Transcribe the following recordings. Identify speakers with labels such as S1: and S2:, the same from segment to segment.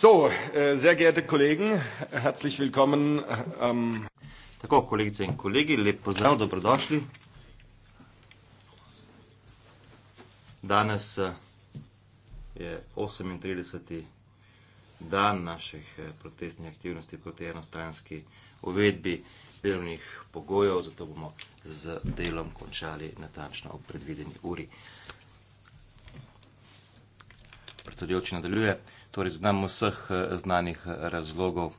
S1: So, äh, sehr geehrte Kollegen, herzlich willkommen. Ähm Tako, kolegice in
S2: kolegi, lep pozdrav, dobrodošli. Danes äh, je 38. dan naših äh, protestnih aktivnosti proti enostranski uvedbi delovnih pogojev, zato bomo z delom končali natančno ob predvideni uri predsedujoči nadaljuje. Torej, znam vseh eh, znanih eh, razlogov.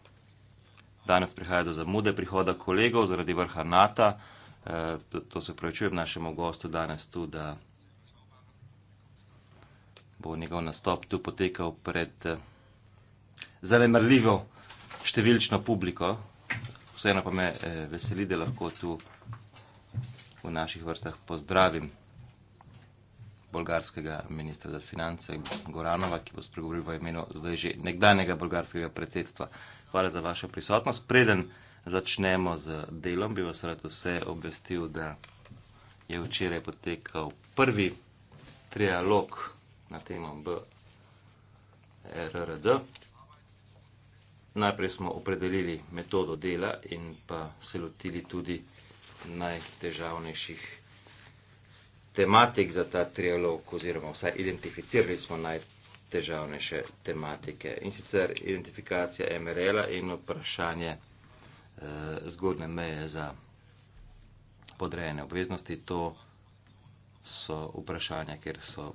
S2: Danes prihaja do zamude prihoda kolegov zaradi vrha NATO. Eh, to se pravičujem našemu gostu danes tu, da bo njegov nastop tu potekal pred zanemrljivo številčno publiko. Vseeno pa me veseli, da lahko tu v naših vrstah pozdravim bolgarskega ministra za finance Goranova, ki bo spregovoril v imenu zdaj že nekdanjega bolgarskega predsedstva. Hvala za vašo prisotnost. Preden začnemo z delom, bi vas rad vse obvestil, da je včeraj potekal prvi trialog na temo BRRD. Najprej smo opredelili metodo dela in pa se lotili tudi najtežavnejših tematik za ta trialog, oziroma vsaj identificirali smo najtežavnejše tematike. In sicer identifikacija MRL-a in vprašanje eh, zgornje meje za podrejene obveznosti, to so vprašanja, kjer so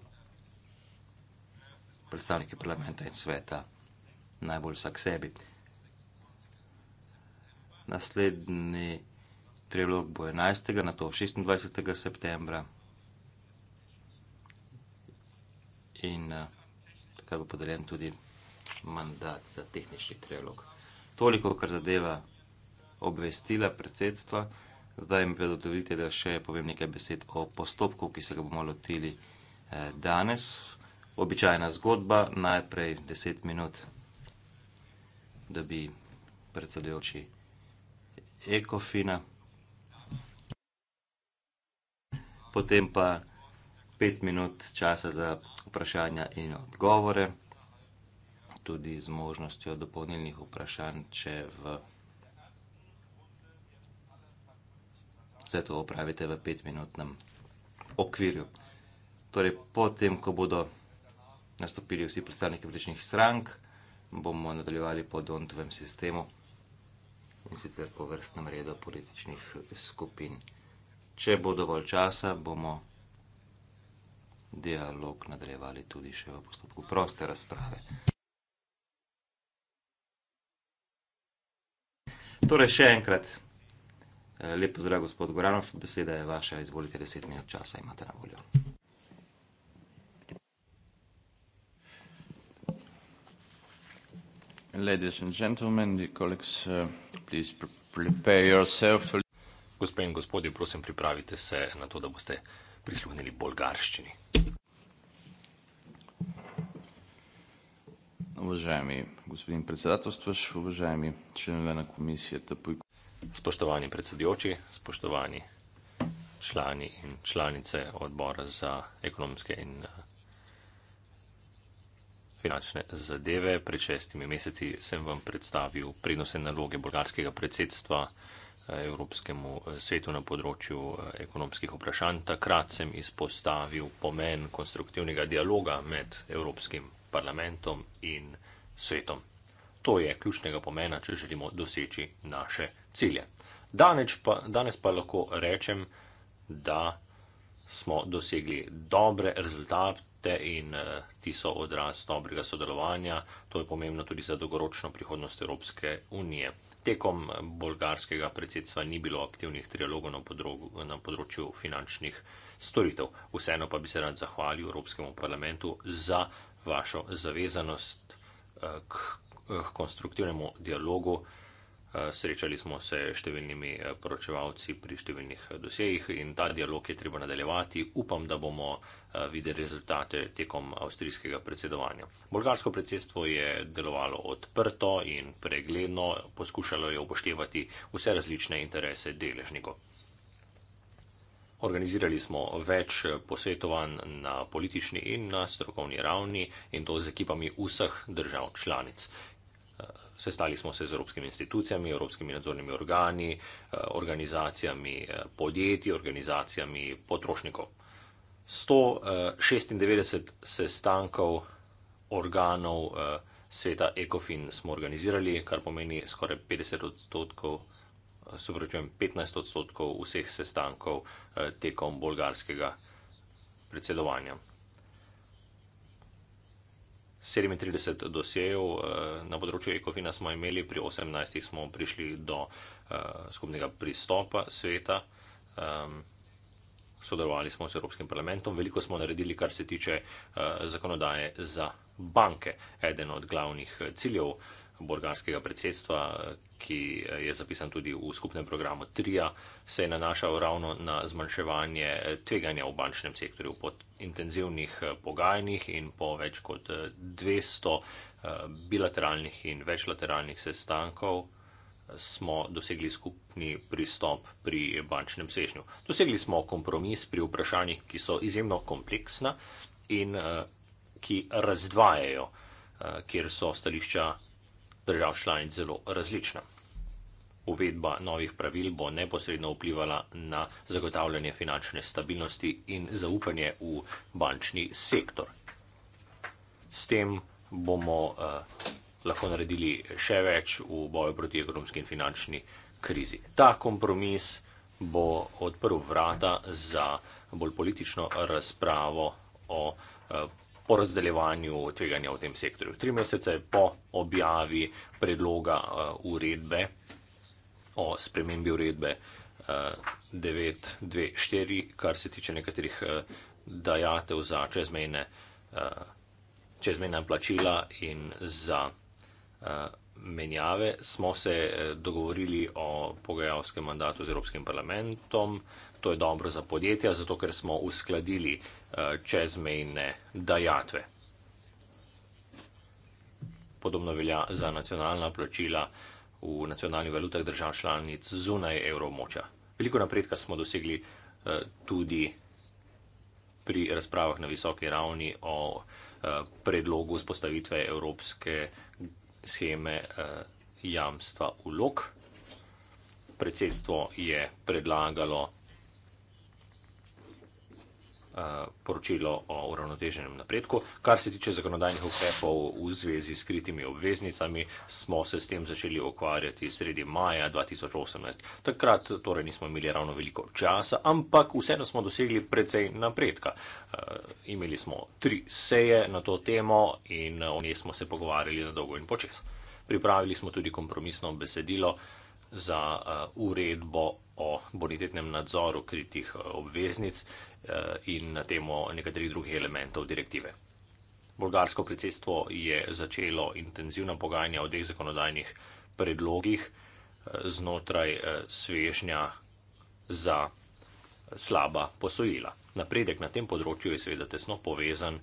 S2: predstavniki parlamenta in sveta najbolj vsak sebi. Naslednji trialog bo 11. na to 26. septembra. in eh, tukaj bo podeljen tudi mandat za tehnični trilog. Toliko, kar zadeva obvestila predsedstva, zdaj mi pa dovolite, da še povem nekaj besed o postopku, ki se ga bomo lotili eh, danes. Običajna zgodba, najprej 10 minut, da bi predsedujoči Ekofina, potem pa pet minut časa za vprašanja in odgovore, tudi z možnostjo dopolnilnih vprašanj, če v vse to opravite v petminutnem okvirju. Torej, potem, ko bodo nastopili vsi predstavniki političnih strank, bomo nadaljevali po Dontovem sistemu in sicer po vrstnem redu političnih skupin. Če bo dovolj časa, bomo dialog nadrejevali tudi še v postopku proste razprave. Torej, še enkrat, eh, lep pozdrav, gospod Goranov, beseda je vaša, izvolite, deset minut časa imate na voljo.
S3: Ladies and gentlemen, the colleagues, eh, please prepare yourself to... Gospe in gospodje, prosim, pripravite se na to, da boste prisluhnili bolgarščini.
S4: Uvaženi gospodin
S3: predsedatostvaš, uvaženi členove na komisije TPI. Spoštovani predsedujoči, spoštovani člani in članice odbora za ekonomske in eh, finančne zadeve. Pred šestimi meseci sem vam predstavil prednostne naloge bolgarskega predsedstva. Evropskemu eh, svetu na področju eh, ekonomskih vprašanj. Takrat sem izpostavil pomen konstruktivnega dialoga med Evropskim parlamentom in svetom. To je ključnega pomena, če želimo doseči naše cilje. Danes pa, danes pa lahko rečem, da smo dosegli dobre rezultate in eh, ti so odraz dobrega sodelovanja. To je pomembno tudi za dolgoročno prihodnost Evropske unije. Tekom bolgarskega predsedstva ni bilo aktivnih trialogov na, na področju finančnih storitev. Vseeno pa bi se rad zahvalil Evropskemu parlamentu za vašo zavezanost eh, k, k konstruktivnemu dialogu. Eh, srečali smo se s številnimi eh, poročevalci pri številnih eh, dosejih in ta dialog je treba nadaljevati. Upam, da bomo videli rezultate tekom avstrijskega predsedovanja. Bolgarsko predsedstvo je delovalo odprto in pregledno, poskušalo je upoštevati vse različne interese deležnikov. Organizirali smo več posvetovanj na politični in na strokovni ravni in to z ekipami vseh držav članic sestali smo se z evropskimi institucijami, evropskimi nadzornimi organi, eh, organizacijami eh, podjetij, organizacijami potrošnikov. 196 eh, sestankov organov sveta ECOFIN smo organizirali, kar pomeni skoraj 50 odstotkov, se vračujem 15 odstotkov vseh sestankov tekom bolgarskega predsedovanja. 37 dosejev eh, na področju ekofina smo imeli, pri 18 smo prišli do eh, skupnega pristopa sveta, sodelovali smo s Evropskim parlamentom, veliko smo naredili, kar se tiče eh, zakonodaje za banke, eden od glavnih ciljev bolgarskega predsedstva, ki eh, je zapisan tudi v skupnem programu TRIA, se je nanašal ravno na zmanjševanje eh, tveganja v bančnem sektorju po intenzivnih eh, pogajanjih in po več kot 200 bilateralnih in večlateralnih sestankov smo dosegli skupni pristop pri bančnem sešnju. Dosegli smo kompromis pri vprašanjih, ki so izjemno kompleksna in ki razdvajajo, kjer so stališča držav članic zelo različna. Uvedba novih pravil bo neposredno vplivala na zagotavljanje finančne stabilnosti in zaupanje v bančni sektor. S tem bomo eh, lahko naredili še več v boju proti ekonomski in finančni krizi. Ta kompromis bo odprl vrata za bolj politično razpravo o eh, po razdeljevanju tveganja v tem sektorju. Tri mesece po objavi predloga uh, uredbe o spremembi uredbe uh, 924, kar se tiče nekaterih uh, dajatev za čezmejne, uh, čezmejna plačila in za uh, menjave, smo se uh, dogovorili o pogajalskem mandatu z Evropskim parlamentom, to je dobro za podjetja, zato ker smo uskladili eh, čezmejne dajatve. Podobno velja za nacionalna plačila v nacionalnih valutah držav članic zunaj evromoča. Veliko napredka smo dosegli eh, tudi pri razpravah na visoki ravni o eh, predlogu spostavitve evropske scheme jamstva ulog. Predsedstvo je predlagalo Eh, poročilo o uravnoteženem napredku. Kar se tiče zakonodajnih ukrepov v zvezi s kritimi obveznicami, smo se s tem začeli ukvarjati sredi maja 2018. Takrat torej nismo imeli ravno veliko časa, ampak vseeno smo dosegli precej napredka. Eh, imeli smo tri seje na to temo in o njej smo se pogovarjali na dolgo in počes. Pripravili smo tudi kompromisno besedilo, za eh, uredbo o bonitetnem nadzoru kritih eh, obveznic eh, in na temo nekaterih drugih elementov direktive. Bolgarsko predsedstvo je začelo intenzivna pogajanja o dveh zakonodajnih predlogih znotraj svežnja za slaba posojila. Napredek na tem področju je seveda tesno povezan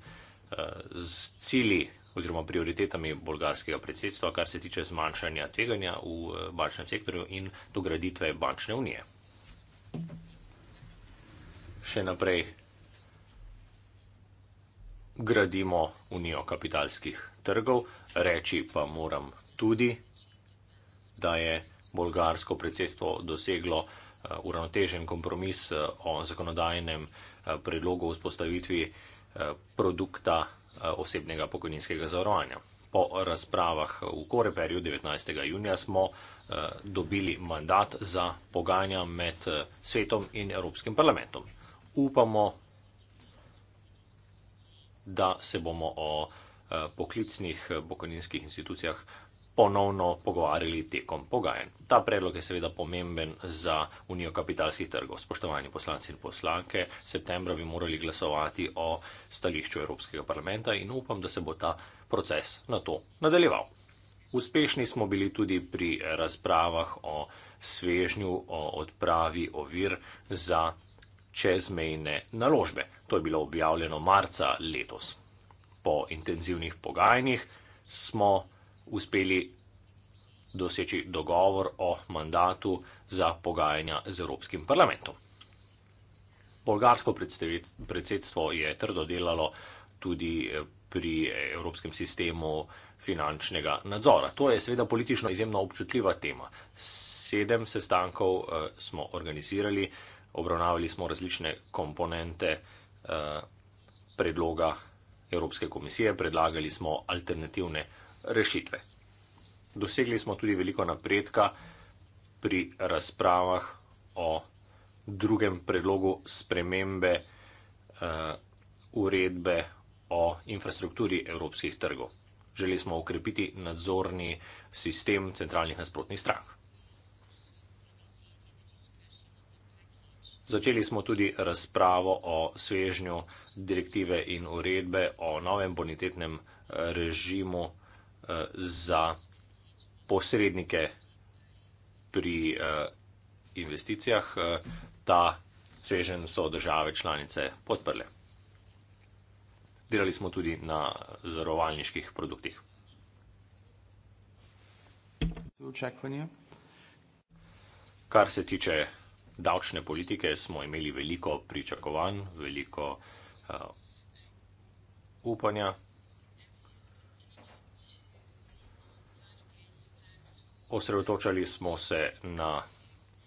S3: z cili oziroma prioritetami bolgarskega predsedstva, kar se tiče zmanjšanja tveganja v eh, bančnem sektorju in dograditve bančne unije. Še naprej gradimo unijo kapitalskih trgov, reči pa moram tudi, da je bolgarsko predsedstvo doseglo eh, uravnotežen kompromis eh, o zakonodajnem predlogu vzpostavitvi produkta Eh, osebnega pokojninskega zavarovanja. Po razpravah v Koreperju 19. junija smo eh, dobili mandat za pogajanja med eh, svetom in Evropskim parlamentom. Upamo, da se bomo o poklicnih pokojninskih institucijah ponovno pogovarjali tekom pogajen. Ta predlog je seveda pomemben za Unijo kapitalskih trgov. Spoštovani poslanci in poslanke, septembra bi morali glasovati o stališču Evropskega parlamenta in upam, da se bo ta proces na to nadaljeval. Uspešni smo bili tudi pri razpravah o svežnju, o odpravi ovir za čezmejne naložbe. To je bilo objavljeno marca letos. Po intenzivnih pogajanjih smo uspeli doseči dogovor o mandatu za pogajanja z Evropskim parlamentom. Bolgarsko predsedstvo je trdo delalo tudi eh, pri eh, Evropskem sistemu finančnega nadzora. To je seveda politično izjemno občutljiva tema. Sedem sestankov eh, smo organizirali, obravnavali smo različne komponente predloga Evropske komisije, predlagali smo alternativne rešitve. Dosegli smo tudi veliko napredka pri razpravah o drugem predlogu spremembe uh, uredbe o infrastrukturi evropskih trgov. Želeli smo ukrepiti nadzorni sistem centralnih nasprotnih strank. Začeli smo tudi razpravo o svežnju direktive in uredbe o novem bonitetnem režimu za posrednike pri eh, investicijah. Eh, ta svežen so države članice podprle. Delali smo tudi na zarovalniških produktih. Kar se tiče davčne politike, smo imeli veliko pričakovanj, veliko uh, upanja. osredotočali smo se na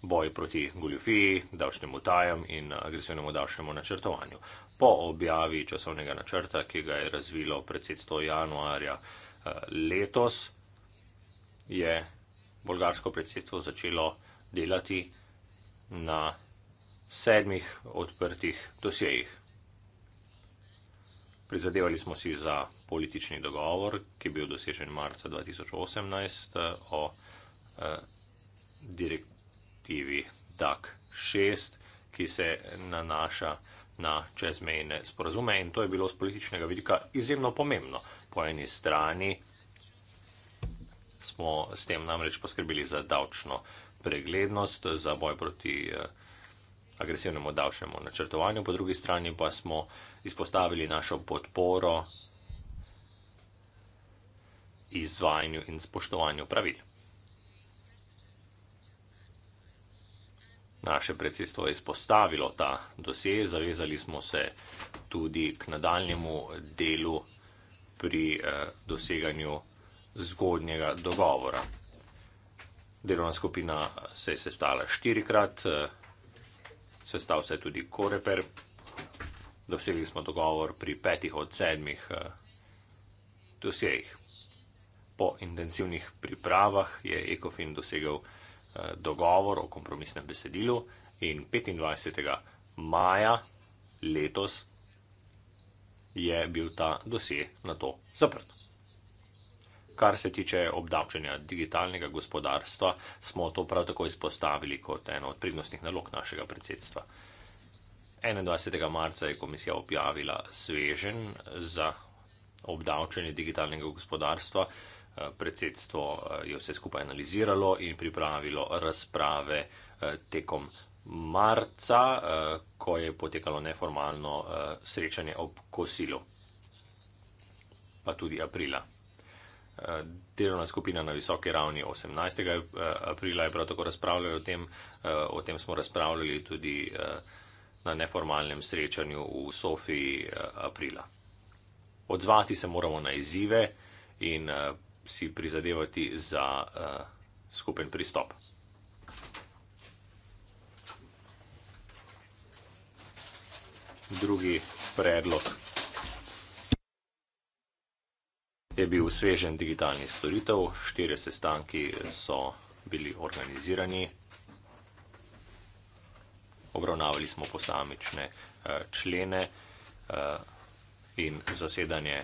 S3: boj proti goljufiji, davčnim utajam in agresivnemu davčnemu načrtovanju. Po objavi časovnega načrta, ki ga je razvilo predsedstvo januarja eh, letos, je bolgarsko predsedstvo začelo delati na sedmih odprtih dosjejih. Prizadevali smo si za politični dogovor, ki je bil dosežen marca 2018 eh, o Eh, direktivi DAC 6, ki se nanaša na čezmejne sporazume in to je bilo z političnega vidika izjemno pomembno. Po eni strani smo s tem namreč poskrbeli za davčno preglednost, za boj proti eh, agresivnemu davčnemu načrtovanju, po drugi strani pa smo izpostavili našo podporo izvajanju in spoštovanju pravil. naše predsedstvo izpostavilo ta dosej. Zavezali smo se tudi k nadaljemu delu pri eh, doseganju zgodnjega dogovora. Delovna skupina se je sestala štirikrat, eh, sestal se je tudi Koreper. Dosegli smo dogovor pri petih od sedmih eh, dosejih. Po intenzivnih pripravah je ECOFIN dosegel dogovor o kompromisnem besedilu in 25. maja letos je bil ta dosje na to zaprt. Kar se tiče obdavčanja digitalnega gospodarstva, smo to prav tako izpostavili kot eno od prednostnih nalog našega predsedstva. 21. marca je komisija objavila svežen za obdavčanje digitalnega gospodarstva, predsedstvo eh, je vse skupaj analiziralo in pripravilo razprave eh, tekom marca, eh, ko je potekalo neformalno srečanje ob kosilu, pa tudi aprila. Delovna skupina na visoki ravni 18. aprila je prav tako razpravljala o tem, o tem smo razpravljali tudi na neformalnem srečanju v Sofiji aprila. Odzvati se moramo na izzive in si prizadevati za uh, skupen pristop. Drugi predlog je bil svežen digitalnih storitev, štiri sestanki so bili organizirani. Obravnavali smo posamične eh, člene eh, in zasedanje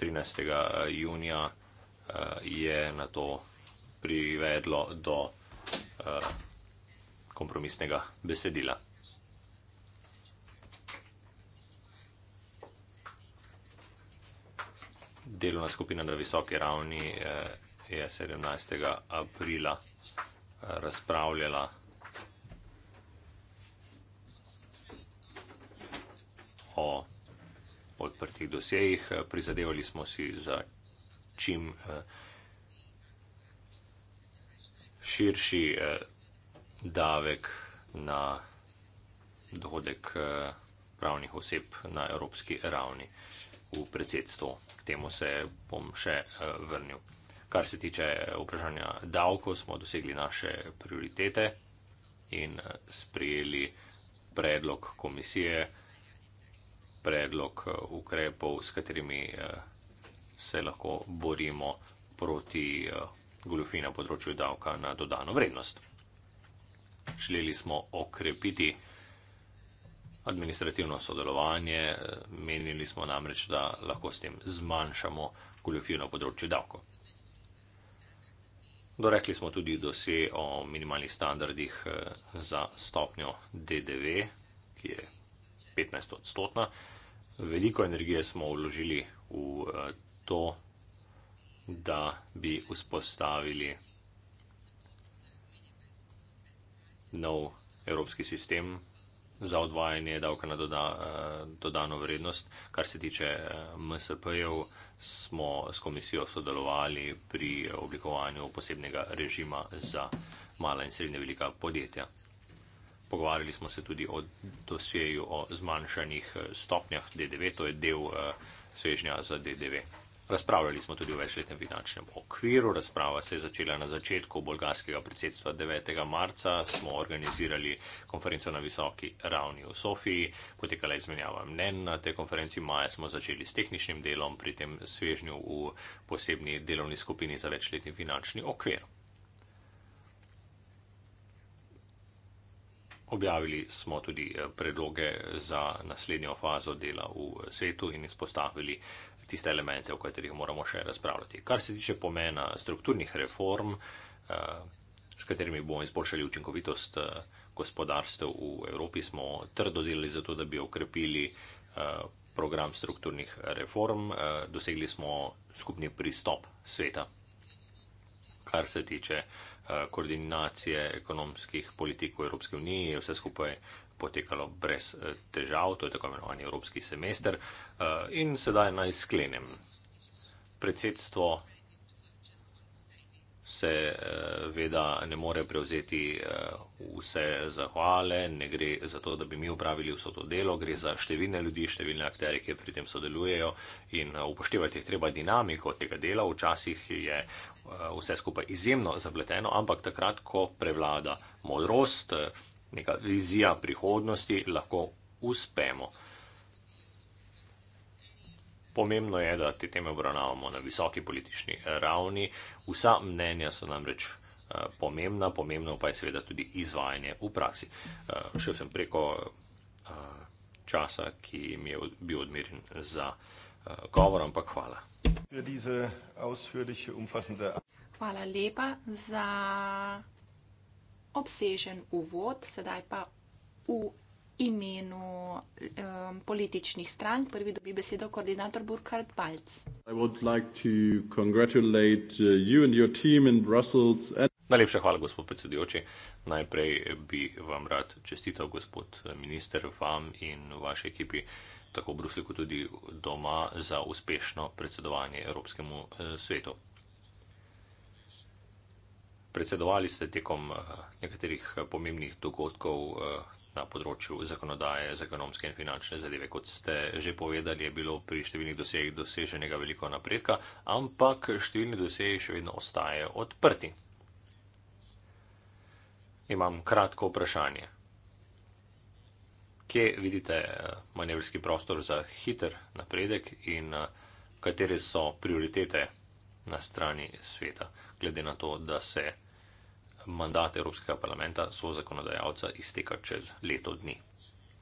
S3: 13. junija Eh, je na to privedlo do eh, kompromisnega besedila. Delovna skupina na visoki ravni eh, je 17. aprila razpravljala o odprtih dosejih. Prizadevali smo si za čim eh, širši eh, davek na dohodek eh, pravnih oseb na evropski ravni v predsedstvu. K temu se bom še vrnil. Kar se tiče vprašanja davkov, smo dosegli naše prioritete in sprijeli predlog komisije, predlog ukrepov, s katerimi se lahko borimo proti eh, goljufi na področju davka na dodano vrednost. Šli smo okrepiti administrativno sodelovanje, eh, menili smo namreč, da lahko s tem zmanjšamo goljufi na področju davko. Dorekli smo tudi dosje o minimalnih standardih eh, za stopnjo DDV, ki je 15 odstotna. Veliko energije smo vložili v to, da bi vzpostavili nov evropski sistem za odvajanje davka na doda, eh, dodano vrednost. Kar se tiče eh, MSP-jev, smo s komisijo sodelovali pri oblikovanju posebnega režima za mala in srednje velika podjetja. Pogovarjali smo se tudi o dosjeju o zmanjšanih eh, stopnjah DDV, to je del svežnja za DDV. Razpravljali smo tudi o večletnem finančnem okviru. Razprava se je začela na začetku bolgarskega predsedstva 9. marca. Smo organizirali konferenco na visoki ravni v Sofiji, potekala je izmenjava mnen. Na tej konferenci maja smo začeli s tehničnim delom, pri tem svežnju v posebni delovni skupini za večletni finančni okvir. Objavili smo tudi eh, predloge za naslednjo fazo dela v svetu in izpostavili tiste elemente, o katerih moramo še razpravljati. Kar se tiče pomena strukturnih reform, eh, s katerimi bomo izboljšali učinkovitost eh, gospodarstva v Evropi, smo trdo delali za to, da bi okrepili eh, program strukturnih reform. Dosegli smo skupni pristop sveta, kar se tiče koordinacije ekonomskih politik v Evropski uniji, vse skupaj potekalo brez eh, težav, to je tako imenovani evropski semester. Eh, in sedaj naj sklenem. Predsedstvo se eh, veda ne more prevzeti vse zahvale, ne gre za to, da bi mi upravili vso to delo, gre za številne ljudi, številne akterje, ki pri tem sodelujejo in upoštevati je treba dinamiko tega dela. Včasih je vse skupaj izjemno zapleteno, ampak takrat, ko prevlada modrost, neka vizija prihodnosti, lahko uspemo. Pomembno je, da te teme obravnavamo na visoki politični ravni. Vsa mnenja so namreč eh, pomembna, pomembno pa je seveda tudi izvajanje v praksi. Eh, šel sem preko eh, časa, ki mi je bil odmerjen za govor, ampak hvala.
S5: Hvala lepa za obsežen uvod, sedaj pa v imenu um, političnih strank. Prvi dobi besedo koordinator Burkhard Balc.
S3: Like uh, Najlepša hvala, gospod predsedujoči. Najprej bi vam rad čestital, gospod uh, minister, vam in vaši ekipi, tako v Bruslju kot tudi doma, za uspešno predsedovanje Evropskemu uh, svetu predsedovali ste tekom eh, nekaterih eh, pomembnih dogodkov eh, na področju zakonodaje za ekonomske in finančne zadeve. Kot ste že povedali, je bilo pri številnih dosegih doseženega veliko napredka, ampak številni dosegi še vedno ostajajo odprti. Imam kratko vprašanje. Kje vidite manevrski prostor za hiter napredek in katere so prioritete na strani sveta, glede na to, da se mandat Evropskega parlamenta so zakonodajalca izteka čez leto dni.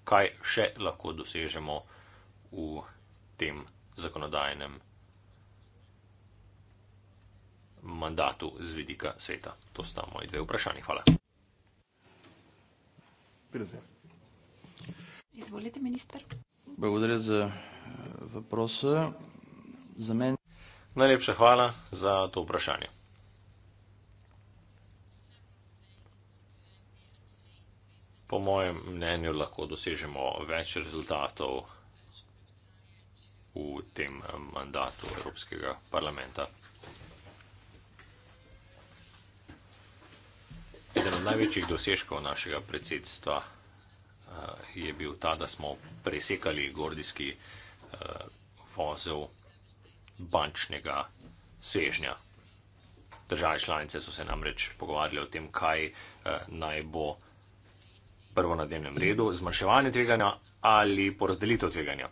S3: Kaj še lahko dosežemo v tem zakonodajnem mandatu z vidika sveta? To sta moji dve vprašanji. Hvala.
S5: Izvolite, minister.
S3: Благодаря за въпроса. За мен. Najlepša hvala za to vprašanje. po mojem mnenju lahko dosežemo več rezultatov v tem eh, mandatu Evropskega parlamenta. Eden od največjih dosežkov našega predsedstva eh, je bil ta, da smo presekali gordijski eh, vozel bančnega svežnja. Države članice so se namreč pogovarjali o tem, kaj naj bo prvo na dnevnem redu, zmanjševanje tveganja ali porazdelitev tveganja.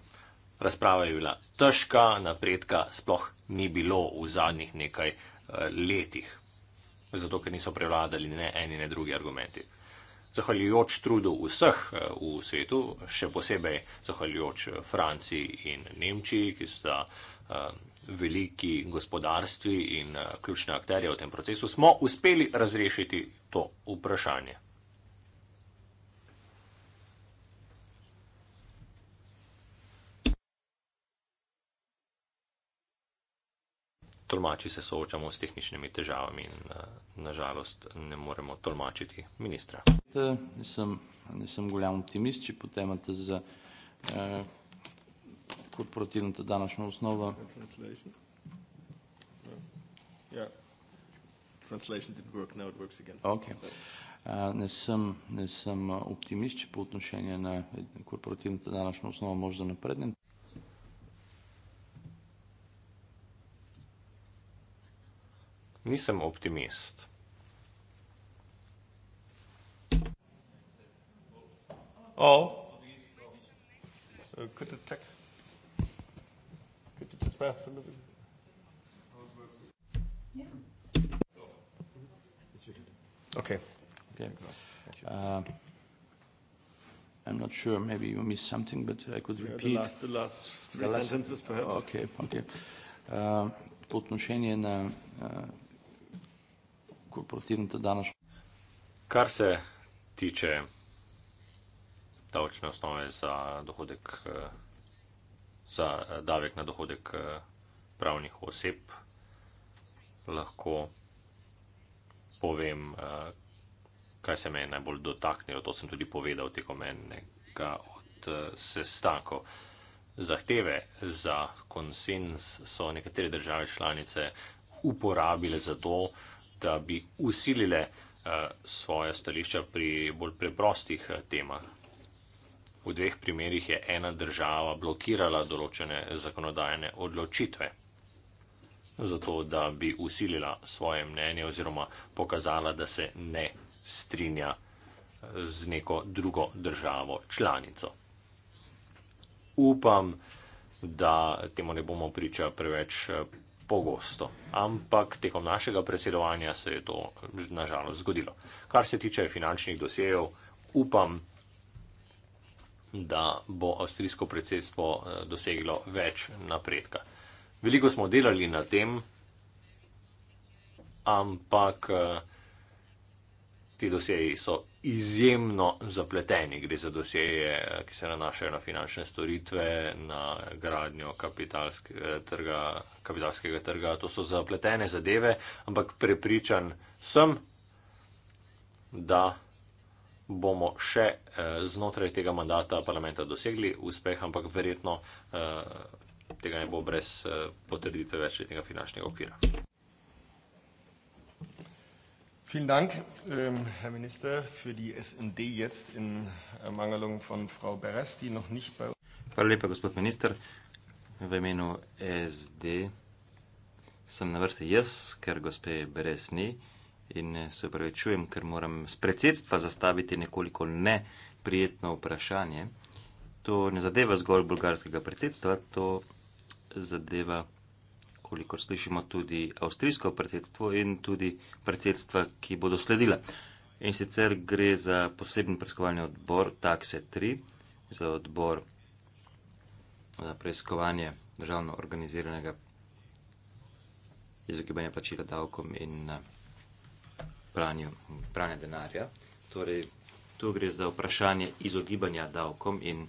S3: Razprava je bila težka, napredka sploh ni bilo v zadnjih nekaj eh, letih, zato ker niso prevladali ne eni ne drugi argumenti. Zahvaljujoč trudu vseh eh, v svetu, še posebej zahvaljujoč eh, Franciji in Nemčiji, ki sta veliki gospodarstvi in ključni akterje v tem procesu, smo uspeli razrešiti to vprašanje. tolmači se soočamo s tehničnimi težavami in eh, nažalost ne moremo tolmačiti ministra.
S4: Nisem, nisem golem optimist, če potemate za eh, korporativno današnjo osnovo. Okay. Ne sem, ne sem eh, optimist, če po odnošenju na eh, korporativno današnjo osnovo možda naprednjem.
S3: nisem optimist. Oh. Uh, could
S1: it take? Could you just pass a little bit? Yeah.
S4: Okay. Okay. Uh, I'm not sure. Maybe you missed something, but I could repeat. Yeah, the, last,
S1: the last three the sentences, last, perhaps.
S4: Okay. Okay. Uh, po odnošenju na uh, uh korporativno danes.
S3: Kar se tiče davčne osnove za dohodek, eh, za eh, davek na dohodek eh, pravnih oseb, lahko povem, kaj se me je najbolj dotaknilo. To sem tudi povedal tekom enega od sestankov. Zahteve za konsens so nekatere države članice uporabile za to, da bi usilile eh, svoje stališča pri bolj preprostih eh, temah. V dveh primerjih je ena država blokirala določene zakonodajne odločitve, zato da bi usilila svoje mnenje oziroma pokazala, da se ne strinja eh, z neko drugo državo članico. Upam, da temu ne bomo priča preveč pogosto. Ampak tekom našega predsedovanja se je to nažalost zgodilo. Kar se tiče finančnih dosejev, upam, da bo avstrijsko predsedstvo eh, doseglo več napredka. Veliko smo delali na tem, ampak eh, ti dosejji so izjemno zapleteni. Gre za dosjeje, ki se nanašajo na finančne storitve, na gradnjo kapitalske, eh, trga, kapitalskega trga. To so zapletene zadeve, ampak prepričan sem, da bomo še eh, znotraj tega mandata parlamenta dosegli uspeh, ampak verjetno eh, tega ne bo brez potrditve večletnega finančnega okvira.
S1: Vielen Dank, ähm, Herr Minister, für die SND jetzt in Ermangelung von Frau Beres, die noch nicht bei uns
S2: Hvala lepa, gospod minister. V imenu SD sem na vrsti jaz, ker gospe Beres ni in eh, se upravičujem, ker moram z predsedstva zastaviti nekoliko neprijetno vprašanje. To ne zadeva zgolj bolgarskega predsedstva, to zadeva kolikor slišimo, tudi avstrijsko predsedstvo in tudi predsedstva, ki bodo sledila. In sicer gre za poseben preiskovalni odbor Taxe 3, za odbor za preiskovanje državno organiziranega izogibanja plačila davkom in eh, pranju, pranja denarja. Torej, tu gre za vprašanje izogibanja davkom in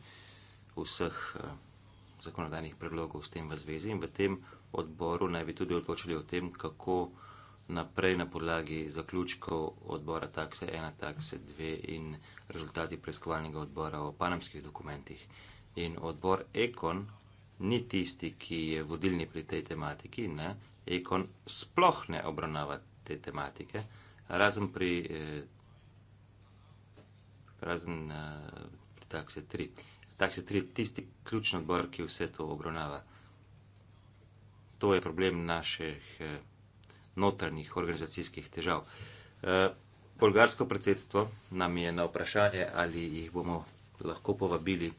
S2: vseh eh, zakonodajnih predlogov s tem v zvezi in v tem odboru naj bi tudi odločili o tem, kako naprej na podlagi zaključkov odbora takse 1, takse 2 in rezultati preiskovalnega odbora o panamskih dokumentih. In odbor Ekon ni tisti, ki je vodilni pri tej tematiki. Ne? Ekon sploh ne obravnava te tematike, razen pri, eh, razen, eh, pri takse 3. Takse 3 je tisti ključni odbor, ki vse to obravnava to je problem naših eh, notranjih organizacijskih težav. Eh, bolgarsko predsedstvo nam je na vprašanje, ali jih bomo lahko povabili,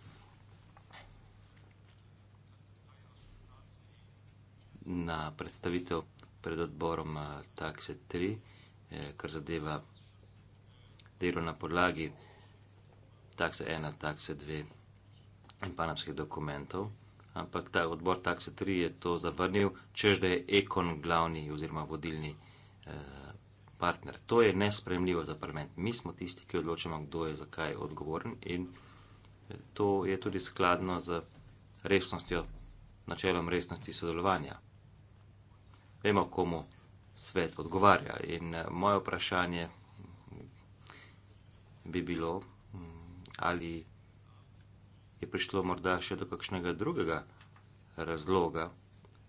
S2: na predstavitev pred odborom eh, Taxe 3, kar zadeva delo na podlagi Taxe 1, Taxe 2 in panamskih dokumentov ampak ta odbor Taxi 3 je to zavrnil, čež da je Ekon glavni oziroma vodilni eh, partner. To je nespremljivo za parlament. Mi smo tisti, ki odločamo, kdo je za kaj odgovoren in eh, to je tudi skladno z resnostjo, načelom resnosti sodelovanja. Vemo, komu svet odgovarja in eh, moje vprašanje bi bilo, mm, ali je prišlo morda še do kakšnega drugega razloga,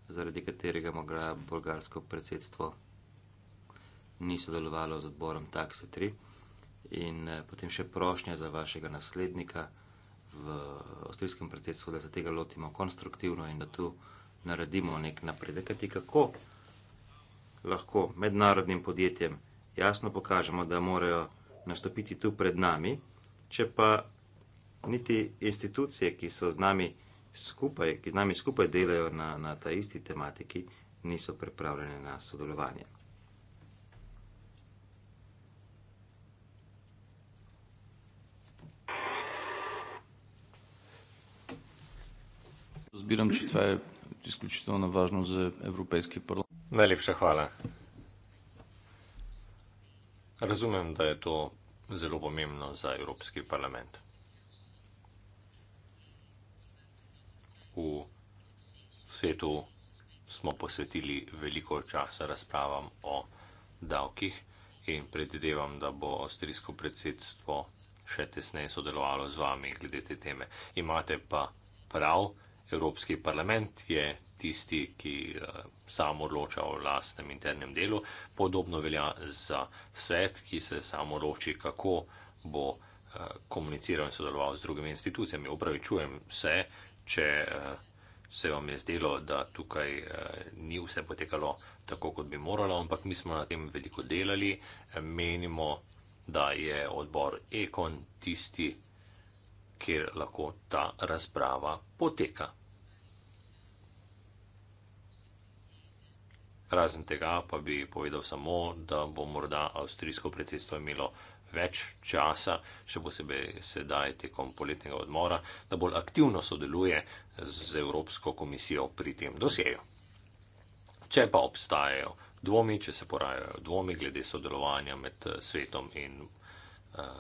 S2: zaradi katerega morda bolgarsko predsedstvo ni sodelovalo z odborom Taxi 3 in eh, potem še prošnja za vašega naslednika v avstrijskem predsedstvu, da se tega lotimo konstruktivno in da tu naredimo nek napredek, kajti kako lahko mednarodnim podjetjem jasno pokažemo, da morajo nastopiti tu pred nami, če pa niti institucije, ki so z nami skupaj, ki z nami skupaj delajo na, na ta isti tematiki, niso pripravljene na sodelovanje.
S4: Zbiram, če to je izključitevno važno za Evropski parlament.
S3: Najlepša hvala. Razumem, da je to zelo pomembno za Evropski parlament. v svetu smo posvetili veliko časa razpravam o davkih in predvidevam, da bo avstrijsko predsedstvo še tesneje sodelovalo z vami glede te teme. Imate pa prav, Evropski parlament je tisti, ki uh, eh, samo odloča o lastnem internem delu, podobno velja za svet, ki se samo odloči, kako bo uh, komuniciral in sodeloval z drugimi institucijami. Upravičujem se, če uh, se vam je zdelo, da tukaj uh, ni vse potekalo tako, kot bi moralo, ampak mi smo na tem veliko delali. Eh, menimo, da je odbor Ekon tisti, kjer lahko ta razprava poteka. Razen tega pa bi povedal samo, da bo morda avstrijsko predsedstvo imelo več časa, še posebej sedaj tekom poletnega odmora, da bolj aktivno sodeluje z Evropsko komisijo pri tem dosjeju. Če pa obstajajo dvomi, če se porajajo dvomi glede sodelovanja med eh, svetom in eh,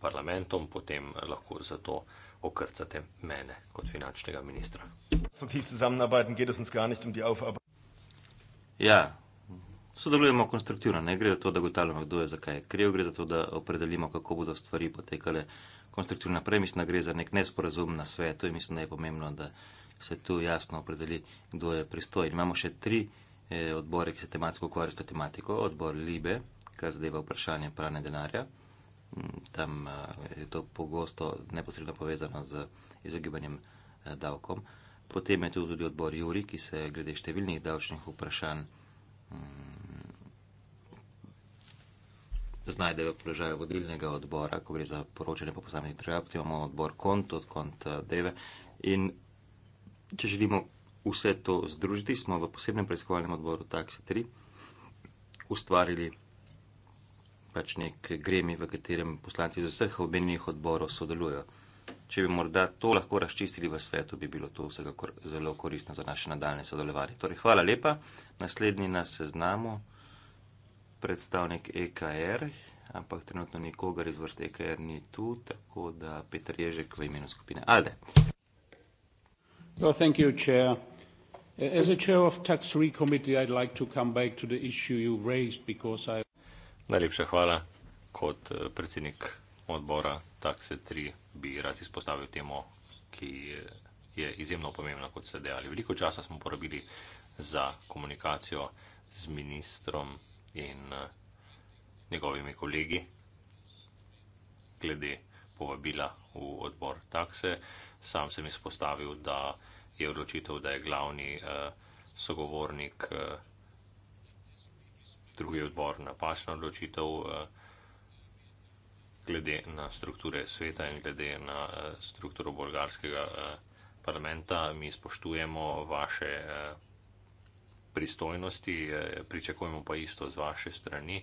S3: parlamentom, potem lahko za to okrcate mene kot finančnega ministra.
S1: Um
S3: ja,
S2: sodelujemo konstruktivno. Ne gre za to, da ugotavljamo, kdo je zakaj kriv, gre za to, da opredelimo, kako bodo stvari potekale konstruktivno naprej. Mislim, da gre za nek nesporazum na svetu in mislim, da je pomembno, da se tu jasno opredeli, kdo je pristojen. Imamo še tri eh, odbore, ki se tematsko ukvarjajo s to tematiko. Odbor Libe, kar zadeva vprašanje pranja denarja. Mm, tam eh, je to pogosto neposredno povezano z izogibanjem eh, davkom. Potem je tu tudi odbor Juri, ki se glede številnih davčnih vprašanj hm, znajde v položaju vodilnega odbora, ko gre za poročanje po posameznih državah, potem imamo odbor kont, od kont eh, deve. In če želimo vse to združiti, smo v posebnem preiskovalnem odboru Taxi 3 ustvarili pač nek gremi, v katerem poslanci z vseh obenjenih odborov sodelujo. Če bi morda to lahko razčistili v svetu, bi bilo to vsega kor zelo koristno za naše nadaljne sodelovanje. Torej, hvala lepa. Naslednji na seznamu predstavnik EKR, ampak trenutno nikogar iz vrste EKR ni tu, tako da Petr Ježek v imenu skupine ALDE.
S3: Well, thank you, Chair. As a chair of Tax Three Committee, I'd like to come back to the issue you raised because I. Najlepša hvala. Kot eh, predsednik odbora Tax Three bi rad izpostavil temo, ki eh, je izjemno pomembna, kot ste dejali. Veliko časa smo porabili za komunikacijo z ministrom in eh, njegovimi kolegi glede povabila v odbor takse. Sam sem izpostavil, da je odločitev, da je glavni eh, sogovornik eh, drugi odbor napačna odločitev eh, glede na strukture sveta in glede na eh, strukturo bolgarskega eh, parlamenta. Mi spoštujemo vaše. Eh, pristojnosti, pričakujemo pa isto z vaše strani.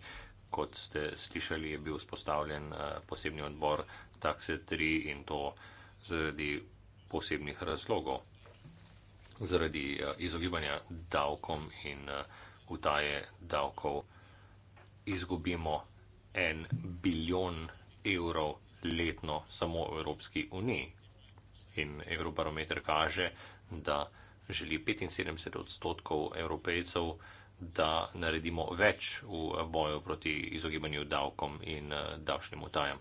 S3: Kot ste slišali, je bil spostavljen eh, posebni odbor takse 3 in to zaradi posebnih razlogov, zaradi eh, izogibanja davkom in eh, utaje davkov. Izgubimo en biljon evrov letno samo v Evropski uniji. In Evrobarometer kaže, da želi 75 odstotkov evropejcev, da naredimo več v boju proti izogibanju davkom in eh, davčnim utajam.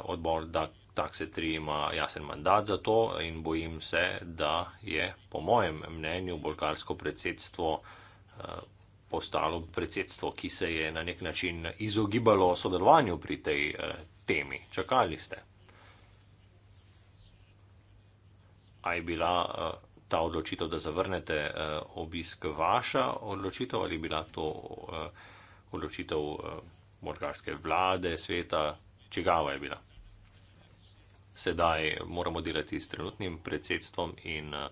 S3: Odbor Takse 3 ima jasen mandat za to in bojim se, da je po mojem mnenju bolgarsko predsedstvo eh, postalo predsedstvo, ki se je na nek način izogibalo sodelovanju pri tej eh, temi. Čakali ste. A je bila ta odločitev, da zavrnete uh, obisk vaša odločitev ali bila to uh, odločitev uh, eh, morgarske vlade, sveta, čigava je bila. Sedaj moramo delati s trenutnim predsedstvom in uh,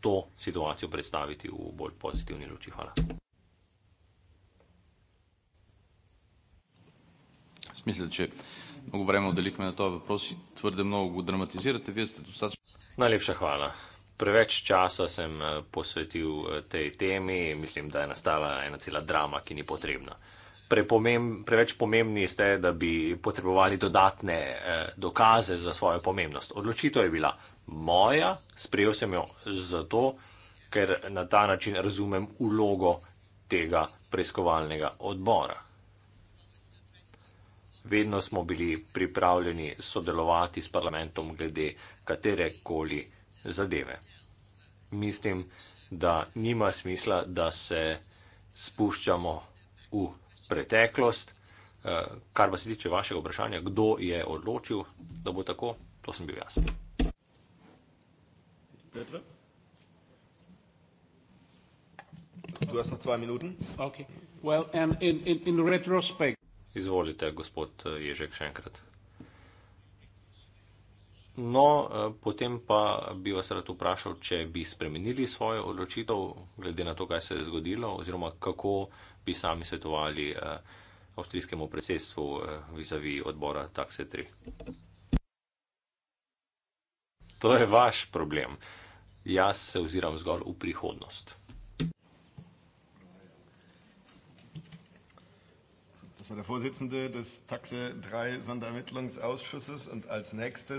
S3: to situacijo predstaviti v bolj pozitivni luči. Hvala. Smisel, če mogo breme odeliti me na to, prosim, tvrde mnogo dramatizirate, vi ste dostačni. Najlepša hvala. Preveč časa sem posvetil tej temi, mislim, da je nastala ena cela drama, ki ni potrebna. Prepomem, preveč pomembni ste, da bi potrebovali dodatne eh, dokaze za svojo pomembnost. Odločitev je bila moja, sprejel sem jo zato, ker na ta način razumem ulogo tega preiskovalnega odbora. Vedno smo bili pripravljeni sodelovati s parlamentom glede katere koli zadeve. Mislim, da nima smisla, da se spuščamo v preteklost. Eh, kar pa se tiče vašega vprašanja, kdo je odločil, da bo tako, to sem bil jaz. Petra? Du hast noch zwei Minuten. Okay. Well, and in, in, in retrospect. Izvolite, gospod eh, Ježek, še enkrat. No, eh, potem pa bi vas rad vprašal, če bi spremenili svojo odločitev, glede na to, kaj se je zgodilo, oziroma kako bi sami svetovali eh, avstrijskemu predsedstvu vizavi odbora Taxe 3. To je vaš problem. Jaz se oziram zgolj v prihodnost.
S1: war der Vorsitzende des Taxe 3 Sonderermittlungsausschusses und als nächstes.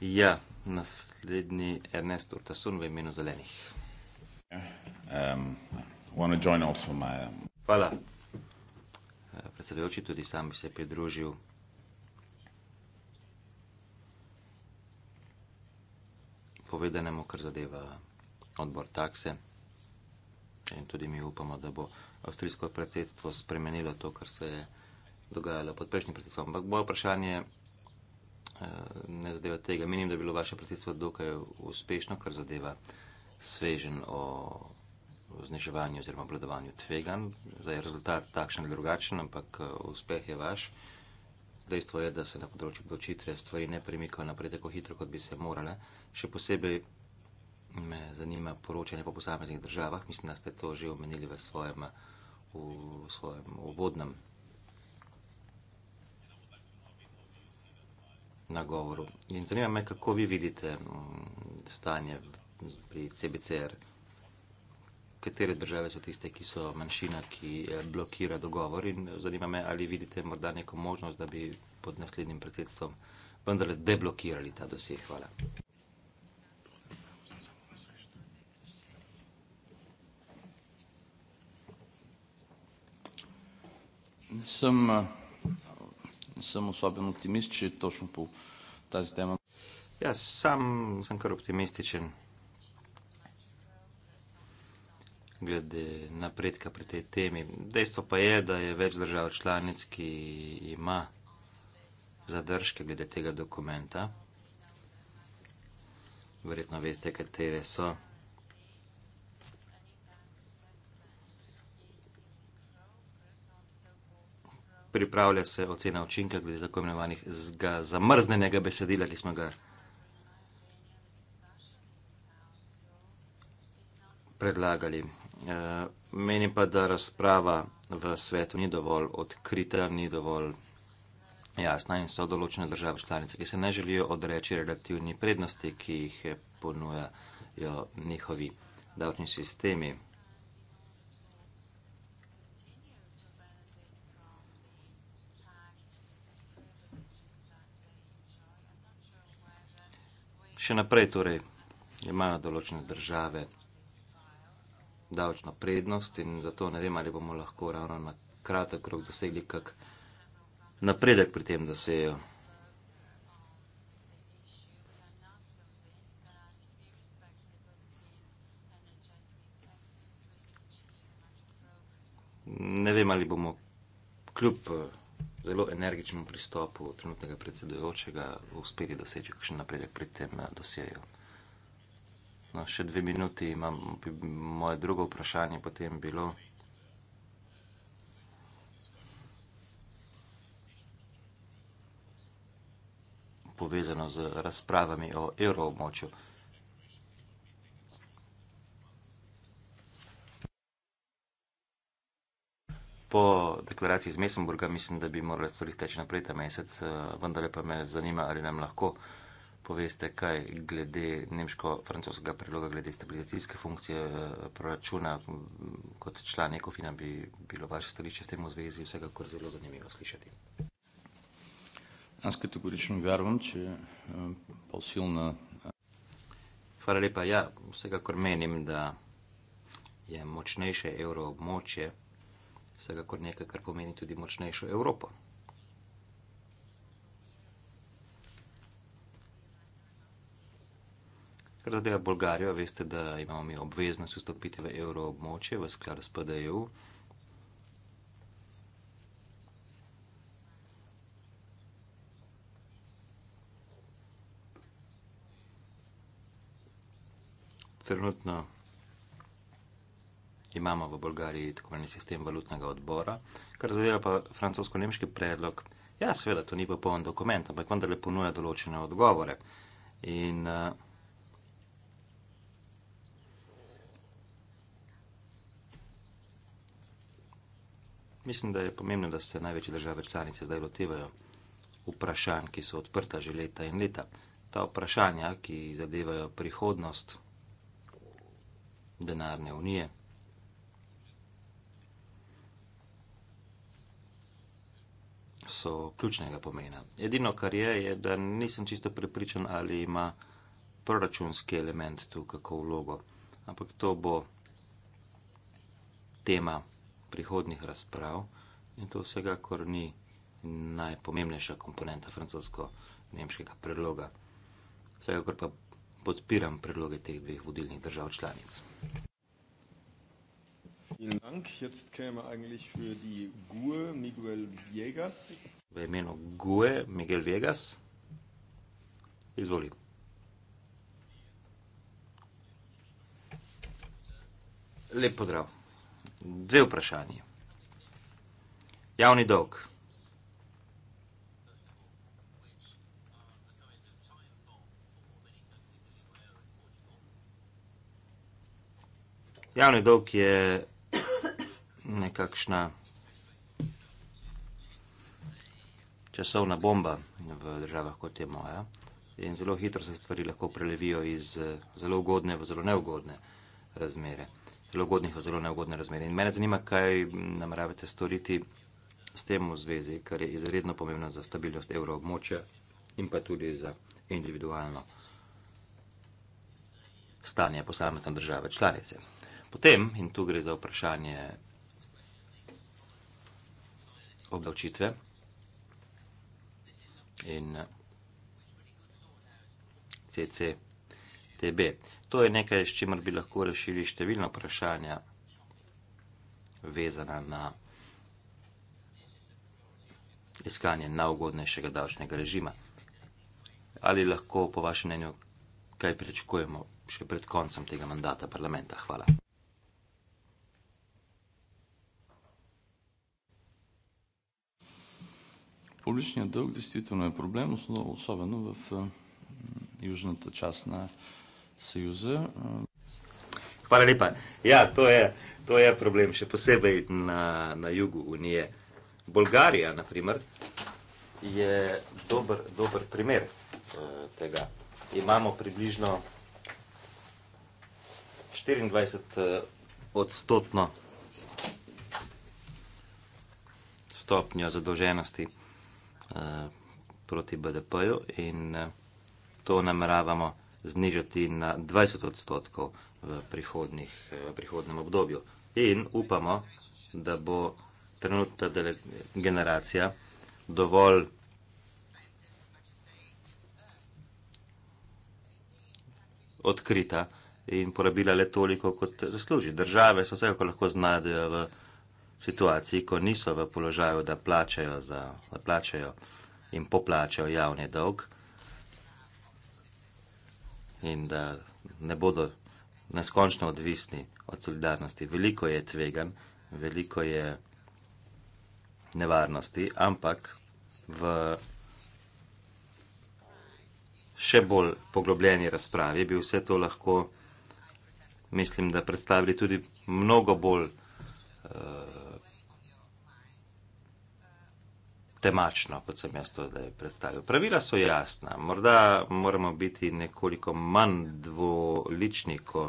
S2: Ja, naslednji Ernest Urtasun v imenu zelenih. Um, Hvala. Eh, predsedujoči, tudi sam bi se pridružil. Povedanemu, kar zadeva odbor takse in tudi mi upamo, da bo vse avstrijsko predsedstvo spremenilo to, kar se je dogajalo pod prejšnjim predsedstvom. Ampak moje vprašanje eh, ne zadeva tega. Menim, da je bilo vaše predsedstvo dokaj uspešno, kar zadeva svežen o zniževanju oziroma obladovanju tvegan. Zdaj je rezultat takšen ali drugačen, ampak eh, uspeh je vaš. Dejstvo je, da se na področju obdavčitve stvari ne premikajo naprej tako hitro, kot bi se morale. Še posebej me zanima poročanje po posameznih državah. Mislim, da ste to že omenili v svojem uh, v svojem uvodnem nagovoru. In zanima me, kako vi vidite mm, stanje pri CBCR. Katere države so tiste, ki so manjšina, ki eh, blokira dogovor? In zanima me, ali vidite morda neko možnost, da bi pod naslednjim predsedstvom vendarle deblokirali ta dosje. Hvala.
S4: Sem, sem osoben optimist, če točno po ta tema. Ja, sam sem kar optimističen.
S2: Glede napredka pri tej temi. Dejstvo pa je, da je več držav članic, ki ima zadržke glede tega dokumenta. Verjetno veste, katere so. pripravlja se ocena učinka, glede tako imenovanih zamrznjenega besedila, ki smo ga predlagali. E, eh, meni pa, da razprava v svetu ni dovolj odkrita, ni dovolj jasna in so določene države članice, ki se ne želijo odreči relativni prednosti, ki jih ponujajo njihovi davčni sistemi. še naprej torej imajo določene države davčno prednost in zato ne vem, ali bomo lahko ravno na kratek rok dosegli kak napredek pri tem, da se jo Ne vem, ali bomo kljub eh, zelo energičnemu pristopu trenutnega predsedujočega uspeli doseči kakšen napredek pri tem eh, dosjeju. No, še dve minuti imam, bi moje drugo vprašanje potem bilo. Povezano z razpravami o evroobmočju. po deklaraciji z Mesenburga mislim, da bi morali stvari steči naprej ta mesec, eh, vendar pa me zanima, ali nam lahko poveste kaj glede nemško-francoskega predloga, glede stabilizacijske funkcije eh, proračuna. Kot član Ekofina bi bilo vaše stališče s tem v zvezi vsekakor zelo zanimivo slišati.
S4: Jaz kategorično verjamem, če eh, je posilna. Hvala lepa. Ja, vsekakor menim, da je
S2: močnejše evroobmočje vsekakor nekaj, kar pomeni tudi močnejšo Evropo. Kar zadeva Bolgarijo, veste, da imamo mi obveznost vstopiti v evroobmočje v skladu s PDEU. Trenutno imamo v Bolgariji tako imenovani sistem valutnega odbora, kar zadeva pa francosko-nemški predlog. Ja, seveda, to ni popoln dokument, ampak vendarle ponuja določene odgovore. In, uh, mislim, da je pomembno, da se največje države članice zdaj lotevajo vprašanj, ki so odprta že leta in leta. Ta vprašanja, ki zadevajo prihodnost denarne unije, so ključnega pomena. Edino, kar je, je, da nisem čisto prepričan, ali ima proračunski element tu kako vlogo. Ampak to bo tema prihodnih razprav in to vsega, kar ni najpomembnejša komponenta francosko-nemškega predloga. Vsega, kar pa podpiram predloge teh dveh vodilnih držav članic.
S1: Vielen Dank. Jetzt käme eigentlich für die GUE Miguel Viegas.
S2: V imenu GUE Miguel Viegas. Izvoli. Lep pozdrav. Dve vprašanje. Javni dolg. Javni dolg je nekakšna časovna bomba v državah kot je moja. In zelo hitro se stvari lahko prelevijo iz eh, zelo ugodne v zelo neugodne razmere. Zelo ugodnih v zelo neugodne razmere. In mene zanima, kaj nameravate storiti s tem v zvezi, kar je izredno pomembno za stabilnost evroobmočja in pa tudi za individualno stanje posamezne države članice. Potem, in tu gre za vprašanje obdavčitve. In eh, CCTB. To je nekaj, s čimer bi lahko rešili številna vprašanja, vezana na iskanje najugodnejšega davčnega režima. Ali lahko, po vašem mnenju, kaj pričakujemo še pred koncem tega mandata parlamenta? Hvala.
S4: Публичният дълг действително е проблем, особено в южната част на Съюза. Хвала липа.
S2: Я, то е, то е проблем, ще посебай на, на югу уния. Bolgarija, na primer, je dober, dober primer eh, tega. Imamo približno 24 odstotno stopnjo zadolženosti. Eh, proti BDP-ju in eh, to nameravamo znižati na 20 odstotkov v, eh, v prihodnem obdobju. In upamo, da bo trenutna generacija dovolj odkrita in porabila le toliko, kot zasluži. Države se vsekako lahko znajdejo v situaciji, ko niso v položaju, da plačajo, za, da plačajo in poplačajo javni dolg, in da ne bodo neskončno odvisni od solidarnosti. Veliko je tvegan, veliko je nevarnosti, ampak v še bolj poglobljeni razpravi bi vse to lahko. Mislim, da predstavili tudi mnogo bolj uh, temačno, kot sem jaz to zdaj predstavil. Pravila so jasna, morda moramo biti nekoliko manj dvolični, ko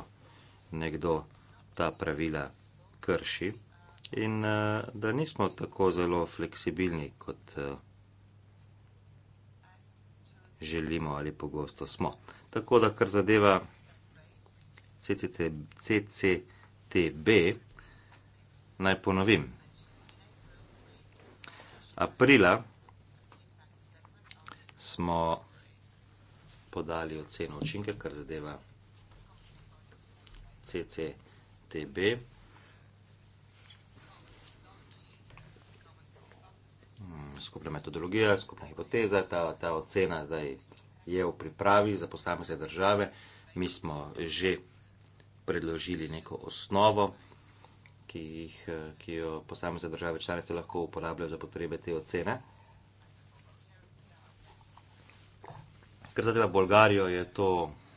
S2: nekdo ta pravila krši in eh, da nismo tako zelo fleksibilni, kot eh, želimo ali pogosto smo. Tako da, kar zadeva CCTB, naj ponovim aprila smo podali oceno učinke, kar zadeva CCTB. Mm, skupna metodologija, skupna hipoteza, ta, ta ocena zdaj je v pripravi za posamezne države. Mi smo že predložili neko osnovo ki, jih, eh, ki jo posamezne države članice lahko uporabljajo za potrebe te ocene. Ker zadeva Bolgarijo, je to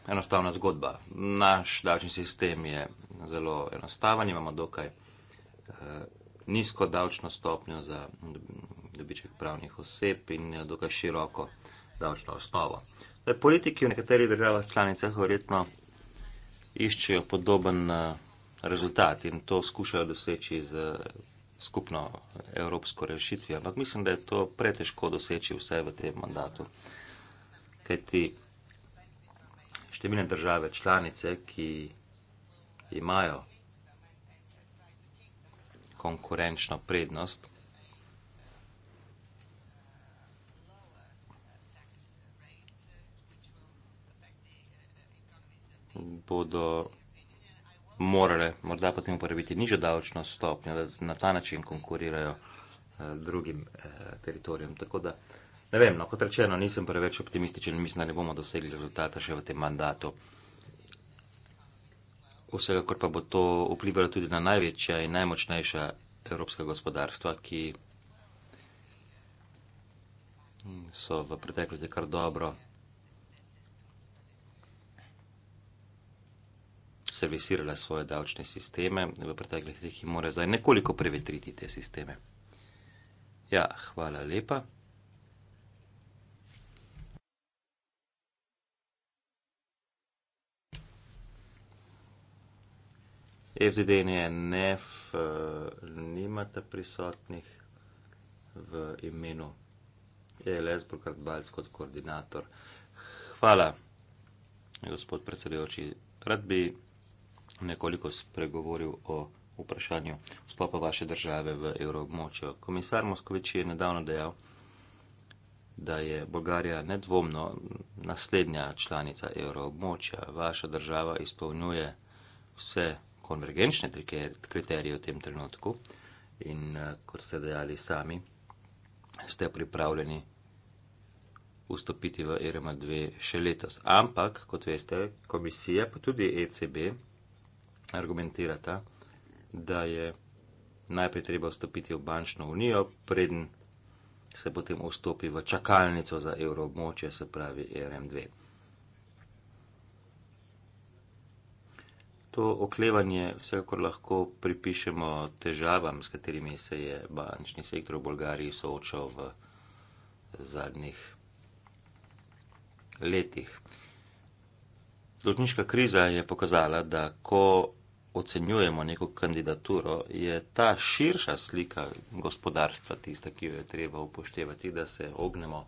S2: enostavna zgodba. Naš davčni sistem je zelo enostaven, imamo dokaj eh, nizko davčno stopnjo za dobiček pravnih oseb in dokaj široko davčno osnovo. Politiki v nekaterih državah članicah verjetno iščejo podoben. Eh, rezultat in to skušajo doseči z skupno evropsko rešitvijo. Ampak mislim, da je to pretežko doseči vse v tem mandatu. Kaj ti številne države članice, ki imajo konkurenčno prednost, bodo morale morda potem uporabiti nižjo davčno stopnjo, da na ta način konkurirajo eh, drugim eh, teritorijem. Tako da, ne vem, no, kot rečeno, nisem preveč optimističen, mislim, da ne bomo dosegli rezultata še v tem mandatu. Vsekakor pa bo to vplivalo tudi na največja in najmočnejša evropska gospodarstva, ki so v preteklosti kar dobro servisirale svoje davčne sisteme, v preteklih letih jih mora zdaj nekoliko prevetriti te sisteme. Ja, hvala lepa. FDDN je NEF, eh, nimate prisotnih v imenu ELS, Brokart Balc kot koordinator. Hvala, gospod predsedujoči. Rad bi nekoliko spregovoril o vprašanju vstopa vaše države v evroobmočjo. Komisar Moskovič je nedavno dejal, da je Bolgarija nedvomno naslednja članica evroobmočja. Vaša država izpolnjuje vse konvergenčne kriterije v tem trenutku in eh, kot ste dejali sami, ste pripravljeni vstopiti v ERMA 2 še letos. Ampak, kot veste, komisija pa tudi ECB argumentirata, da je najprej treba vstopiti v bančno unijo, preden se potem vstopi v čakalnico za evroobmočje, se pravi ERM2. To oklevanje vsekakor lahko pripišemo težavam, s katerimi se je bančni sektor v Bolgariji soočal v zadnjih letih. Dolžniška kriza je pokazala, da ko ocenjujemo neko kandidaturo, je ta širša slika gospodarstva tista, ki jo je treba upoštevati, da se ognemo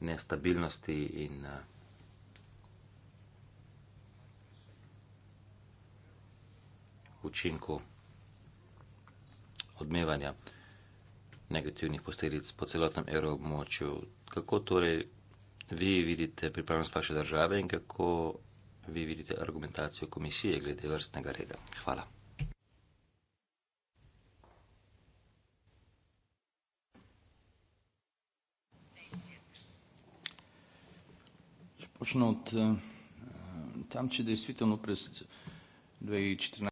S2: nestabilnosti in uh, učinku odmevanja negativnih posledic po celotnem evroobmočju. Kako torej vi vidite pripravnost vaše države in kako vi vidite argumentacijo komisije glede vrstnega reda. Hvala.
S4: Če počno od eh, tam, če dejstvitevno pres 2014.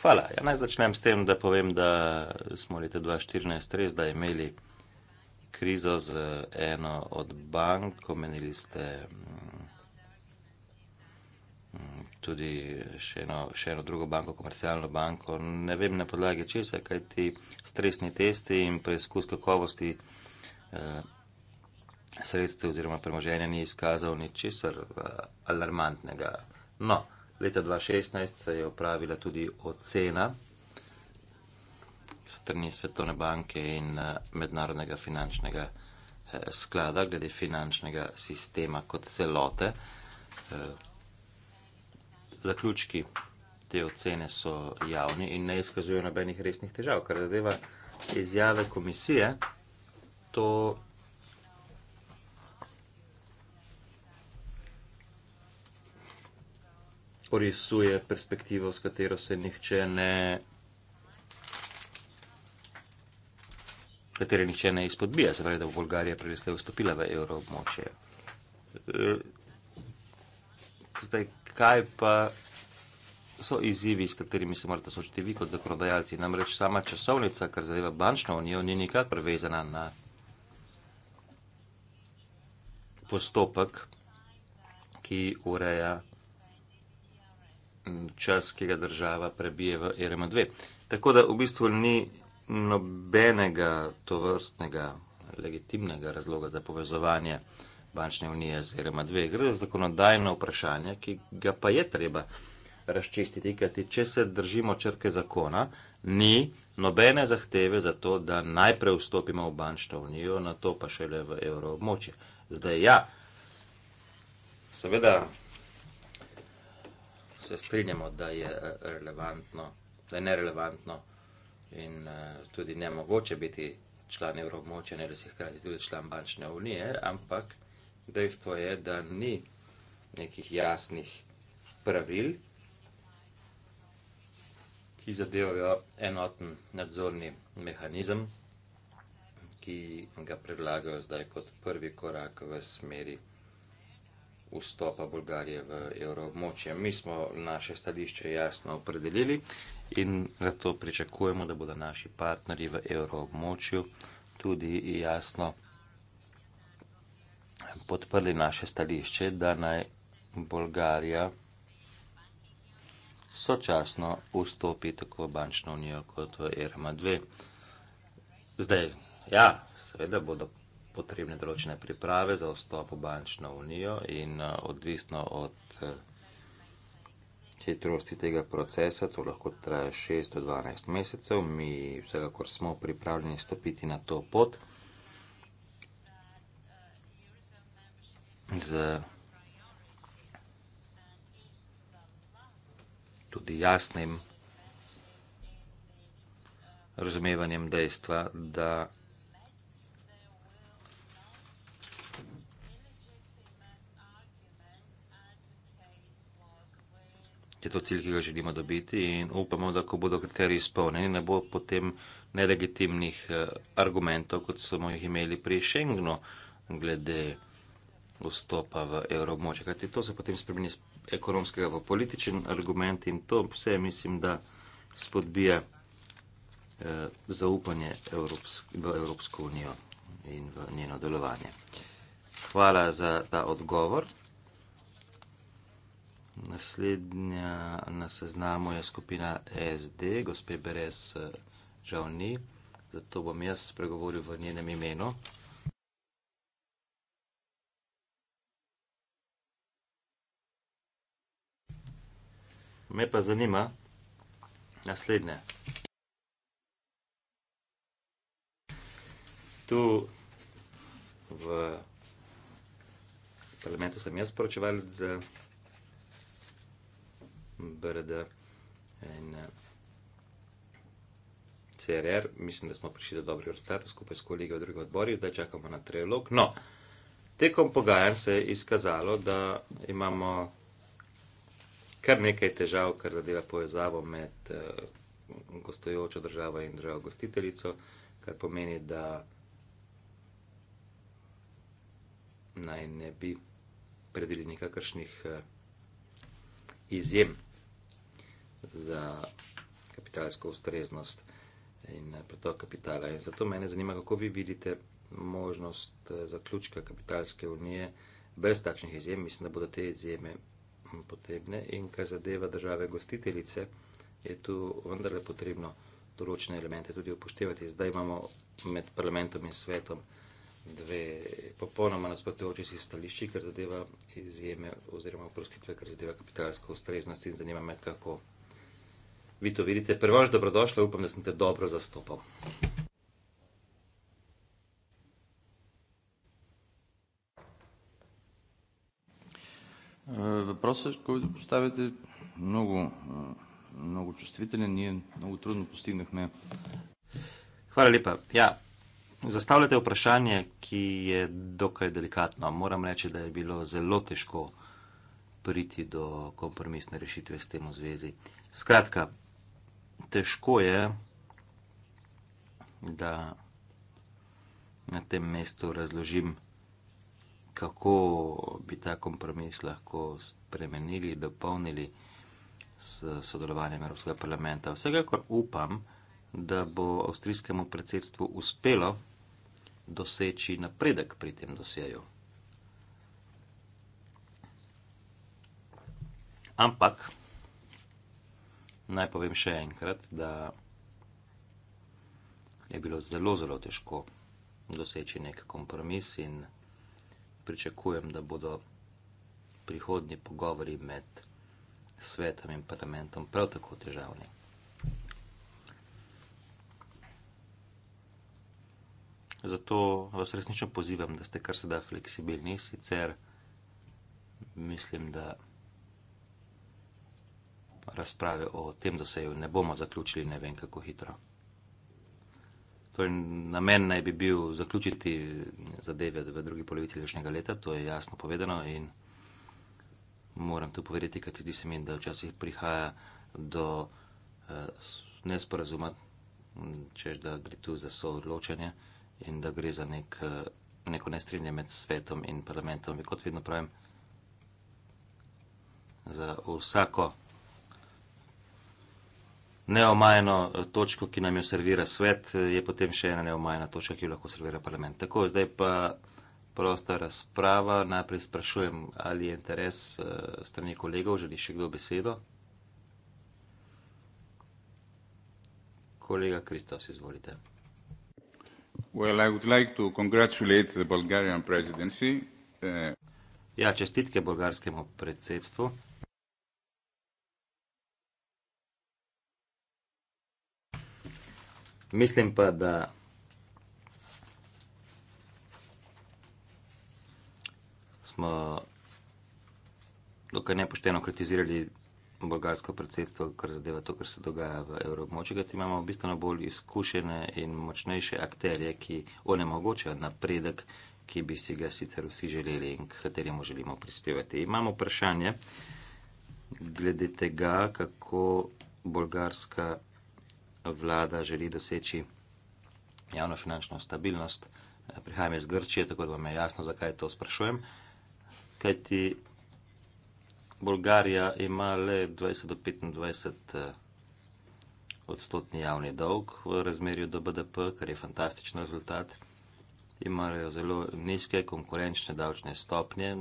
S4: Hvala.
S2: Ja, naj začnem s tem, da povem, da smo leta 2014 res, da imeli krizo z eno od bank, omenili ste tudi še eno, še eno drugo banko, komercialno banko. Ne vem na podlagi česa, kaj ti stresni testi in preizkus kakovosti eh, sredstev oziroma premoženja ni izkazal ničesar eh, alarmantnega. No, leta 2016 se je upravila tudi ocena strani Svetovne banke in eh, mednarodnega finančnega eh, sklada glede finančnega sistema kot celote. Eh, zaključki te ocene so javni in ne izkazujejo nobenih resnih težav. Kar zadeva izjave komisije, to orisuje perspektivo, s katero se nihče ne. Katere nihče ne izpodbija, se pravi, da bo Bolgarija prej vstopila v evroobmočje. E, zdaj, kaj pa so izzivi, s katerimi se morate soočiti vi kot zakonodajalci? Namreč sama časovnica, kar zadeva bančno unijo, ni nikakor vezana na postopek, ki ureja čas, ki ga država prebije v e RM2. Tako da v bistvu ni nobenega tovrstnega legitimnega razloga za povezovanje bančne unije oziroma dve. Gre za zakonodajno vprašanje, ki ga pa je treba razčistiti, kajti če se držimo črke zakona, ni nobene zahteve za to, da najprej vstopimo v bančno unijo, na to pa šele v evroobmočje. Zdaj ja, seveda se strinjamo, da je eh, relevantno, da je nerelevantno in eh, tudi ne mogoče biti član evroobmočja, ne da si hkrati tudi član bančne unije, ampak dejstvo je, da ni nekih jasnih pravil, ki zadevajo enoten nadzorni mehanizem, ki ga predlagajo zdaj kot prvi korak v smeri vstopa Bolgarije v evroobmočje. Mi smo naše stališče jasno opredelili in zato pričakujemo, da bodo naši partnerji v evroobmočju tudi jasno opredelili podprli naše stališče, da naj Bolgarija sočasno vstopi tako v bančno unijo kot v ERMA 2. Zdaj, ja, seveda bodo potrebne določene priprave za vstop v bančno unijo in eh, odvisno od eh, hitrosti tega procesa, to lahko traja 6 do 12 mesecev, mi vsekakor smo pripravljeni stopiti na to pot. z, tudi jasnim razumevanjem dejstva, da je to cilj, ki ga želimo dobiti in upamo, da ko bodo kriteriji izpolnjeni, ne bo potem nelegitimnih eh, argumentov, kot smo jih imeli pri Schengenu glede vstopa v evroobmočje. Kajti to se potem spremeni iz ekonomskega v političen argument in to vse mislim, da spodbija eh, zaupanje Evrops v Evropsko unijo in v njeno delovanje. Hvala za ta odgovor. Naslednja na seznamu je skupina SD, gospe Beres eh, žal ni, zato bom jaz spregovoril v njenem imenu. Me pa zanima naslednje. Tu v parlamentu sem jaz poročeval z BRD in eh, CRR. Mislim, da smo prišli do dobrih rezultatov skupaj s kolegi v drugih odborih, zdaj čakamo na trilog. No, tekom pogajanj se je izkazalo, da imamo kar nekaj težav, kar zadeva povezavo med uh, gostujočo državo in državo gostiteljico, kar pomeni, da naj ne bi predili nikakršnih uh, izjem za kapitalsko ustreznost in uh, pretok kapitala. In zato mene zanima, kako vi vidite možnost uh, zaključka kapitalske unije brez takšnih izjem. Mislim, da bodo te izjeme potrebne in kar zadeva države gostiteljice, je tu vendarle potrebno določene elemente tudi upoštevati. Zdaj imamo med parlamentom in svetom dve popolnoma nasprotujoči si stališči, kar zadeva izjeme oziroma oprostitve, kar zadeva kapitalsko ustreznost in zanima me, kako vi to vidite. Prvo, dobrodošla, upam, da sem te dobro zastopal.
S4: въпросът, който поставяте, много, много чувствителен. Ние много трудно постигнахме. Hvala lepa. Ja, zastavljate vprašanje,
S2: ki je dokaj delikatno. Moram reči, da je bilo zelo težko priti do kompromisne rešitve s tem v zvezi. Skratka, težko je, da na tem mestu razložim kako bi ta kompromis lahko spremenili, dopolnili s sodelovanjem Evropskega parlamenta. Vsekakor upam, da bo avstrijskemu predsedstvu uspelo doseči napredek pri tem dosjeju. Ampak naj povem še enkrat, da je bilo zelo, zelo težko doseči nek kompromis in pričakujem, da bodo prihodni pogovori med svetom in parlamentom prav tako težavni. Zato vas resnično pozivam, da ste kar se da fleksibilni, sicer mislim, da razprave o tem dosegu ne bomo zaključili ne vem kako hitro. Namen naj bi bil zaključiti zadeve v drugi polovici letošnjega leta, to je jasno povedano in moram tu povedati, ker zdi se mi, da včasih prihaja do eh, nesporazuma, čež da gre tu za soodločanje in da gre za nek, eh, neko nestrinje med svetom in parlamentom. In kot vedno pravim, za vsako neomajno eh, točko, ki nam jo servira svet, eh, je potem še ena neomajna točka, ki jo lahko servira parlament. Tako, zdaj pa prosta razprava. Najprej sprašujem, ali je interes eh, strani kolegov, želi še kdo besedo? Kolega Kristos, izvolite. Well, I would like to congratulate the Bulgarian presidency. Uh... Ja, čestitke bolgarskemu predsedstvu. Mislim pa, da smo dokaj nepošteno kritizirali bolgarsko predsedstvo, kar zadeva to, kar se dogaja v Evropmoči, ker imamo bistveno bolj izkušene in močnejše akterje, ki onemogočajo napredek, ki bi si ga sicer vsi želeli in k kateremu želimo prispevati. Imamo vprašanje glede tega, kako bolgarska predsedstva vlada želi doseči javno finančno stabilnost. Prihajam iz Grčije, tako da vam je jasno, zakaj to sprašujem. Kaj ti Bolgarija ima le 20 do 25 eh, odstotni javni dolg v razmerju do BDP, kar je fantastičen rezultat. Imajo zelo nizke konkurenčne davčne stopnje,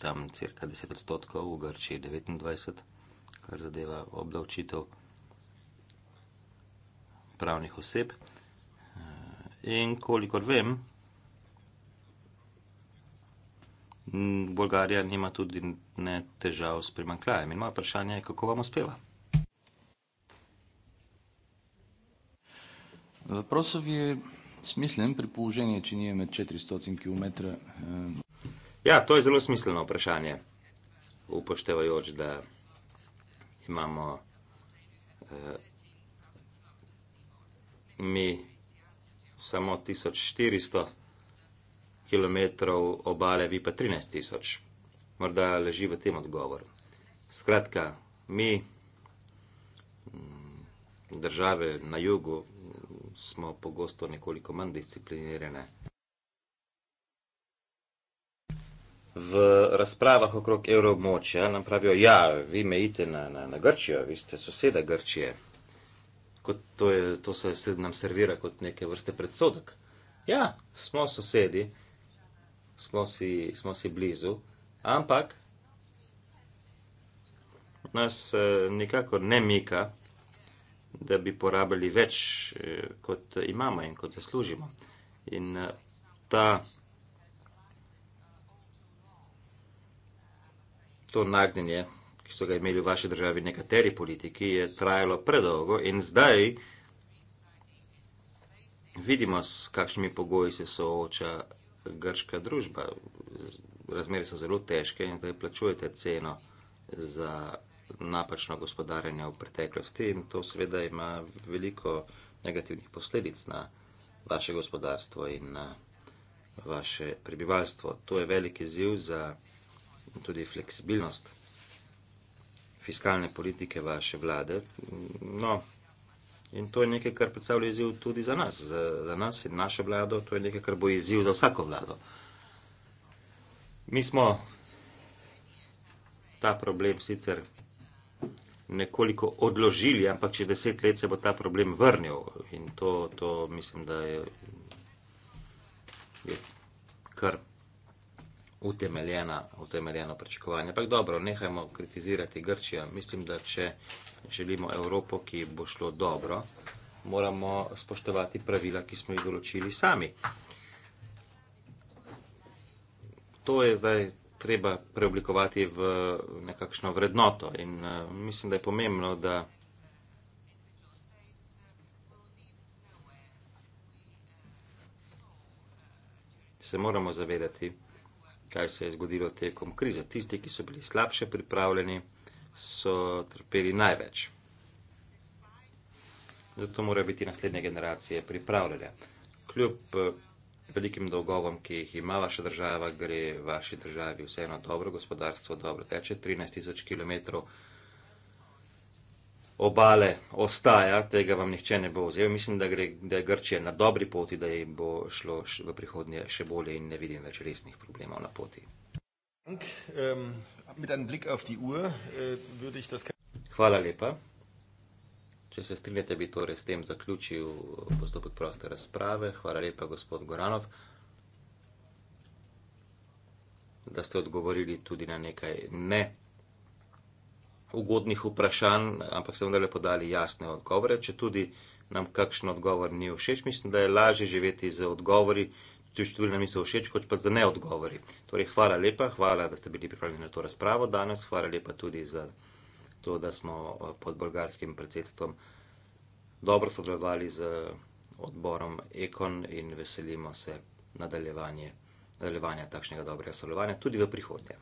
S2: tam cirka 10 odstotkov, v Grčiji 29, kar zadeva obdavčitev pravnih oseb. In kolikor vem, Bolgarija nima tudi ne težav s primankljajem. In moja vprašanja je, kako vam uspeva?
S4: Zaprosov je smislen pri použenje, če nije med 400 km. Eh. Ja, to je zelo smisleno vprašanje,
S2: upoštevajoč, da imamo eh, mi samo 1400 km obale, vi pa 13000. Morda leži v tem odgovor. Skratka, mi, mm, države na jugu, smo pogosto nekoliko manj disciplinirane. V razpravah okrog evroobmočja nam pravijo, ja, vi mejite na, na, na Grčijo, vi ste soseda Grčije kot to, je, to se, se nam servira kot neke vrste predsodek. Ja, smo sosedi, smo si, smo si blizu, ampak nas eh, nikakor ne mika, da bi porabili več, eh, kot imamo in kot zaslužimo. In eh, ta, to nagnjenje ki so ga imeli v vaši državi nekateri politiki, je trajalo predolgo in zdaj vidimo, s kakšnimi pogoji se sooča grška družba. Razmere so zelo težke in zdaj plačujete ceno za napačno gospodarjenje v preteklosti in to seveda ima veliko negativnih posledic na vaše gospodarstvo in na vaše prebivalstvo. To je veliki ziv za tudi fleksibilnost fiskalne politike vaše vlade. No, in to je nekaj, kar predstavlja izziv tudi za nas, za, za nas in našo vlado. To je nekaj, kar bo izziv za vsako vlado. Mi smo ta problem sicer nekoliko odložili, ampak čez deset let se bo ta problem vrnil. In to, to mislim, da je, je kar utemeljena, utemeljeno pričakovanje. Ampak dobro, nehajmo kritizirati Grčijo. Mislim, da če želimo Evropo, ki bo šlo dobro, moramo spoštovati pravila, ki smo jih določili sami. To je zdaj treba preoblikovati v nekakšno vrednoto in eh, mislim, da je pomembno, da se moramo zavedati, kaj se je zgodilo tekom krize. Tisti, ki so bili slabše pripravljeni, so trpeli največ. Zato morajo biti naslednje generacije pripravljene. Kljub eh, velikim dolgovom, ki jih ima vaša država, gre vaši državi vseeno dobro, gospodarstvo dobro teče, 13 tisoč kilometrov obale ostaja, tega vam nihče ne bo vzel. Mislim, da, gre, da je Grčija na dobri poti, da jim bo šlo v prihodnje še bolje in ne vidim več resnih problemov na poti.
S1: Ähm, äh,
S2: Hvala lepa. Če se strinjate, bi torej s tem zaključil postopek proste razprave. Hvala lepa, gospod Goranov, da ste odgovorili tudi na nekaj ne ugodnih vprašanj, ampak so vendarle podali jasne odgovore. Če tudi nam kakšen odgovor ni všeč, mislim, da je lažje živeti z odgovori, če tudi nam niso všeč, kot pa z neodgovori. Torej, hvala lepa, hvala, da ste bili pripravljeni na to razpravo danes, hvala lepa tudi za to, da smo eh, pod bolgarskim predsedstvom dobro sodelovali z odborom Ekon in veselimo se nadaljevanja takšnega dobrega sodelovanja tudi v prihodnje.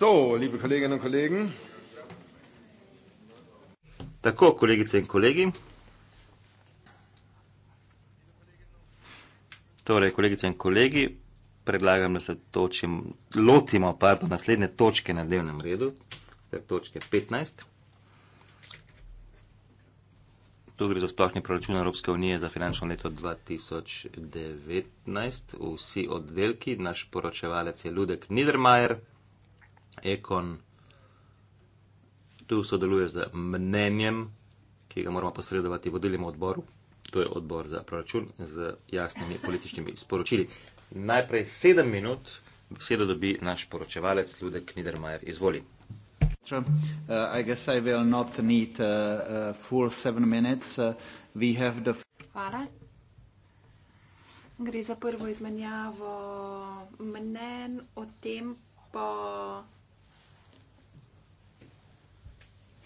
S1: So, liebe Kolleginnen und Kollegen.
S2: Tako, kolegice in kolegi. Torej, kolegice in kolegi, predlagam, da se točim, lotimo pardon, naslednje točke na dnevnem redu, ter točke 15. Tu gre za splošni proračun Evropske unije za finančno leto 2019. Vsi oddelki, naš poročevalec je Ludek Niedermayer. Ekon tu sodeluje z mnenjem, ki ga moramo posredovati vodilnemu odboru, to je odbor za proračun, z jasnimi političnimi sporočili. Najprej sedem minut, besedo dobi naš poročevalec Ludek Niedermayer. Izvoli.
S6: Uh, uh, uh,
S5: Hvala. Gre za prvo izmenjavo mnen o tem po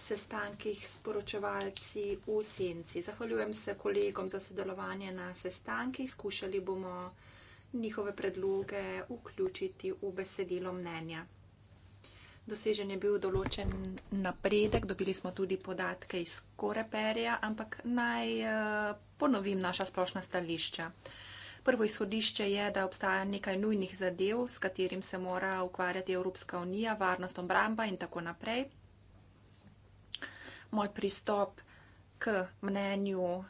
S5: sestankih s poročevalci v senci. Zahvaljujem se kolegom za sodelovanje na sestankih. Skušali bomo njihove predloge vključiti v besedilo mnenja. Dosežen je bil določen napredek, dobili smo tudi podatke iz Koreperja, ampak naj eh, ponovim naša splošna stališča. Prvo izhodišče je, da obstaja nekaj nujnih zadev, s katerim se mora ukvarjati Evropska unija, varnost, obramba in tako naprej moj pristop k mnenju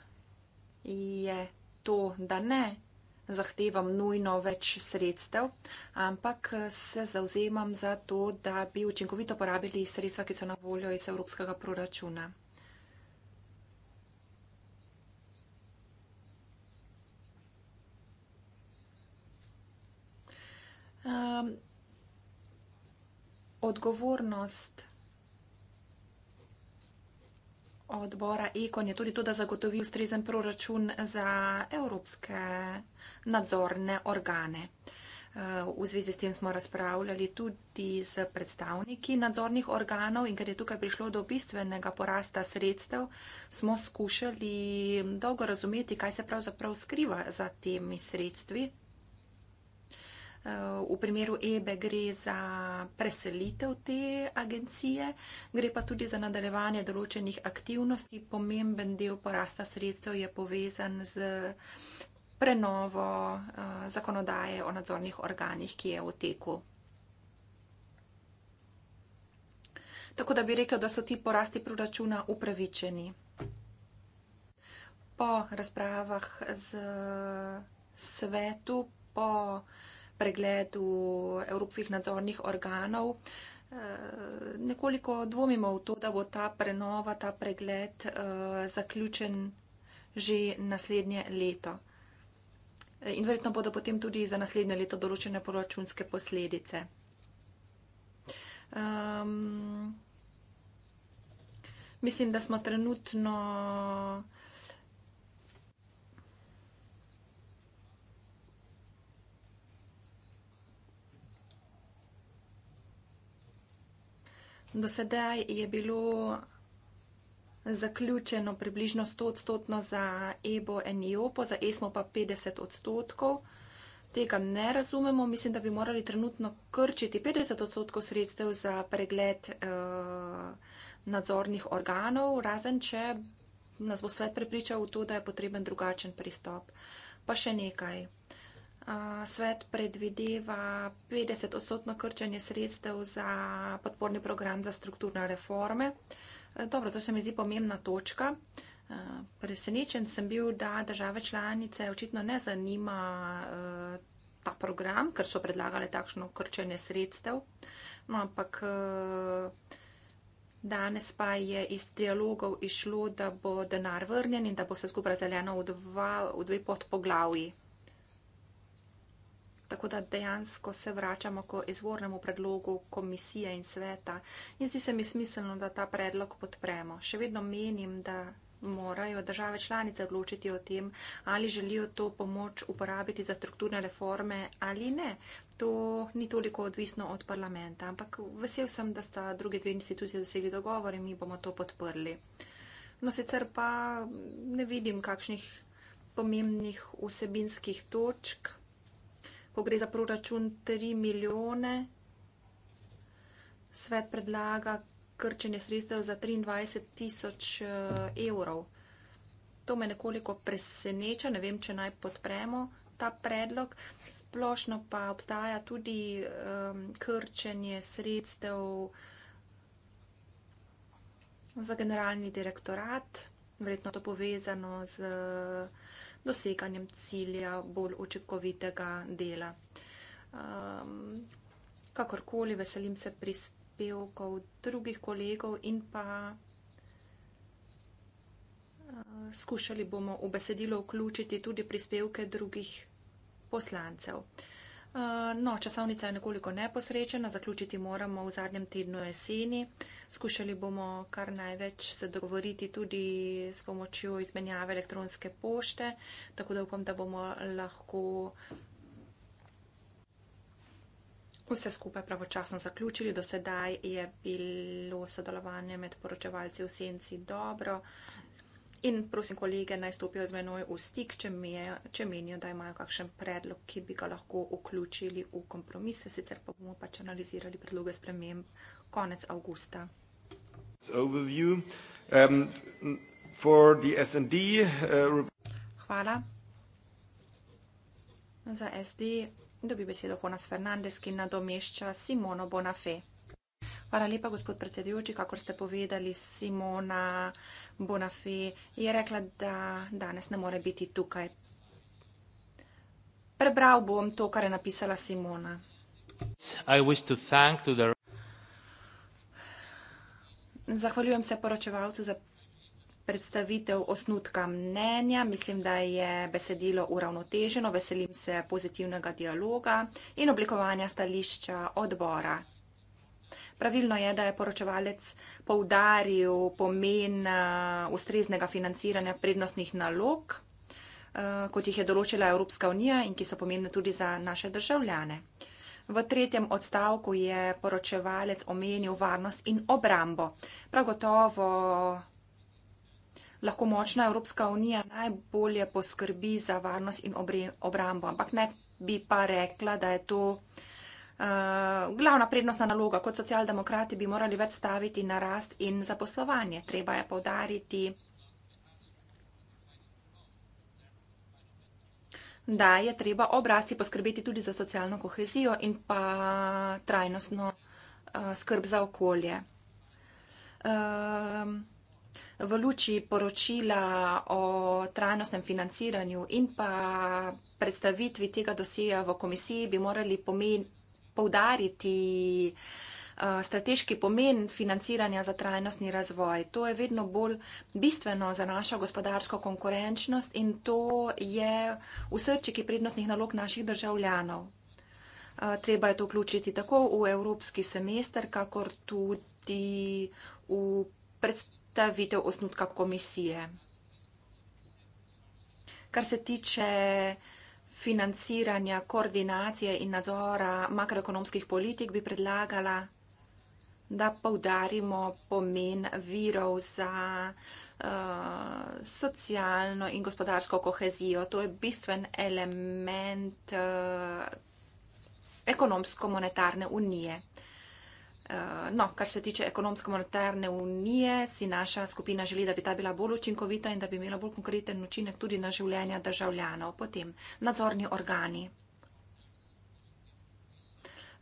S5: je to, da ne zahtevam nujno več sredstev, ampak se zauzemam za to, da bi učinkovito porabili sredstva, ki so na voljo iz evropskega proračuna. Ehm, odgovornost odbora Ekon je tudi to, da zagotovi ustrezen proračun za evropske nadzorne organe. Eh, v zvezi s tem smo razpravljali tudi z predstavniki nadzornih organov in ker je tukaj prišlo do bistvenega porasta sredstev, smo skušali dolgo razumeti, kaj se pravzaprav skriva za temi sredstvi. V primeru EBE gre za preselitev te agencije, gre pa tudi za nadaljevanje določenih aktivnosti. Pomemben del porasta sredstev je povezan z prenovo eh, zakonodaje o nadzornih organih, ki je v teku. Tako da bi rekel, da so ti porasti proračuna upravičeni. Po razpravah z svetu, po razpravah, pregledu evropskih nadzornih organov. Eh, nekoliko dvomimo v to, da bo ta prenova, ta pregled eh, zaključen že naslednje leto. Eh, in verjetno bodo potem tudi za naslednje leto določene proračunske posledice. Um, mislim, da smo trenutno Do sedaj je bilo zaključeno približno 100 odstotno za EBO in IOPO, za ESMO pa 50 odstotkov. Tega ne razumemo. Mislim, da bi morali trenutno krčiti 50 odstotkov sredstev za pregled eh, nadzornih organov, razen če nas bo svet prepričal v to, da je potreben drugačen pristop. Pa še nekaj svet predvideva 50-odstotno krčanje sredstev za podporni program za strukturne reforme. E, dobro, to se mi zdi pomembna točka. E, presenečen sem bil, da države članice očitno ne zanima e, ta program, ker so predlagale takšno krčanje sredstev. No, ampak danes pa je iz dialogov išlo, da bo denar vrnjen in da bo se skupaj zeleno v dve podpoglavji. Tako da dejansko se vračamo k izvornemu predlogu komisije in sveta in zdi se mi smiselno, da ta predlog podpremo. Še vedno menim, da morajo države članice odločiti o tem, ali želijo to pomoč uporabiti za strukturne reforme ali ne. To ni toliko odvisno od parlamenta, ampak vesel sem, da sta druge dve institucije dosegli dogovor in mi bomo to podprli. No, sicer pa ne vidim kakšnih pomembnih vsebinskih točk ko gre za proračun 3 milijone, svet predlaga krčenje sredstev za 23 tisoč eh, evrov. To me nekoliko preseneča, ne vem, če naj podpremo ta predlog. Splošno pa obstaja tudi um, krčenje sredstev za generalni direktorat, verjetno to povezano z. Uh, doseganjem cilja, bolj učinkovitega dela. Um, kakorkoli, veselim se prispevkov drugih kolegov in pa uh, skušali bomo v besedilo vključiti tudi prispevke drugih poslancev. Uh, Eh, no, časovnica je nekoliko neposrečena, zaključiti moramo v zadnjem tednu jeseni. Skušali bomo kar največ se dogovoriti tudi s pomočjo izmenjave elektronske pošte, tako da upam, da bomo lahko vse skupaj pravočasno zaključili. Do sedaj je bilo sodelovanje med poročevalci v senci dobro. Uh, In prosim kolege, naj stopijo z menoj v stik, če, mi je, če menijo, da imajo kakšen predlog, ki bi ga lahko vključili v kompromise, sicer pa bomo pač analizirali predloge sprememb konec avgusta.
S1: Um, uh,
S5: Hvala. Za SD dobi besedo Jonas Fernandez, ki nadomešča Simono Bonafé. Hvala lepa, gospod predsedujoči. Kakor ste povedali, Simona Bonafé je rekla, da danes ne more biti tukaj. Prebral bom to, kar je napisala Simona. Zahvaljujem se poročevalcu za predstavitev osnutka mnenja. Mislim, da je besedilo uravnoteženo. Veselim se pozitivnega dialoga in oblikovanja stališča odbora. Pravilno je, da je poročevalec poudaril pomen eh, ustreznega financiranja prednostnih nalog, eh, kot jih je določila Evropska unija in ki so pomembne tudi za naše državljane. V tretjem odstavku je poročevalec omenil varnost in obrambo. Prav gotovo lahko močna Evropska unija najbolje poskrbi za varnost in obrambo, ampak ne bi pa rekla, da je to. Eh, glavna prednostna naloga kot socialdemokrati bi morali več staviti na rast in zaposlovanje. Treba je povdariti, da je treba ob rasti poskrbeti tudi za socialno kohezijo in pa trajnostno eh, skrb za okolje. Ehm, v luči poročila o trajnostnem financiranju in pa predstavitvi tega dosija v komisiji bi morali pomeniti, poudariti eh, strateški pomen financiranja za trajnostni razvoj. To je vedno bolj bistveno za našo gospodarsko konkurenčnost in to je v srčiki prednostnih nalog naših državljanov. Eh, treba je to vključiti tako v evropski semester, kakor tudi v predstavitev osnutka komisije. Kar se tiče financiranja, koordinacije in nadzora makroekonomskih politik bi predlagala, da povdarimo pomen virov za uh, socialno in gospodarsko kohezijo. To je bistven element uh, ekonomsko-monetarne unije. Eh, no, kar se tiče ekonomsko-monetarne unije, si naša skupina želi, da bi ta bila bolj učinkovita in da bi imela bolj konkreten učinek tudi na življenja državljanov. Potem nadzorni organi.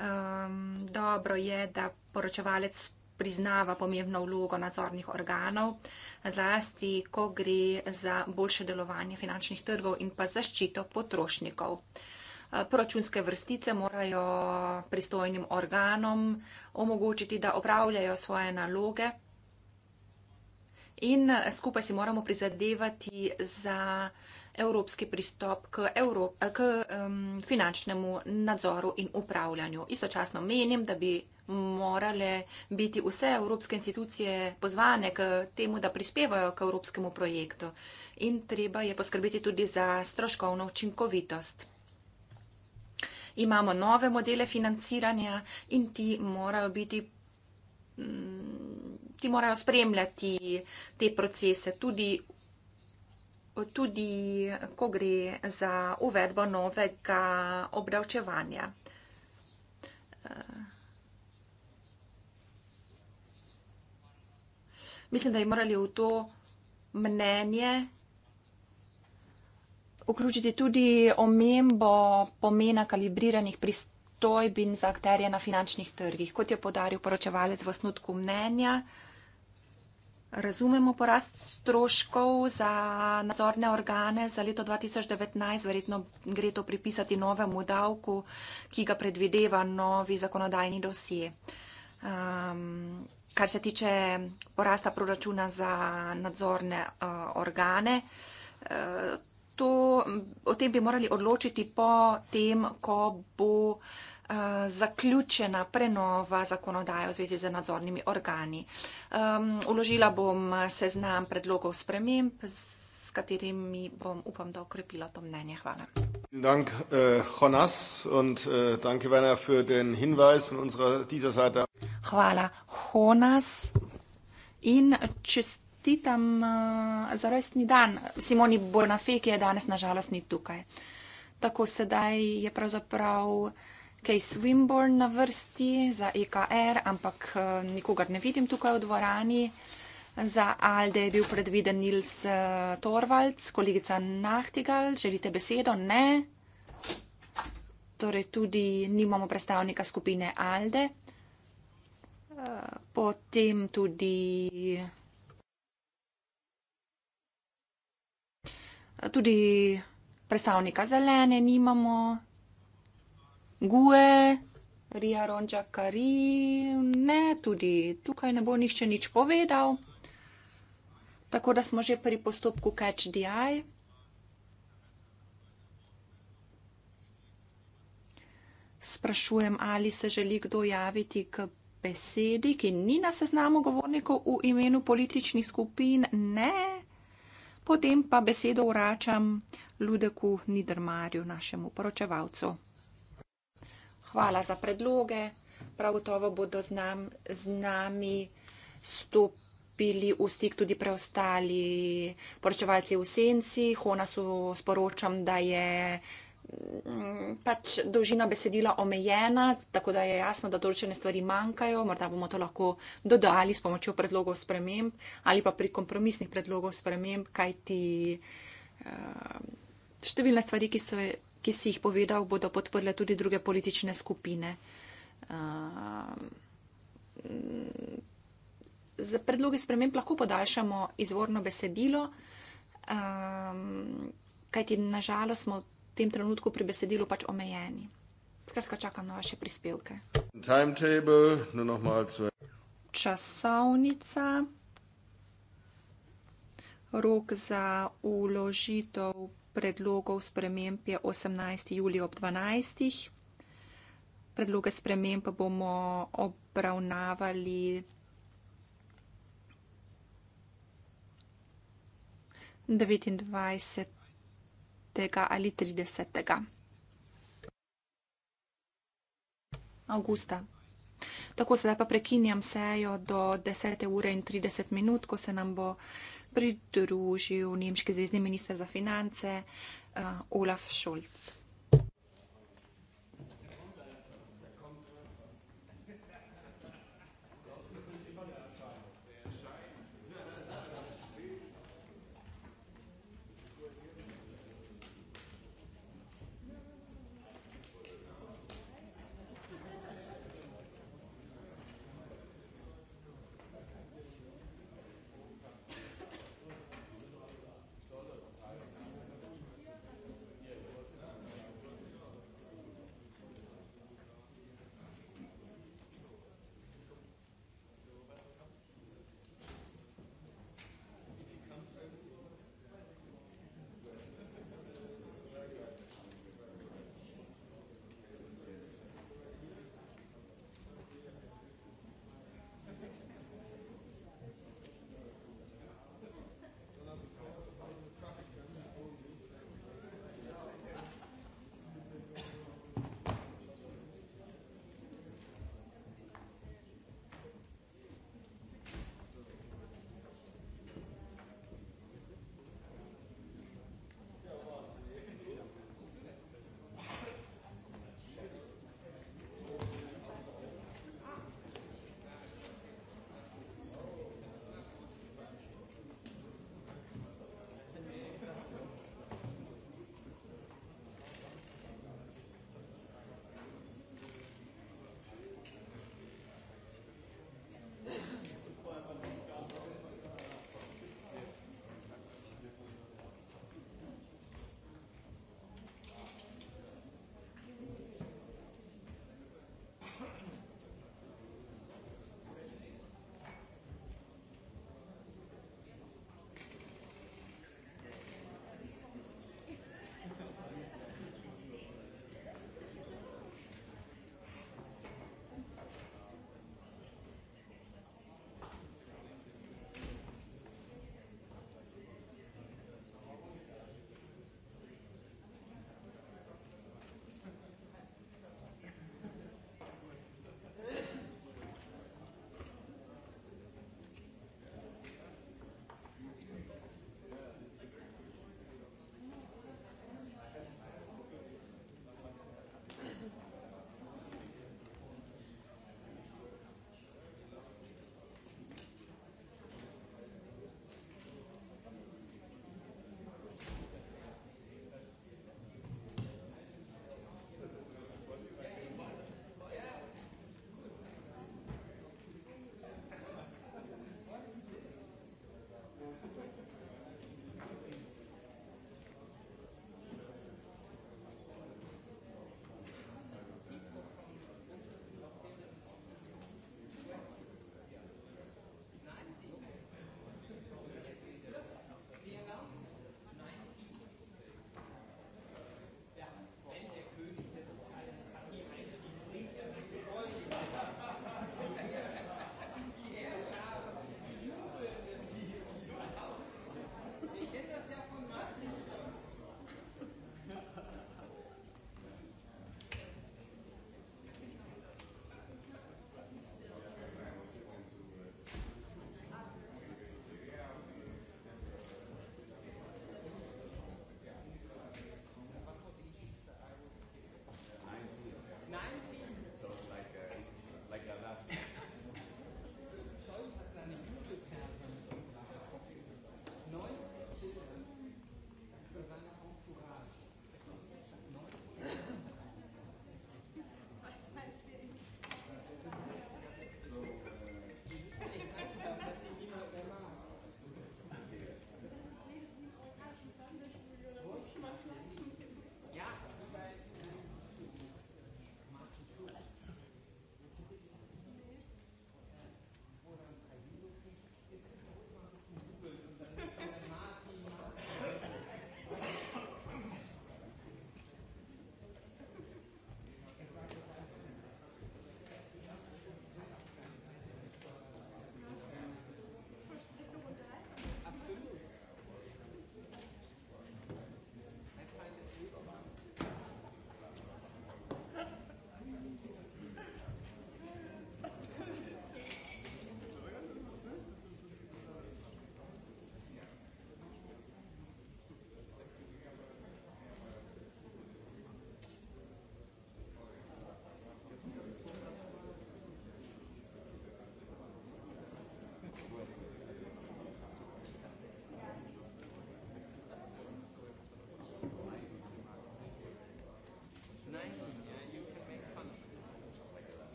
S5: Um, dobro je, da poročevalec priznava pomembno vlogo nadzornih organov, zlasti, ko gre za boljše delovanje finančnih trgov in pa zaščito potrošnikov. Uh, Proračunske vrstice morajo pristojnim organom omogočiti, da opravljajo svoje naloge. In e, skupaj si moramo prizadevati za evropski pristop k, Evro, e, k um, finančnemu nadzoru in upravljanju. Istočasno menim, da bi morale biti vse evropske institucije pozvane k temu, da prispevajo k evropskemu projektu. In treba je poskrbeti tudi za stroškovno učinkovitost imamo nove modele financiranja in ti morajo biti. Mm, ti morajo spremljati te procese, tudi, tudi ko gre za uvedbo novega obdavčevanja. Mislim, da je morali v to mnenje vključiti tudi omembo pomena kalibriranih pristojbin za akterje na finančnih trgih. Kot je podaril poročevalec v osnutku mnenja, razumemo porast stroškov za nadzorne organe za leto 2019, verjetno gre to pripisati novemu davku, ki ga predvideva novi zakonodajni dosje. Um, kar se tiče porasta proračuna za nadzorne uh, organe, uh, to, o tem bi morali odločiti po tem, ko bo eh, zaključena prenova zakonodaje v zvezi z nadzornimi organi. Um, uložila bom seznam predlogov sprememb, s katerimi bom upam, da okrepila to mnenje. Hvala.
S1: Dank, uh, eh, Honas, und, uh, danke, Werner, für den Hinweis von unserer dieser Seite.
S5: Hvala, Honas. In čist ti tam uh, za rojstni dan. Simoni Bonafé, ki je danes nažalost ni tukaj. Tako sedaj je pravzaprav Kej Swimborn na vrsti za EKR, ampak uh, nikogar ne vidim tukaj v dvorani. Za Alde je bil predviden Nils uh, Torvalds, kolegica Nahtigal. Želite besedo? Ne. Torej tudi nimamo predstavnika skupine Alde. Potem tudi tudi predstavnika zelene nimamo, guje, rija ronča kari, ne, tudi tukaj ne bo nihče nič povedal. Tako da smo že pri postopku catch the eye. Sprašujem, ali se želi kdo javiti k besedi, ki ni na seznamu govornikov v imenu političnih skupin. Ne. Potem pa besedo vračam Ludeku Nidermarju, našemu poročevalcu. Hvala za predloge. Prav gotovo bodo z, nam, z nami stopili v stik tudi preostali poročevalci v senci. Honasu sporočam, da je Mm, pač dolžina besedila omejena, tako da je jasno, da določene stvari manjkajo. Morda bomo to lahko dodali s pomočjo predlogov sprememb ali pa pri kompromisnih predlogov sprememb, kajti eh, številne stvari, ki, so, ki si jih povedal, bodo podprle tudi druge politične skupine. Eh, za predloge sprememb lahko podaljšamo izvorno besedilo, um, kajti nažalost smo tem trenutku pri besedilu pač omejeni. Skratka, čakam na vaše prispevke.
S1: No, no,
S5: Časovnica, rok za uložitev predlogov sprememb je 18. julij ob 12. Predloge sprememb bomo obravnavali. Devetindvajset dvajsetega ali tridesetega. Augusta. Tako, sedaj pa prekinjam sejo do 10. ure in 30 minut, ko se nam bo pridružil nemški zvezdni minister za finance uh, Olaf Scholz.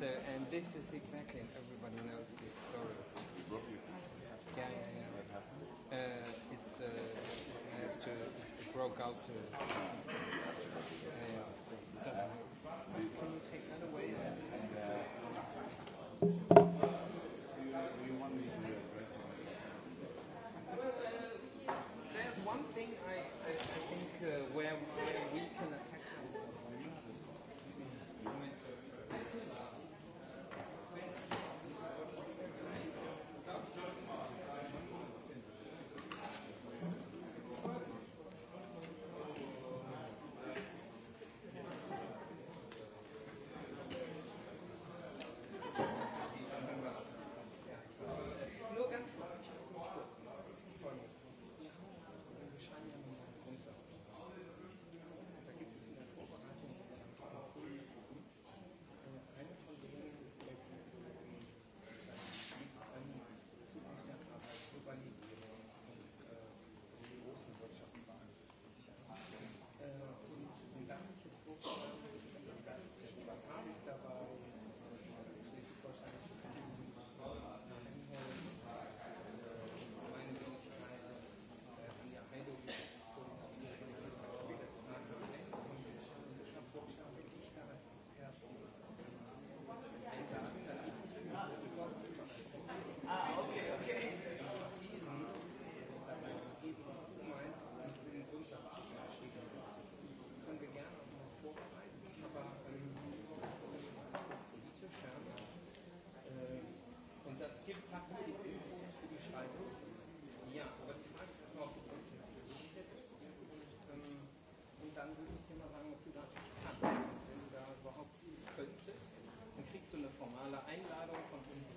S6: So, and this is exactly, and everybody knows
S7: this story. They broke you? Yeah, yeah, yeah. What happened? Uh, it's, uh, I have to, it broke out. To, uh, uh, can you take that away? Yeah. And, uh, eine formale Einladung von unten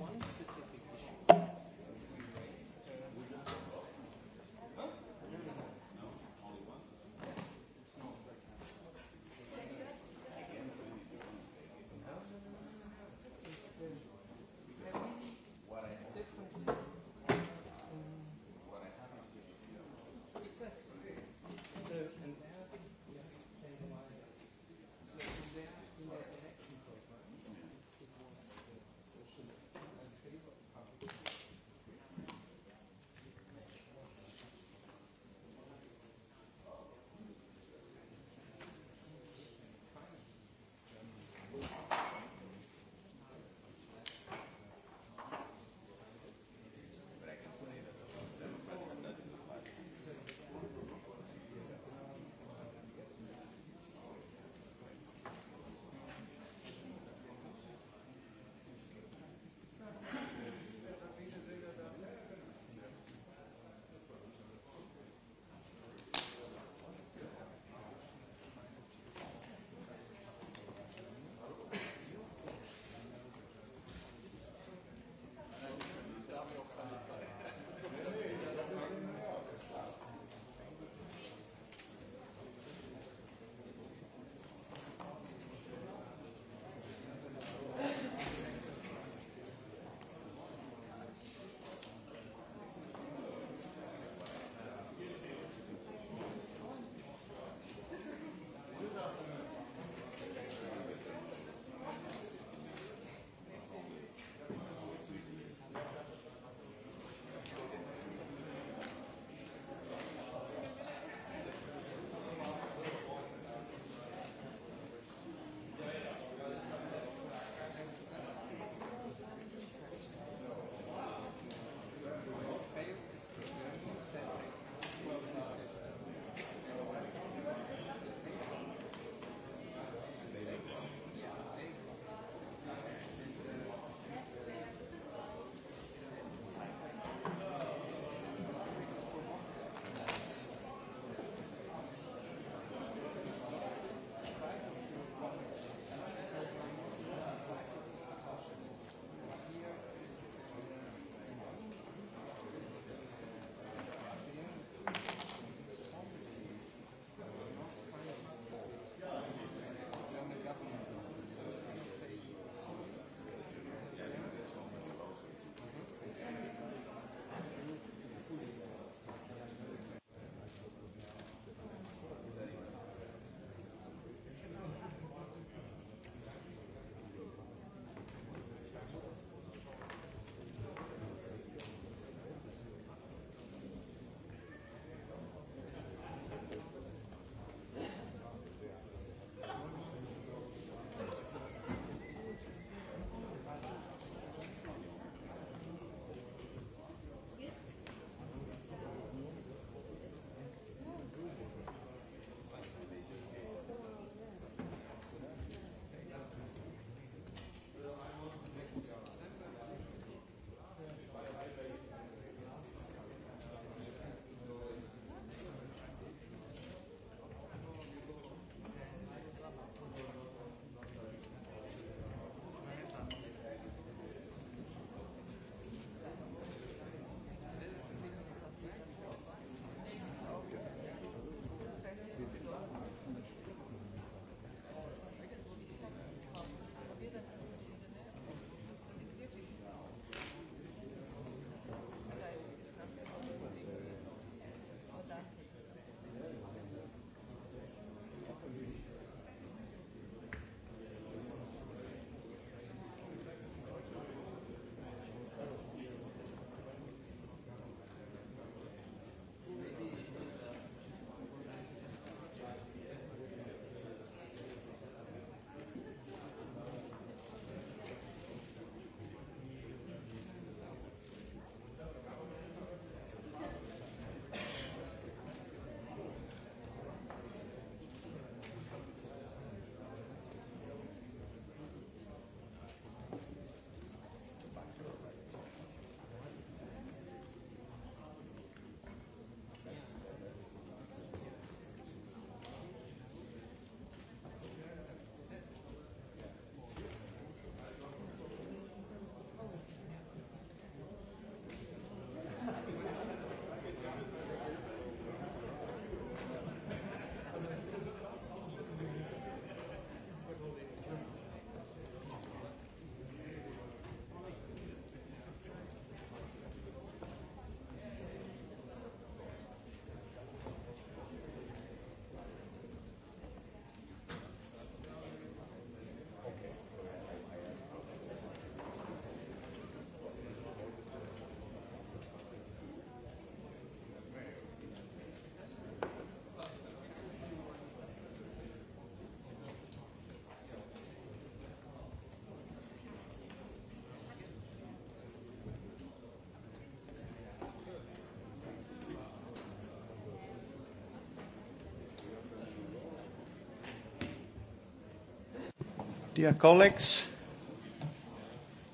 S6: Dear colleagues,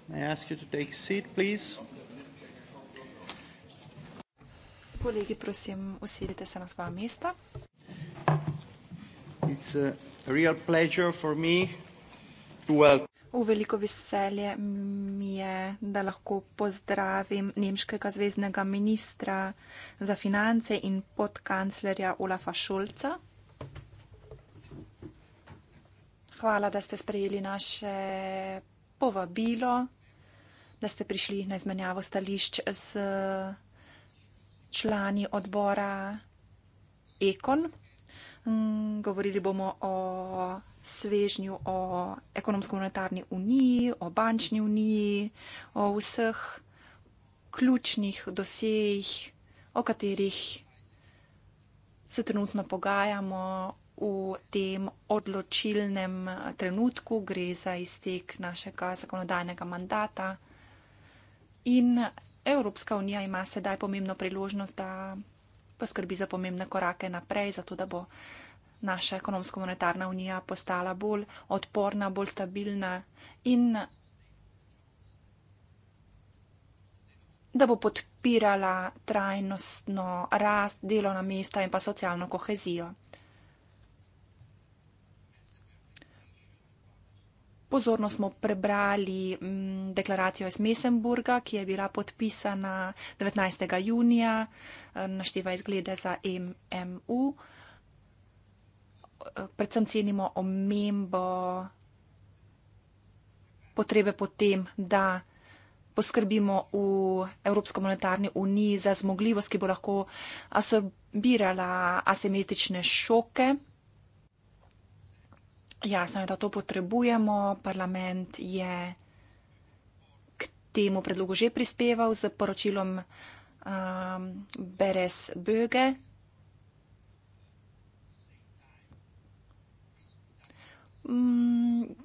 S6: may I ask you to take a seat, please?
S5: Kolegi, prosim, usedite se na svoja mesta.
S6: It's a real pleasure for me to welcome.
S5: V veliko veselje mi je, da lahko pozdravim nemškega zvezdnega ministra za finance in podkanclerja Olafa Šulca. Hvala, da ste sprejeli naše povabilo, da ste prišli na izmenjavo stališč z člani odbora Ekon. Mm, govorili bomo o svežnju, o ekonomsko-monetarni uniji, o bančni uniji, o vseh ključnih dosejih, o katerih se trenutno pogajamo, v tem odločilnem eh, trenutku, gre za iztek našega zakonodajnega mandata. In Evropska unija ima sedaj pomembno priložnost, da poskrbi za pomembne korake naprej, zato da bo naša ekonomsko-monetarna unija postala bolj odporna, bolj stabilna in da bo podpirala trajnostno rast, delovna mesta in pa socialno kohezijo. Pozorno smo prebrali m, mm, deklaracijo iz Mesenburga, ki je bila podpisana 19. junija, eh, našteva izglede za MMU. Eh, predvsem cenimo omembo potrebe potem, da poskrbimo v Evropsko monetarni uniji za zmogljivost, ki bo lahko asobirala asimetrične šoke. Jasno je, da to potrebujemo. Parlament je k temu predlogu že prispeval z poročilom um, Beres Böge. Mm,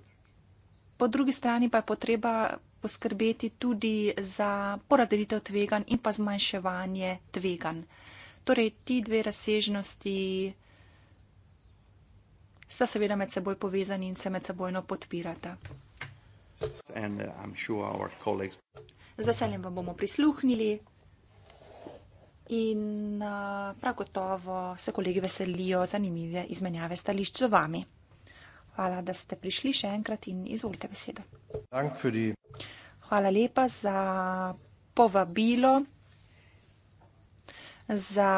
S5: po drugi strani pa je potreba poskrbeti tudi za porazdelitev tvegan in pa zmanjševanje tvegan. Torej, ti dve razsežnosti sta seveda med seboj povezani in se med sebojno podpirata.
S6: And, uh,
S5: Z veseljem vam bomo prisluhnili in uh, prav gotovo se kolegi veselijo zanimive izmenjave stališč z vami. Hvala, da ste prišli še enkrat in izvolite besedo. Die... Hvala lepa za povabilo, za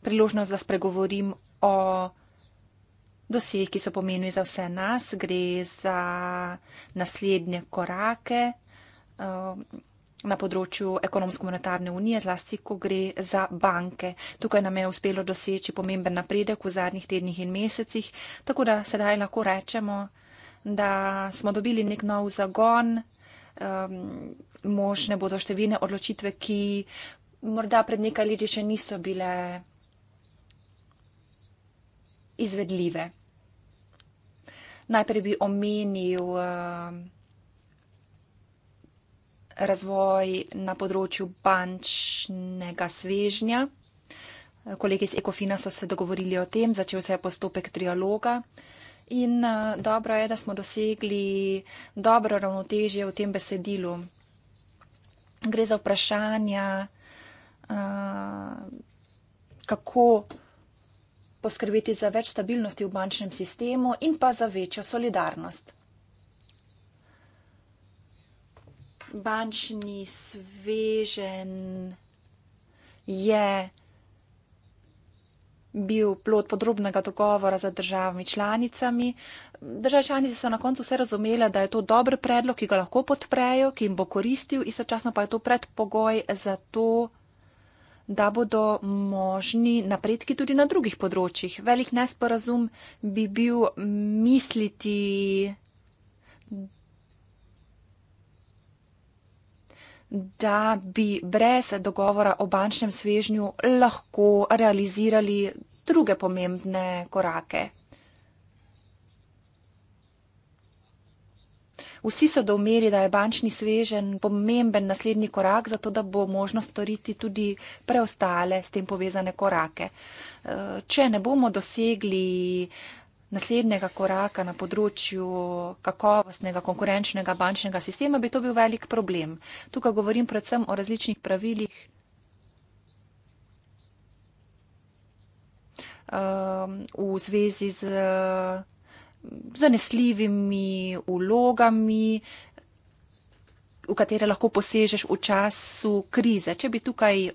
S5: priložnost, da spregovorim o dosjej, ki so pomenili za vse nas, gre za naslednje korake um, na področju ekonomsko-monetarne unije, zlasti ko gre za banke. Tukaj nam je uspelo doseči pomemben napredek v zadnjih tednih in mesecih, tako da sedaj lahko rečemo, da smo dobili nek nov zagon, um, možne bodo številne odločitve, ki morda pred nekaj leti še niso bile izvedljive. Najprej bi omenil eh, razvoj na področju bančnega svežnja. Kolegi iz Ekofina so se dogovorili o tem, začel se je postopek trialoga. In eh, dobro je, da smo dosegli dobro ravnotežje v tem besedilu. Gre za vprašanja, eh, kako poskrbeti za več stabilnosti v bančnem sistemu in pa za večjo solidarnost. Bančni svežen je bil plod podrobnega dogovora z državami članicami. Države članice so na koncu vse razumele, da je to dober predlog, ki ga lahko podprejo, ki jim bo koristil, istočasno pa je to predpogoj za to, da bodo možni napredki tudi na drugih področjih. Velik nesporazum bi bil misliti, da bi brez dogovora o bančnem svežnju lahko realizirali druge pomembne korake. Vsi so domeri, da je bančni svežen pomemben naslednji korak, zato da bo možno storiti tudi preostale s tem povezane korake. E, če ne bomo dosegli naslednjega koraka na področju kakovostnega konkurenčnega bančnega sistema, bi to bil velik problem. Tukaj govorim predvsem o različnih pravilih. E, v zvezi z zanesljivimi vlogami, v katere lahko posežeš v času krize. Če bi tukaj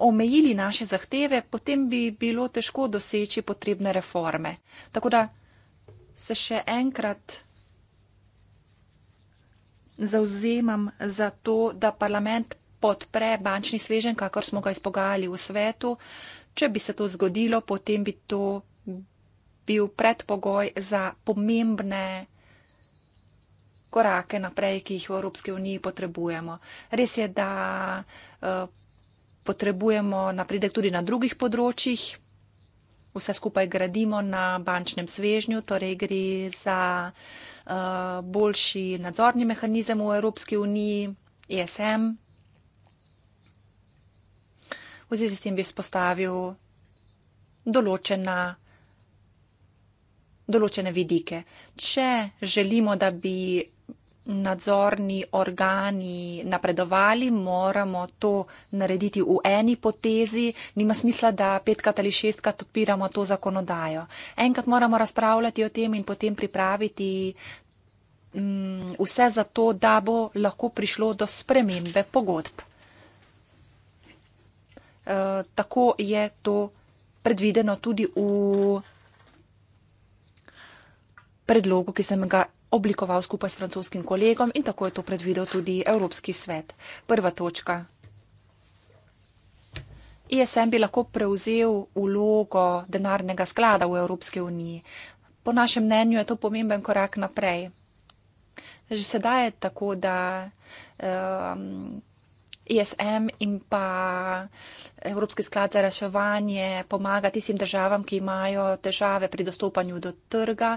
S5: omejili naše zahteve, potem bi bilo težko doseči potrebne reforme. Tako da se še enkrat zauzemam za to, da parlament podpre bančni sveženj, kakor smo ga izpogajali v svetu. Uh, Če bi se to zgodilo, potem bi to bil predpogoj za pomembne korake naprej, ki jih v Evropski uniji potrebujemo. Res je, da uh, potrebujemo napredek tudi na drugih področjih. Vse skupaj gradimo na bančnem svežnju, torej gre za uh, boljši nadzorni mehanizem v Evropski uniji, ESM, v zvezi s tem bi spostavil določena, določene vidike. Če želimo, da bi nadzorni organi napredovali, moramo to narediti v eni potezi. Nima smisla, da petkrat ali šestkrat odpiramo to zakonodajo. Enkrat moramo razpravljati o tem in potem pripraviti um, vse za to, da bo lahko prišlo do spremembe pogodb. Eh, tako je to predvideno tudi v predlogu, ki sem ga oblikoval skupaj s francoskim kolegom in tako je to predvidel tudi Evropski svet. Prva točka. ISM e bi lahko prevzel vlogo denarnega sklada v Evropske uniji. Po našem mnenju je to pomemben korak naprej. Že sedaj je tako, da um, ISM in pa Evropski sklad za reševanje pomaga tistim državam, ki imajo težave pri dostopanju do trga.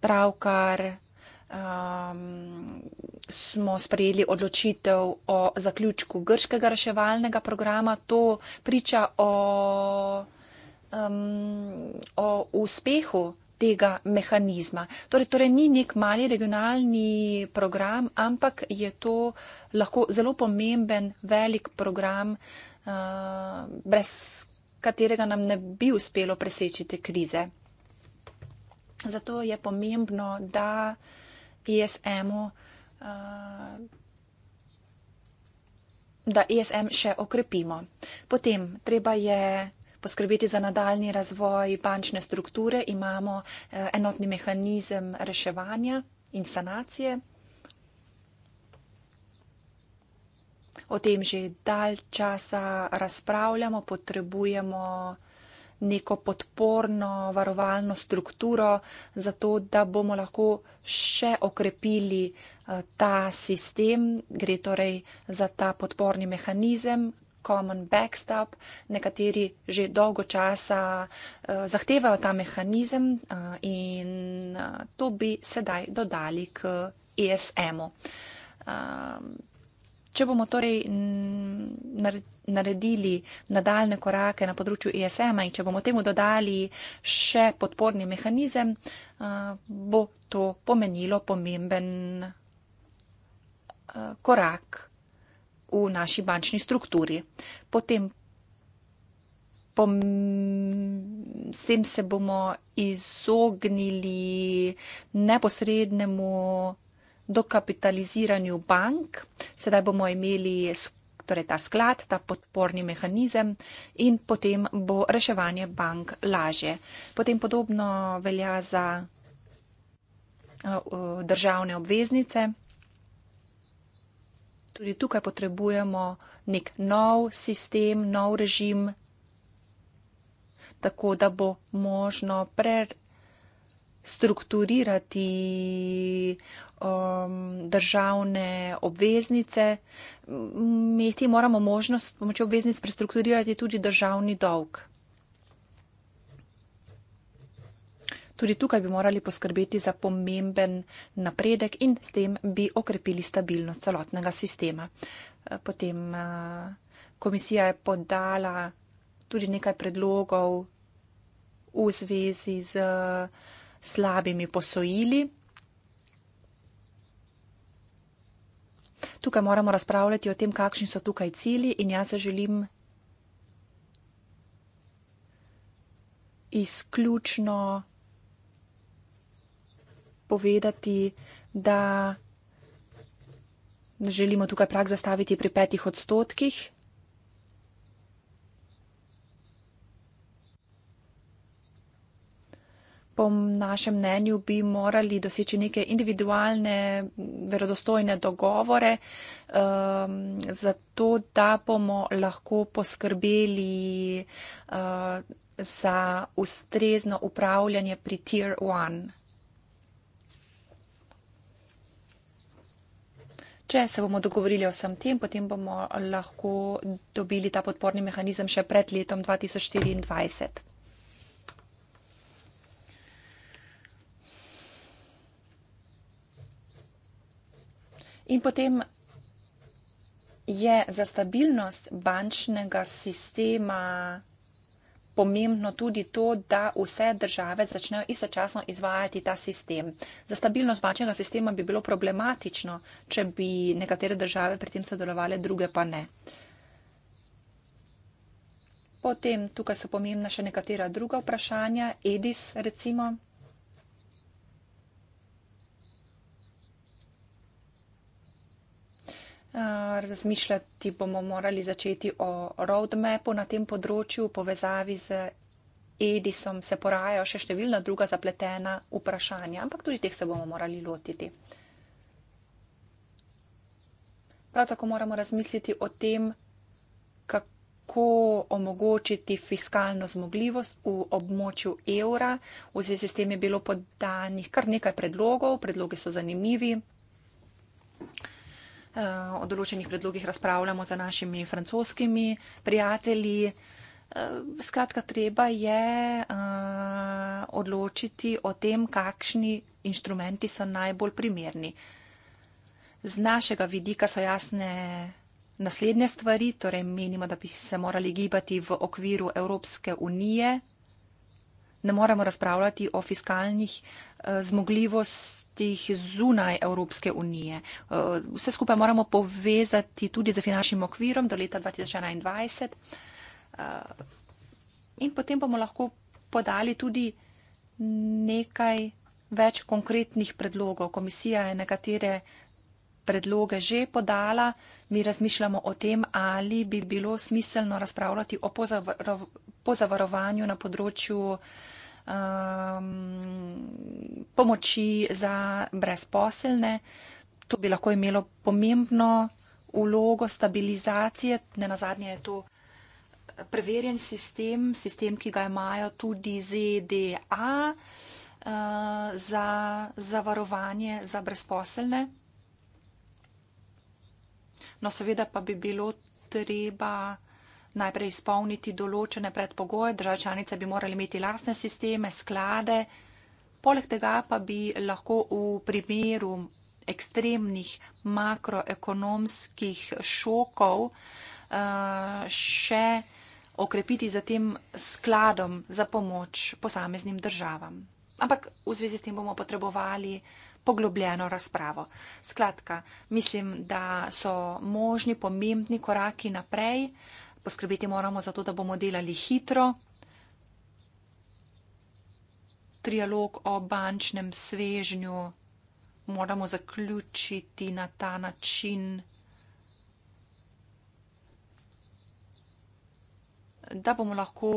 S5: Pravkar um, smo sprejeli odločitev o zaključku grškega reševalnega programa. To priča o, um, o uspehu tega mehanizma. Torej, torej ni nek mali regionalni program, ampak je to lahko zelo pomemben, velik program, uh, brez katerega nam ne bi uspelo preseči te krize. Zato je pomembno, da ESM-u. Uh, eh, da ESM še okrepimo. Potem treba je poskrbeti za nadaljni razvoj bančne strukture, imamo eh, enotni mehanizem reševanja in sanacije. O tem že dalj časa razpravljamo, potrebujemo neko podporno varovalno strukturo, zato da bomo lahko še okrepili eh, ta sistem. Gre torej za ta podporni mehanizem, common backstop. Nekateri že dolgo časa eh, zahtevajo ta mehanizem eh, in eh, to bi sedaj dodali k ESM-u. Ehm, če bomo torej naredili nadaljne korake na področju ESM-a in če bomo temu dodali še podporni mehanizem, bo to pomenilo pomemben korak v naši bančni strukturi. Potem s tem se bomo izognili neposrednemu dokapitaliziranju bank, sedaj bomo imeli torej ta sklad, ta podporni mehanizem in potem bo reševanje bank lažje. Potem podobno velja za eh, državne obveznice tudi tukaj potrebujemo nek nov sistem, nov režim, tako da bo možno prestrukturirati um, državne obveznice. Imeti moramo možnost s pomočjo obveznic prestrukturirati tudi državni dolg. Tudi tukaj bi morali poskrbeti za pomemben napredek in s tem bi okrepili stabilnost celotnega sistema. Eh, potem eh, komisija je podala tudi nekaj predlogov v zvezi z eh, slabimi posojili. Tukaj moramo razpravljati o tem, kakšni so tukaj cilji in jaz se želim izključno povedati, da želimo tukaj prak zastaviti pri petih odstotkih. Po našem mnenju bi morali doseči neke individualne, verodostojne dogovore, um, zato da bomo lahko poskrbeli uh, za ustrezno upravljanje pri Tier 1. Če se bomo dogovorili o vsem tem, potem bomo lahko dobili ta podporni mehanizem še pred letom 2024. In potem je za stabilnost bančnega sistema pomembno tudi to, da vse države začnejo istočasno izvajati ta sistem. Za stabilnost bančnega sistema bi bilo problematično, če bi nekatere države pri tem sodelovali, druge pa ne. Potem tukaj so pomembna še nekatera druga vprašanja. Edis, recimo. razmišljati bomo morali začeti o roadmapu na tem področju, v povezavi z Edisom se porajajo še številna druga zapletena vprašanja, ampak tudi teh se bomo morali lotiti. Prav tako moramo razmisliti o tem, kako omogočiti fiskalno zmogljivost v območju evra. V zvezi s tem je bilo podanih kar nekaj predlogov, predlogi so zanimivi. Eh, o določenih predlogih razpravljamo z našimi francoskimi prijatelji. Eh, skratka, treba je eh, odločiti o tem, kakšni inštrumenti so najbolj primerni. Z našega vidika so jasne naslednje stvari, torej menimo, da bi se morali gibati v okviru Evropske unije, ne moremo razpravljati o fiskalnih eh, zmogljivostih zunaj Evropske unije. Eh, vse skupaj moramo povezati tudi z finančnim okvirom do leta 2021 eh, in potem bomo lahko podali tudi nekaj več konkretnih predlogov. Komisija je nekatere predloge že podala. Mi razmišljamo o tem, ali bi bilo smiselno razpravljati o pozavarov po zavarovanju na področju um, pomoči za brezposelne. To bi lahko imelo pomembno ulogo stabilizacije. Ne na zadnje je to preverjen sistem, sistem, ki ga imajo tudi ZDA uh, za zavarovanje za brezposelne. No, seveda pa bi bilo treba najprej izpolniti določene predpogoje, države članice bi morali imeti lasne sisteme, sklade, poleg tega pa bi lahko v primeru ekstremnih makroekonomskih šokov eh, še okrepiti za tem skladom za pomoč posameznim državam. Ampak v zvezi s tem bomo potrebovali poglobljeno razpravo. Skratka, mislim, da so možni pomembni koraki naprej poskrbeti moramo za to, da bomo delali hitro. Trialog o bančnem svežnju moramo zaključiti na ta način, da bomo lahko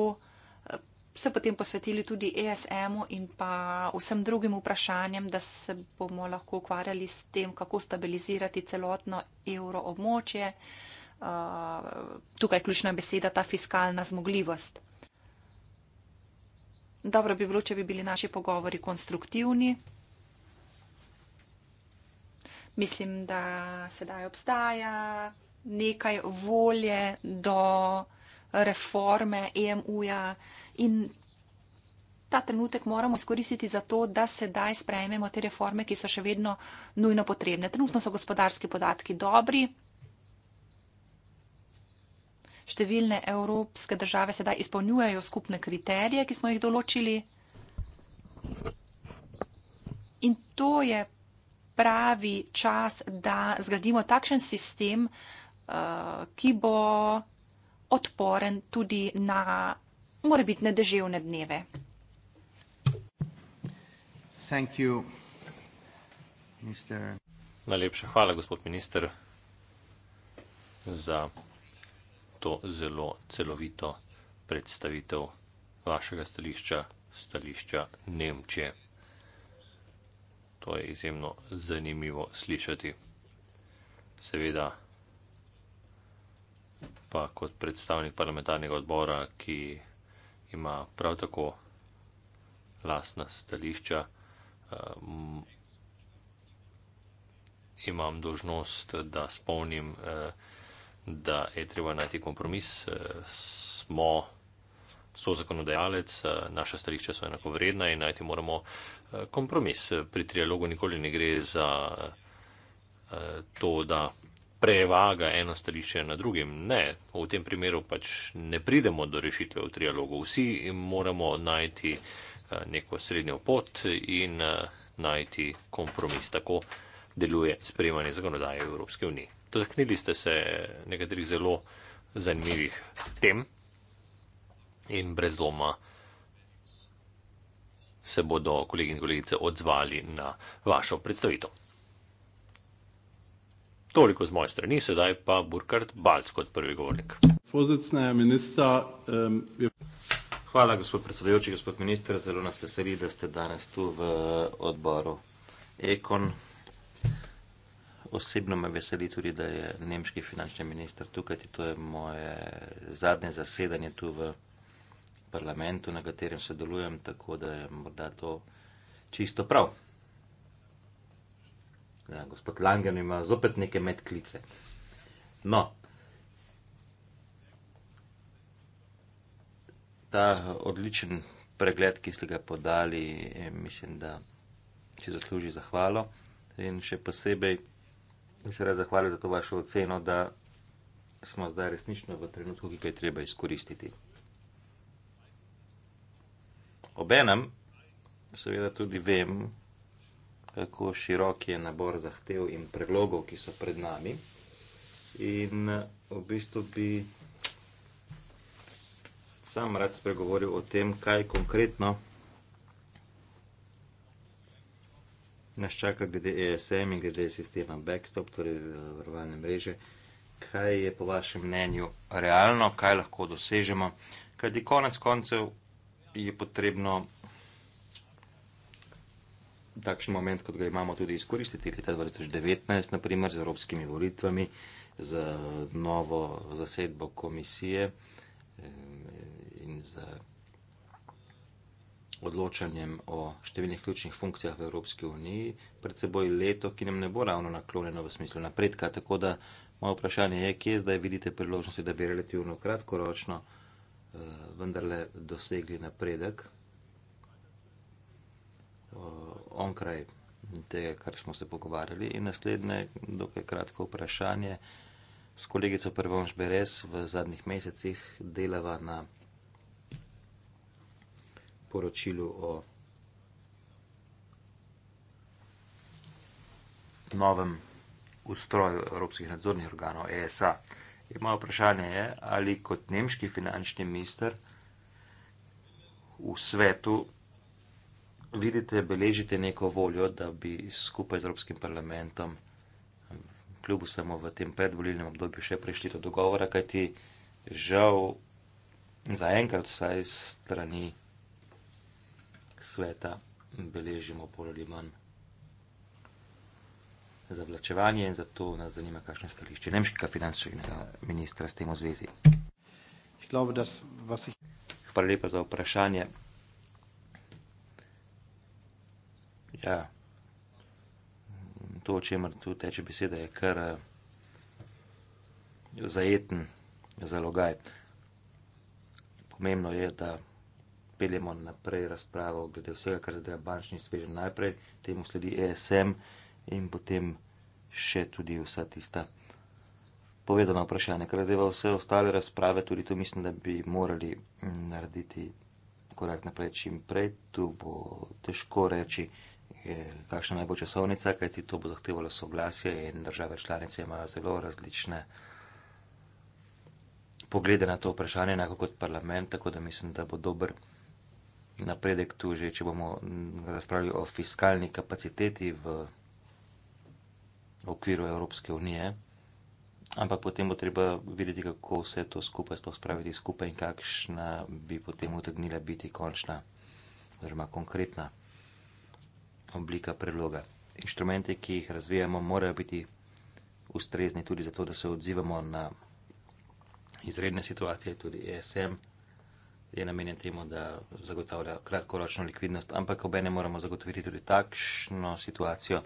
S5: eh, se potem posvetili tudi ESM-u in pa vsem drugim vprašanjem, da se bomo lahko ukvarjali s tem, kako stabilizirati celotno evroobmočje. Eh, tukaj ključna beseda, ta fiskalna zmogljivost. Dobro bi bilo, če bi bili naši pogovori konstruktivni. Mislim, da sedaj obstaja nekaj volje do reforme EMU-ja in ta trenutek moramo izkoristiti za to, da sedaj sprejmemo te reforme, ki so še vedno nujno potrebne. Trenutno so gospodarski podatki dobri, številne evropske države sedaj izpolnjujejo skupne kriterije, ki smo jih določili. In to je pravi čas, da zgradimo takšen sistem, uh, ki bo odporen tudi na morebitne deževne dneve.
S3: Thank you, Mr. Najlepša hvala, gospod minister, za to zelo celovito predstavitev vašega stališča, stališča Nemčije. To je izjemno zanimivo slišati. Seveda, pa kot predstavnik parlamentarnega odbora, ki ima prav tako lasna stališča, um, imam dožnost, da spomnim. Uh, da je treba najti kompromis. Eh, smo so zakonodajalec, eh, naša stališča so enako vredna in najti moramo eh, kompromis. Pri trialogu nikoli ne gre za to, da prevaga eno stališče na drugim. Ne, v tem primeru pač ne pridemo do rešitve v trialogu. Vsi moramo najti neko srednjo pot in najti kompromis. Tako deluje sprejemanje zakonodaje v Evropske unije dotaknili ste se nekaterih zelo zanimivih tem in brez dvoma se bodo kolegi in kolegice odzvali na vašo predstavitev. Toliko z moje strani, sedaj pa Burkard Balc kot prvi govornik.
S2: Hvala, gospod predsedujoči, gospod minister. Zelo nas veseli, da ste danes tu v odboru Ekon osebno me veseli tudi, da je nemški finančni minister tukaj. To je moje zadnje zasedanje tu v parlamentu, na katerem sodelujem, tako da je morda to čisto prav. Ja, gospod Langen ima zopet neke medklice. No, ta odličen pregled, ki ste ga podali, eh, mislim, da si zasluži zahvalo. In še posebej in se rad zahvalil za to vašo oceno, da smo zdaj resnično v trenutku, ki ga je treba izkoristiti. Obenem, seveda tudi vem, kako širok je nabor zahtev in predlogov, ki so pred nami. In v bistvu bi sam rad spregovoril o tem, kaj konkretno nas čaka glede ESM in glede sistema backstop, torej eh, varovalne mreže. Kaj je po vašem mnenju realno, kaj lahko dosežemo? Kajti konec koncev je potrebno takšen moment, kot ga imamo tudi izkoristiti, leta 2019, naprimer z evropskimi volitvami, z novo zasedbo komisije eh, in z. Za odločanjem o številnih ključnih funkcijah v Evropski uniji, pred seboj leto, ki nam ne bo ravno naklonjeno v smislu napredka. Tako da moje vprašanje je, kje zdaj vidite priložnosti, da bi relativno kratkoročno eh, vendarle dosegli napredek eh, onkraj tega, kar smo se pogovarjali. In naslednje, dokaj kratko vprašanje. S kolegico Prvonš Beres v zadnjih mesecih delava na poročilu o novem ustroju evropskih nadzornih organov ESA. In moje vprašanje je, ali kot nemški finančni minister v svetu vidite, beležite neko voljo, da bi skupaj z Evropskim parlamentom, kljub vsemu v tem predvolilnem obdobju, še prišli do dogovora, kajti žal zaenkrat vsaj strani sveta beležimo bolj ali manj zavlačevanje in zato nas zanima, kakšno je stališče nemškega finančnega ministra s tem v zvezi. Hvala lepa za vprašanje. Ja, to, o čemer tu teče beseda, je kar eh, zajeten zalogaj. Pomembno je, da peljemo naprej razpravo glede vsega, kar zadeva bančni svež. Najprej temu sledi ESM in potem še tudi vsa tista povezana vprašanja. Kar zadeva vse ostale razprave, tudi tu mislim, da bi morali narediti korak naprej čim prej. Tu bo težko reči, eh, kakšna naj bo časovnica, kajti to bo zahtevalo soglasje in države članice imajo zelo različne. Poglede na to vprašanje, enako kot parlament, tako da mislim, da bo dober napredek tu že, če bomo razpravljali o fiskalni kapaciteti v okviru Evropske unije. Ampak potem bo treba videti, kako vse to skupaj spraviti skupaj in kakšna bi potem utegnila biti končna oziroma konkretna oblika predloga. Inštrumente, ki jih razvijamo, morajo biti ustrezni tudi zato, da se odzivamo na izredne situacije, tudi ESM, je namenjen temu, da zagotavlja kratkoročno likvidnost, ampak obene moramo zagotoviti tudi takšno situacijo,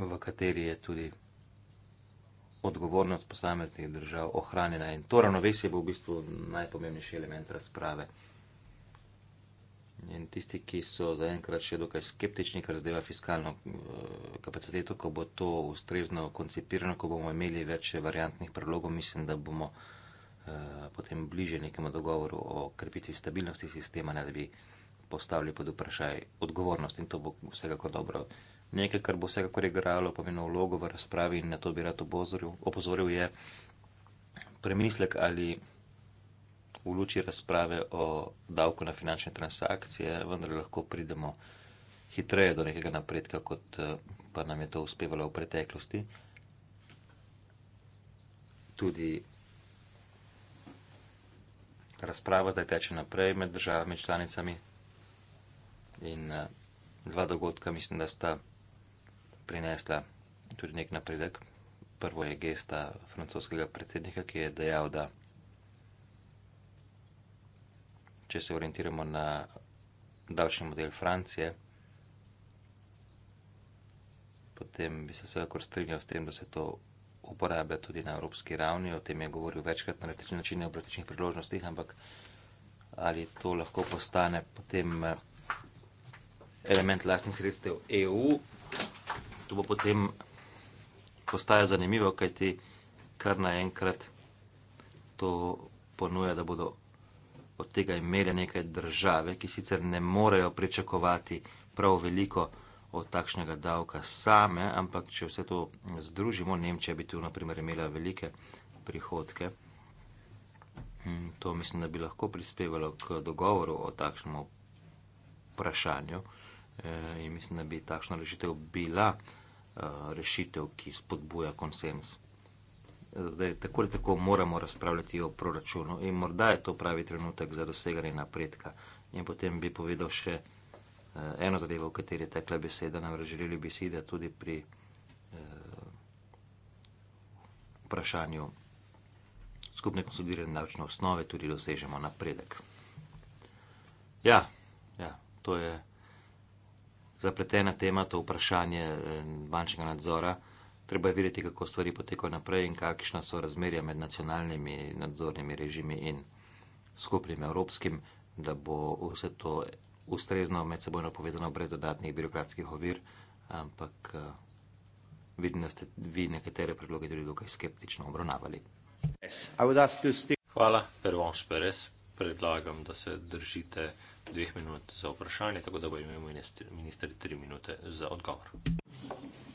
S2: v kateri je tudi odgovornost posameznih držav ohranjena in to ravnovesje bo v bistvu najpomembnejši element razprave. In tisti, ki so zaenkrat še dokaj skeptični, kar zadeva fiskalno eh, kapaciteto, ko bo to ustrezno koncipirano, ko bomo imeli več variantnih predlogov, mislim, da bomo eh, potem bliže nekemu dogovoru o krepitvi stabilnosti sistema, ne da bi postavili pod vprašaj odgovornost in to bo vsekakor dobro. Nekaj, kar bo vsekakor igralo pomeno vlogo v razpravi in na to bi rad obozoril, opozoril, je premislek ali v luči razprave o davku na finančne transakcije, vendar lahko pridemo hitreje do nekega napredka, kot eh, pa nam je to uspevalo v preteklosti. Tudi razprava zdaj teče naprej med državami članicami in eh, dva dogodka mislim, da sta prinesla tudi nek napredek. Prvo je gesta francoskega predsednika, ki je dejal, da če se orientiramo na davčni model Francije, potem bi se vsekakor strinjal s tem, da se to uporablja tudi na evropski ravni. O tem je govoril večkrat na različne načine o praktičnih priložnostih, ampak ali to lahko postane potem eh, element lastnih sredstev EU, to bo potem postaja zanimivo, kajti kar naenkrat to ponuja, da bodo od tega imele nekaj države, ki sicer ne morejo pričakovati prav veliko od takšnega davka same, ampak če vse to združimo, Nemčija bi tu naprimer imela velike prihodke. Mm, to mislim, da bi lahko prispevalo k dogovoru o takšnem vprašanju eh, in mislim, da bi takšna rešitev bila eh, rešitev, ki spodbuja konsens zdaj tako ali tako moramo razpravljati o proračunu in morda je to pravi trenutek za doseganje napredka. In potem bi povedal še eh, eno zadevo, v kateri je tekla beseda, namreč želeli bi si, da tudi pri eh, vprašanju skupne konsolidirane davčne osnove tudi dosežemo napredek. Ja, ja, to je zapletena tema, to vprašanje eh, bančnega nadzora treba je videti, kako stvari potekajo naprej in kakšna so razmerja med nacionalnimi nadzornimi režimi in skupnim evropskim, da bo vse to ustrezno med seboj povezano brez dodatnih birokratskih ovir, ampak eh, vidim, da ste vi
S3: nekatere predloge tudi dokaj skeptično obravnavali. Hvala, Pervonš Perez. Predlagam, da se držite dveh minut za vprašanje, tako da bo imel minister tri minute za odgovor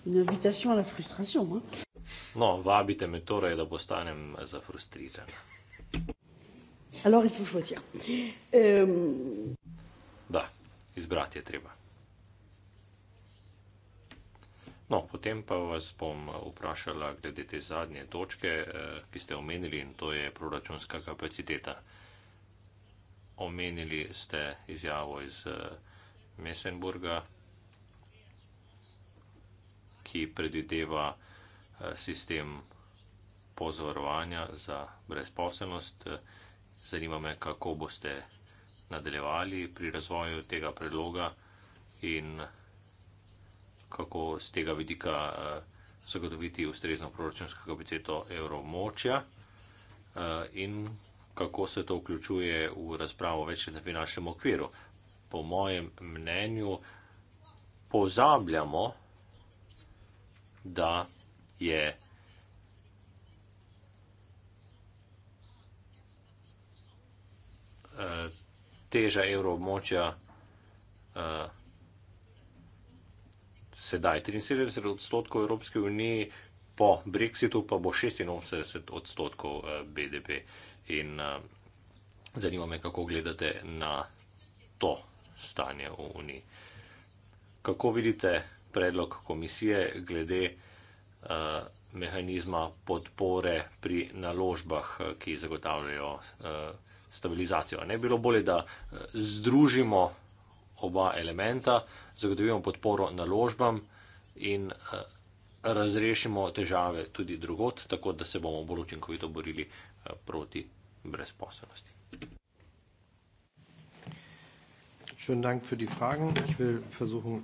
S4: in invitation à la frustration. Hein.
S3: Non, vabite me torej, da postanem zafrustriran.
S4: Alors, il faut choisir. Euh...
S3: Da, izbrati je treba. No, potem pa vas bom vprašala glede te zadnje točke, eh, ki ste omenili, in to je proračunska kapaciteta. Omenili ste izjavo iz eh, Messenburga, ki predvideva eh, sistem pozorovanja za brezposelnost. Zanima me, kako boste nadaljevali pri razvoju tega predloga in kako z tega vidika eh, zagotoviti ustrezno proračunsko kapaciteto evromočja eh, in kako se to vključuje v razpravo več na finančnem okviru. Po mojem mnenju pozabljamo, da je eh, teža evroobmočja eh, sedaj 73 odstotkov Evropske unije, po Brexitu pa bo 86 odstotkov eh, BDP. In zanima me, kako gledate na to stanje v uniji. Kako vidite? predlog komisije glede uh, mehanizma podpore pri naložbah, eh, ki zagotavljajo uh, stabilizacijo. Ne bilo bolje, da združimo oba elementa, zagotovimo podporo naložbam in uh, razrešimo težave tudi drugot, tako da se bomo bolj učinkovito borili uh, proti brezposobnosti.
S7: Schönen Dank für die Fragen. Ich will versuchen,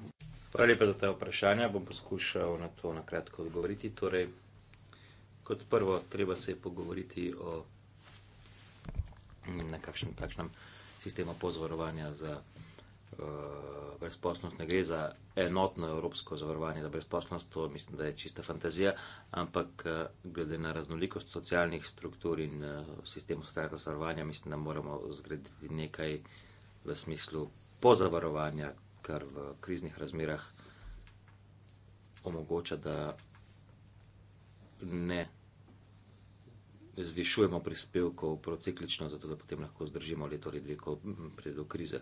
S2: Hvala lepa za ta vprašanja. Bom poskušal na to na kratko odgovoriti. Torej, kot prvo, treba se pogovoriti o nekakšnem takšnem sistemu pozavarovanja za uh, eh, brezposlnost. Ne gre za enotno evropsko zavarovanje za brezposlnost, to mislim, da je čista fantazija, ampak uh, glede na raznolikost socialnih struktur in uh, sistemu socialnega zavarovanja, mislim, da moramo zgraditi nekaj v smislu pozavarovanja kar v kriznih razmerah omogoča, da ne zvišujemo prispevkov prociklično, zato da potem lahko zdržimo leto ali dve, ko pride do krize.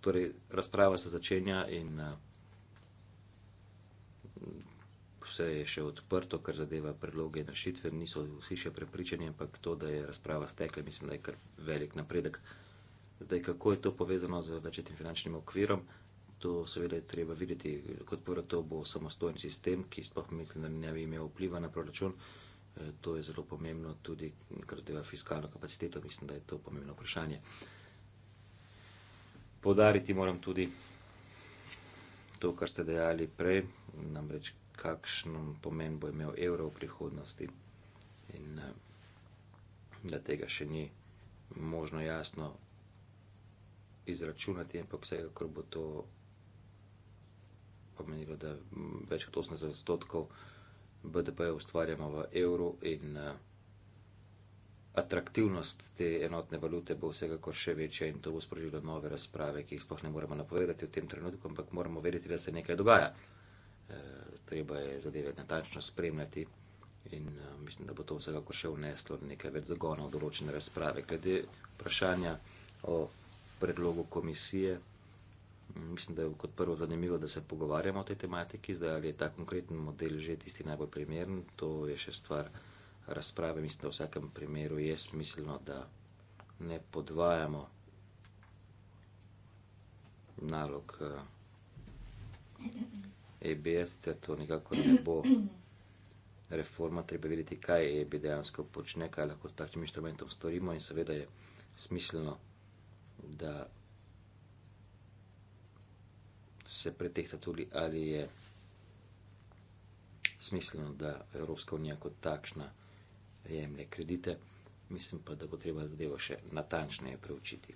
S2: Torej, razprava se začenja in eh, vse je še odprto, kar zadeva predloge in rešitve. Niso vsi še prepričani, ampak to, da je razprava stekla, mislim, da je kar velik napredek. Zdaj, kako je to povezano z večetim finančnim okvirom? to seveda je treba videti. Kot prvo, to bo samostojen sistem, ki sploh mislim, da ne bi imel vpliva na proračun. E, to je zelo pomembno tudi, kar zadeva fiskalno kapaciteto, mislim, da je to pomembno vprašanje. Podariti moram tudi to, kar ste dejali prej, namreč kakšen pomen bo imel evro v prihodnosti in e, da tega še ni možno jasno izračunati, ampak vsekakor bo to pomenilo, da več kot 80 odstotkov BDP ustvarjamo v evru in eh, atraktivnost te enotne valute bo vsekakor še večja in to bo sprožilo nove razprave, ki jih sploh ne moremo napovedati v tem trenutku, ampak moramo vedeti, da se nekaj dogaja. Eh, treba je zadeve natančno spremljati in eh, mislim, da bo to vsekakor še vneslo nekaj več zagona v določene razprave. Glede vprašanja o predlogu komisije, Mislim, da je kot prvo zanimivo, da se pogovarjamo o tej tematiki, zdaj ali je ta konkreten model že tisti najbolj primeren, to je še stvar razprave. Mislim, da v vsakem primeru je smiselno, da ne podvajamo nalog EBS, eh, e da to nekako ne bo reforma, treba videti, kaj EB dejansko počne, kaj lahko s takšnim inštrumentom storimo in seveda je smiselno, da se pretehta tudi, ali je smiselno, da Evropska unija kot takšna jemlje kredite. Mislim pa, da bo treba zadevo še natančneje preučiti.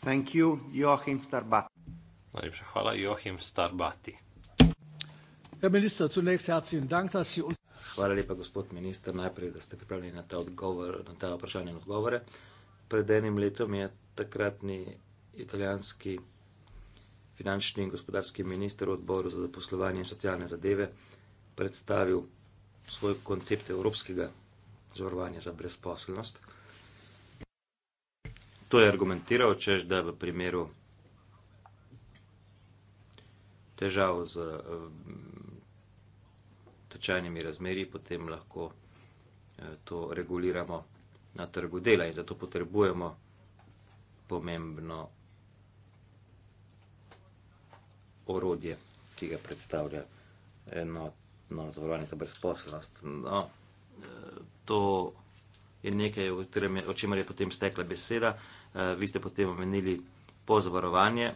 S2: Thank
S3: you, Joachim Starbati. Najlepša hvala, Joachim Starbati.
S2: Hvala lepa, gospod minister, najprej, da ste pripravljeni na ta, odgovor, na ta vprašanje in odgovore. Pred enim letom je takratni italijanski finančni in gospodarski minister v odboru za zaposlovanje in socialne zadeve predstavil svoj koncept evropskega zavarovanja za brezposelnost. To je argumentiral, češ da v primeru težav z eh, tečajnimi razmeri, potem lahko eh, to reguliramo na trgu dela in zato potrebujemo pomembno orodje, ki ga predstavlja enotno zavarovanje za brezposelnost. No, to je nekaj, o čemer je potem stekla beseda. Eh, vi ste potem omenili pozavarovanje,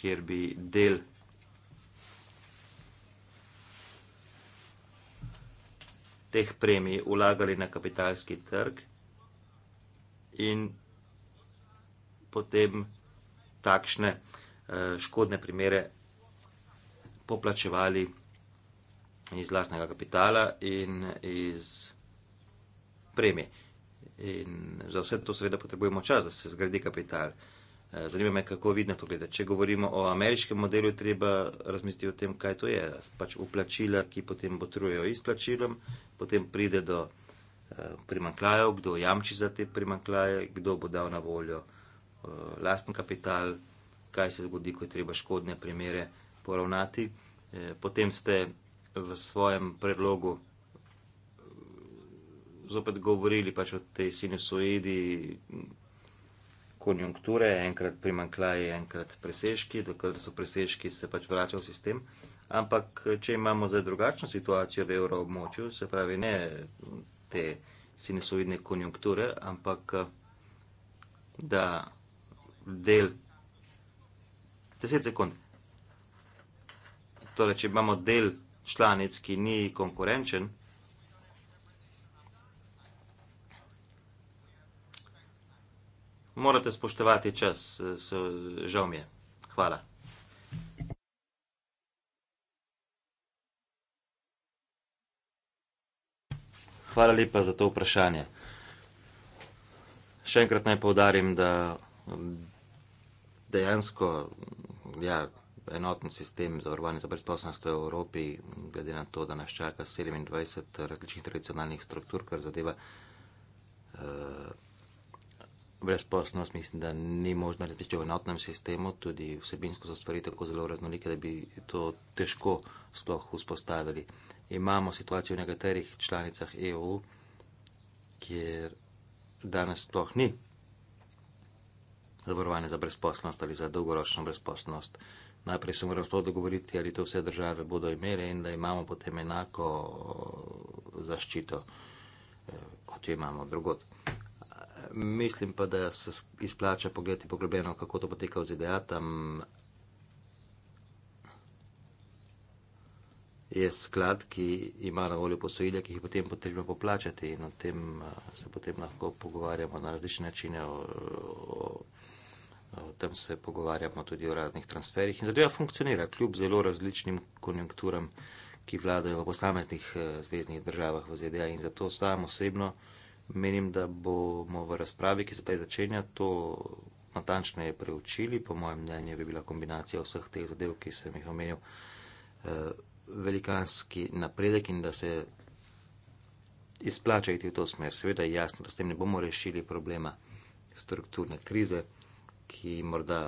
S2: kjer bi del teh premij ulagali na kapitalski trg in potem takšne uh, Eh, škodne primere poplačevali iz lastnega kapitala in iz premije. In za vse to seveda potrebujemo čas, da se zgradi kapital. Eh, zanima me, kako vidno to gleda. Če govorimo o ameriškem modelu, je treba razmisliti o tem, kaj to je. Pač uplačila, ki potem potrujejo izplačilom, potem pride do eh, primanklajev, kdo jamči za te primanklaje, kdo bo dal na voljo lasten kapital, kaj se zgodi, ko je treba škodne primere poravnati. Eh, potem ste v svojem predlogu eh, zopet govorili pač o tej sinusoidi konjunkture, enkrat primankljaj, enkrat presežki, dokler so presežki, se pač vrača v sistem. Ampak, eh, če imamo zdaj drugačno situacijo v evroobmočju, se pravi ne te sinusoidne konjunkture, ampak da del 10 sekund. Torej, če imamo del članic, ki ni konkurenčen, morate spoštovati čas, žal mi je. Hvala. Hvala lepa za to vprašanje. Še enkrat naj povdarim, da dejansko ja, enoten sistem zavarovanja za brezposobnost v Evropi, glede na to, da nas čaka 27 različnih tradicionalnih struktur, kar zadeva uh, eh, brezposobnost, mislim, da ni možno reči o enotnem sistemu. Tudi vsebinsko so stvari tako zelo raznolike, da bi to težko sploh vzpostavili. Imamo situacijo v nekaterih članicah EU, kjer danes sploh ni zavarovanje za brezposlost ali za dolgoročno brezposlost. Najprej se moramo sploh dogovoriti, ali to vse države bodo imele in da imamo potem enako eh, zaščito, eh, kot jo imamo drugot. Mislim pa, da se izplača pogledati poglobljeno, kako to poteka v ZDA. Tam je sklad, ki ima na voljo posojila, ki jih potem potrebno poplačati in o tem eh, se potem lahko pogovarjamo na različne načine. O, o, Eh, tam se pogovarjamo tudi o raznih transferjih. In zadeva funkcionira, kljub zelo različnim konjunkturam, ki vladajo v posameznih eh, zvezdnih državah v ZDA. In zato sam osebno menim, da bomo v razpravi, ki se zdaj začenja, to natančneje preučili. Po mojem mnenju bi bila kombinacija vseh teh zadev, ki sem jih omenil, eh, velikanski napredek in da se. Izplačati v to smer, seveda je jasno, da s tem ne bomo rešili problema strukturne krize ki morda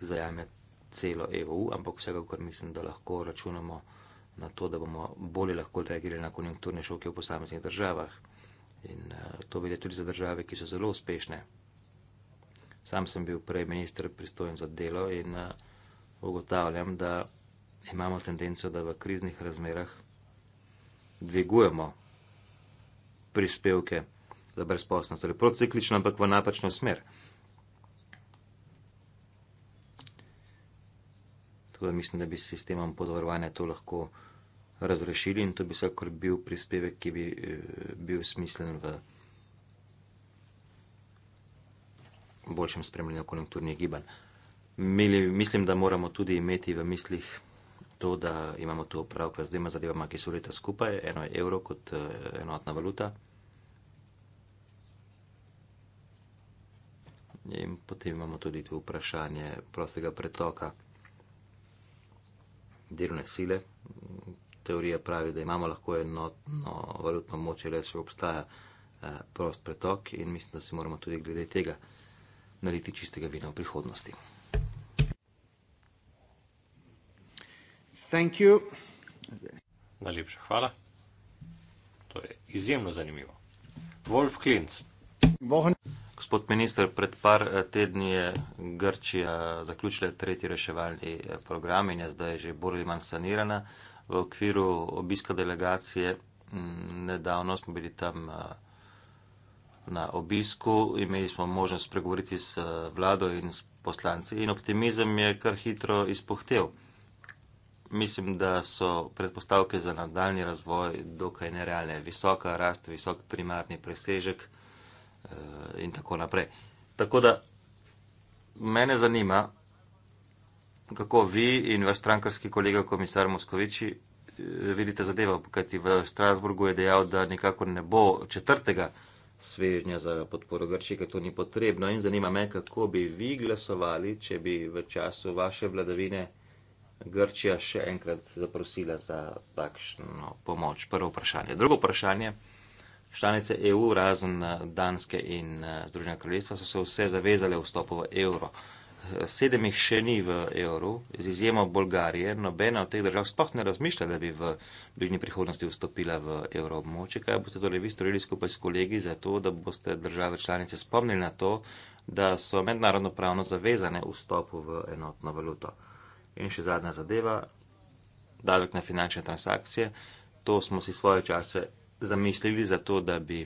S2: zajame celo EU, ampak vsekakor mislim, da lahko računamo na to, da bomo bolje lahko reagirali na konjunkturne šoke v posameznih državah. In eh, to velja tudi za države, ki so zelo uspešne. Sam sem bil prej minister pristojen za delo in eh, ugotavljam, da imamo tendenco, da v kriznih razmerah dvigujemo prispevke za brezposobnost, torej prociklično, ampak v napačno smer. da mislim, da bi s sistemom podvarovanja to lahko razrešili in to bi vsakor bil prispevek, ki bi eh, bil smislen v boljšem spremljanju konjunkturnih gibanj. Mili, mislim, da moramo tudi imeti v mislih to, da imamo tu opravka z dvema zadevama, ki so leta skupaj, eno je evro kot eh, enotna valuta. In potem imamo tudi tu vprašanje prostega pretoka delovne sile. Teorija pravi, da imamo lahko enotno valutno moč, le če obstaja eh, prost pretok in mislim, da si moramo tudi glede tega naliti čistega vina v prihodnosti.
S3: Najlepša hvala. To je izjemno zanimivo. Wolf Klinz. Wochen. Gospod minister,
S2: pred par eh, tedni je Grčija zaključila tretji reševalni eh, program in je zdaj že bolj ali manj sanirana. V okviru obiska delegacije mm, nedavno smo bili tam eh, na obisku, imeli smo možnost pregovoriti s vlado in s poslanci in optimizem je kar hitro izpohtel. Mislim, da so predpostavke za nadaljni razvoj dokaj nerealne. Visoka rast, visok primarni presežek. Eh, in tako naprej. Tako da mene zanima, kako vi in vaš strankarski kolega, komisar Moskoviči, eh, vidite zadevo, kajti v Strasburgu je dejal, da nikakor ne bo četrtega svežnja za podporo Grčije, ker to ni potrebno. In zanima me, kako bi vi glasovali, če bi v času vaše vladavine Grčija še enkrat zaprosila za takšno pomoč. Prvo vprašanje. Drugo vprašanje. Članice EU, razen eh, Danske in eh, Združenja kraljestva, so se vse zavezale vstopu v evro. Sedem jih še ni v evru, z izjemo Bolgarije. Nobena od teh držav sploh ne razmišlja, da bi v bližnji prihodnosti vstopila v evro območje. Kaj boste torej vi storili skupaj s kolegi za to, da boste države članice spomnili na to, da so mednarodno pravno zavezane vstopu v enotno valuto? In še zadnja zadeva, davek na finančne transakcije. To smo si svoje čase zamislili za to, da bi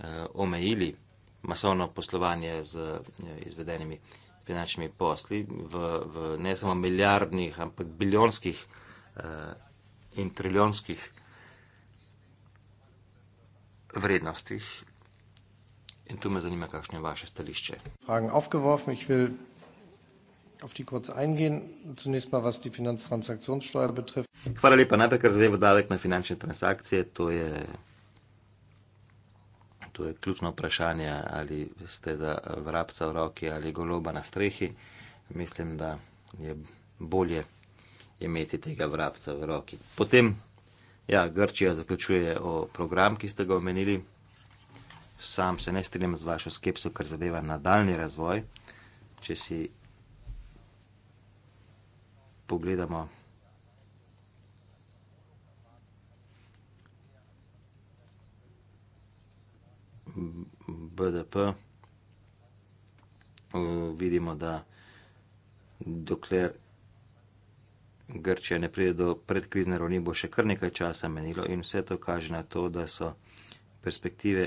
S2: uh, omejili masovno poslovanje z uh, izvedenimi finančnimi posli v, v ne samo milijardnih, ampak biljonskih uh, eh, in triljonskih vrednostih. In tu me zanima, kakšno je vaše stališče.
S7: Fragen aufgeworfen, ich will auf die kurz eingehen. Zunächst mal, was die Finanztransaktionssteuer betrifft.
S2: Hvala lepa. Najprej, kar zadeva davek na finančne transakcije, to je, to je ključno vprašanje, ali ste za vrabca v roki ali goloba na strehi. Mislim, da je bolje imeti tega vrabca v roki. Potem, ja, Grčija zaključuje o program, ki ste ga omenili. Sam se ne strinjam z vašo skepso, kar zadeva nadaljni razvoj. Če si pogledamo. BDP, vidimo, da dokler Grčija ne pride do predkrizne ravni, bo še kar nekaj časa menilo in vse to kaže na to, da so perspektive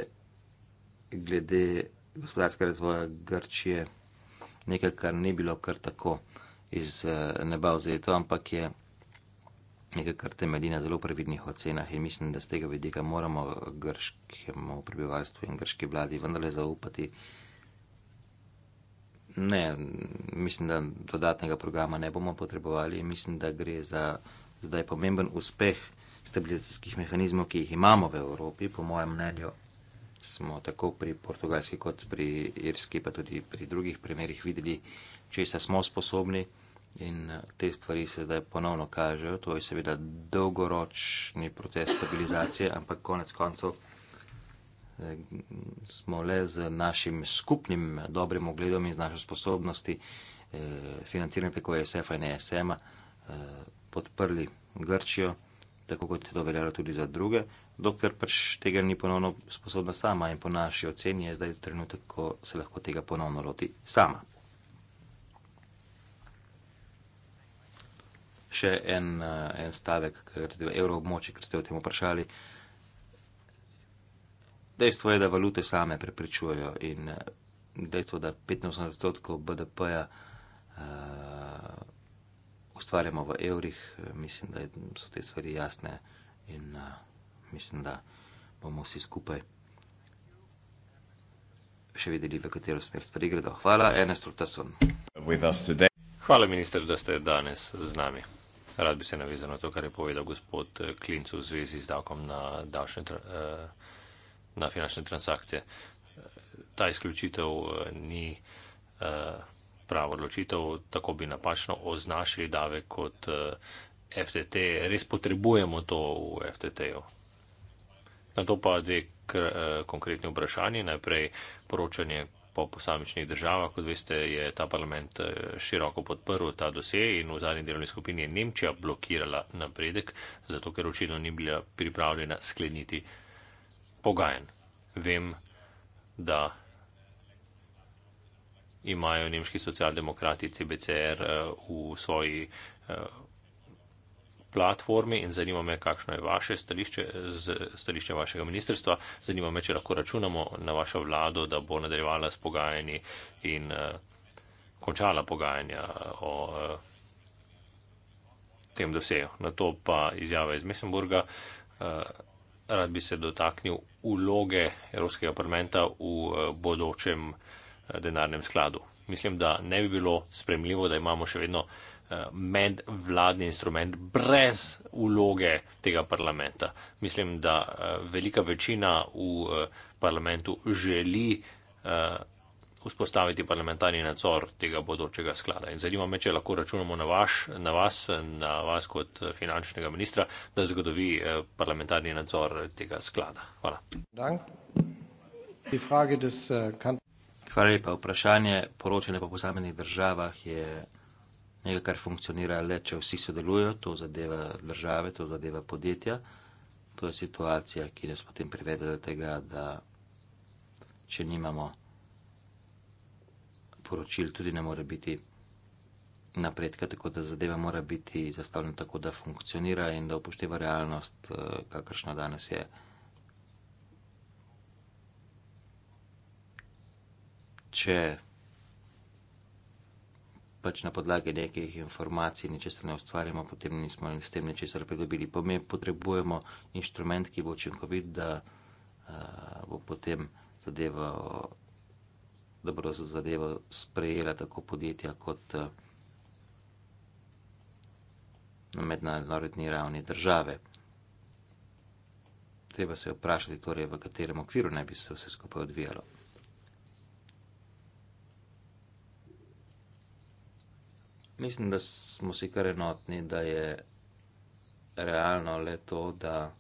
S2: glede gospodarskega razvoja Grčije nekaj, kar ni bilo kar tako iz eh, neba vzeto, ampak je nekaj, kar temelji na zelo previdnih ocenah in mislim, da z tega vidika moramo grškemu prebivalstvu in grški vladi vendarle zaupati. Ne, mislim, da dodatnega programa ne bomo potrebovali in mislim, da gre za zdaj pomemben uspeh stabilizacijskih mehanizmov, ki jih imamo v Evropi. Po mojem mnenju smo tako pri portugalski kot pri irski, pa tudi pri drugih primerih videli, če se smo sposobni. In eh, te stvari se zdaj ponovno kažejo. To je seveda dolgoročni proces stabilizacije, ampak konec koncev eh, smo le z našim skupnim eh, dobrim ogledom in z našo sposobnosti financiranja preko ESF-a in ESM-a podprli Grčijo, tako kot je to veljalo tudi za druge, dokler pač tega ni ponovno sposobna sama in po naši oceni je zdaj trenutek, ko se lahko tega ponovno roti sama. še en, eh, en stavek, ker je evroobmočje, ker ste o tem vprašali. Dejstvo je, da valute same prepričujejo in eh, dejstvo, da 85% BDP-ja uh, ustvarjamo v evrih, mislim, da so te stvari jasne in uh, mislim, da bomo vsi skupaj še videli, v katero smer stvari gredo. Hvala, Enestro Tason.
S3: Hvala, minister, da ste danes z nami. Rad bi se navezal na to, kar je povedal gospod Klincu v zvezi z davkom na, davšnje, eh, na finančne transakcije. Ta izključitev eh, ni eh, pravo odločitev, tako bi napačno označili davek kot FTT. Res potrebujemo to v FTT-ju. Na to pa dve konkretni vprašanje. Najprej poročanje po posamičnih državah. Kot veste, je ta parlament eh, široko podprl ta dosej in v zadnji delovni skupini je Nemčija blokirala napredek, zato ker očitno ni bila pripravljena skleniti pogajen. Vem, da imajo nemški socialdemokrati CBCR eh, v svoji eh, platformi in zanima me, kakšno je vaše stališče, z, stališče vašega ministrstva. Zanima me, če lahko računamo na vašo vlado, da bo nadaljevala s pogajanji in uh, končala pogajanja eh, o uh, tem dosejo. Na to pa izjava iz Mesenburga. Uh, rad bi se dotaknil uloge Evropskega parlamenta v uh, bodočem uh, denarnem skladu. Mislim, da ne bi bilo spremljivo, da imamo še vedno uh, Eh, medvladni instrument brez uloge tega parlamenta. Mislim, da eh, velika večina v eh, parlamentu želi vzpostaviti parlamentarni nadzor tega bodočega sklada. In zanima me, če lahko računamo na, vaš, na vas, na vas kot finančnega ministra, da zagotovi parlamentarni nadzor tega sklada. Hvala.
S2: Hvala lepa. Vprašanje poročene po posameznih državah je nekaj, kar funkcionira le, če vsi sodelujo, to zadeva države, to zadeva podjetja. To je situacija, ki nas potem privede do tega, da če nimamo poročil, tudi ne more biti napredka, tako da zadeva mora biti zastavljena tako, da funkcionira in da upošteva realnost, eh, kakršna danes je. Če pač na podlagi nekih informacij ničesar ne ustvarjamo, potem nismo s tem ničesar pridobili. Pomembno je, potrebujemo inštrument, ki bo učinkovit, da uh, bo potem zadeva, da bodo za zadevo sprejela tako podjetja kot uh, na mednarodni ravni države. Treba se vprašati, torej, v katerem okviru naj bi se vse skupaj odvijalo. Mislim, da smo si kar enotni, da je realno le to, da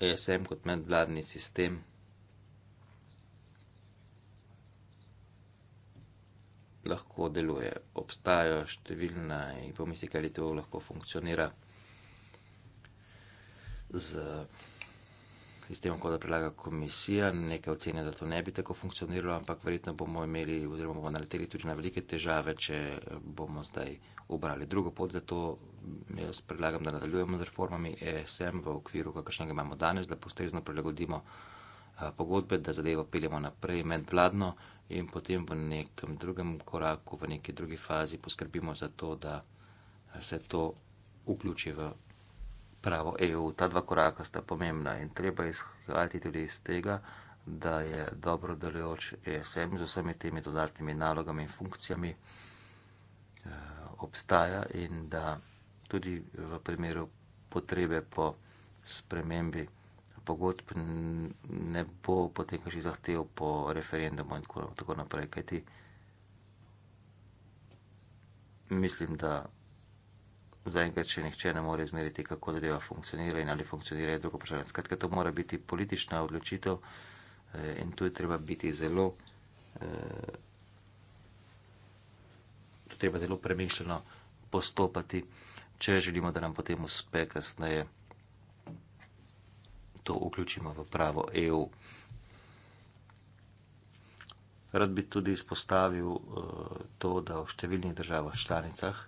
S2: je SM kot medvladni sistem lahko deluje. Obstajajo številna in pomisli, kaj to lahko funkcionira z s tem, da predlaga komisija, nekaj ocene, da to ne bi tako funkcioniralo, ampak verjetno bomo imeli oziroma bomo naleteli tudi na velike težave, če bomo zdaj obrali drugo pot. Zato mm, jaz predlagam, da nadaljujemo z reformami ESM v okviru, kakršnega imamo danes, da postrezno prilagodimo eh, pogodbe, da zadevo peljemo naprej medvladno in potem v nekem drugem koraku, v neki drugi fazi poskrbimo za to, da se to vključi v pravo EU. Ta dva koraka sta pomembna in treba izhajati tudi iz tega, da je dobro delujoč ESM z vsemi temi dodatnimi nalogami in funkcijami eh, obstaja in da tudi v primeru potrebe po spremembi pogodb ne bo potem kakšnih zahtev po referendumu in tako naprej. Kajti mislim, da zaenkrat še nihče ne more izmeriti, kako zadeva funkcionira in ali funkcionira, je drugo vprašanje. Skratka, to mora biti politična odločitev eh, in tu je treba biti zelo, eh, tu treba zelo premišljeno postopati, če želimo, da nam potem uspe kasneje to vključimo v pravo EU. Rad bi tudi izpostavil eh, to, da v številnih državah članicah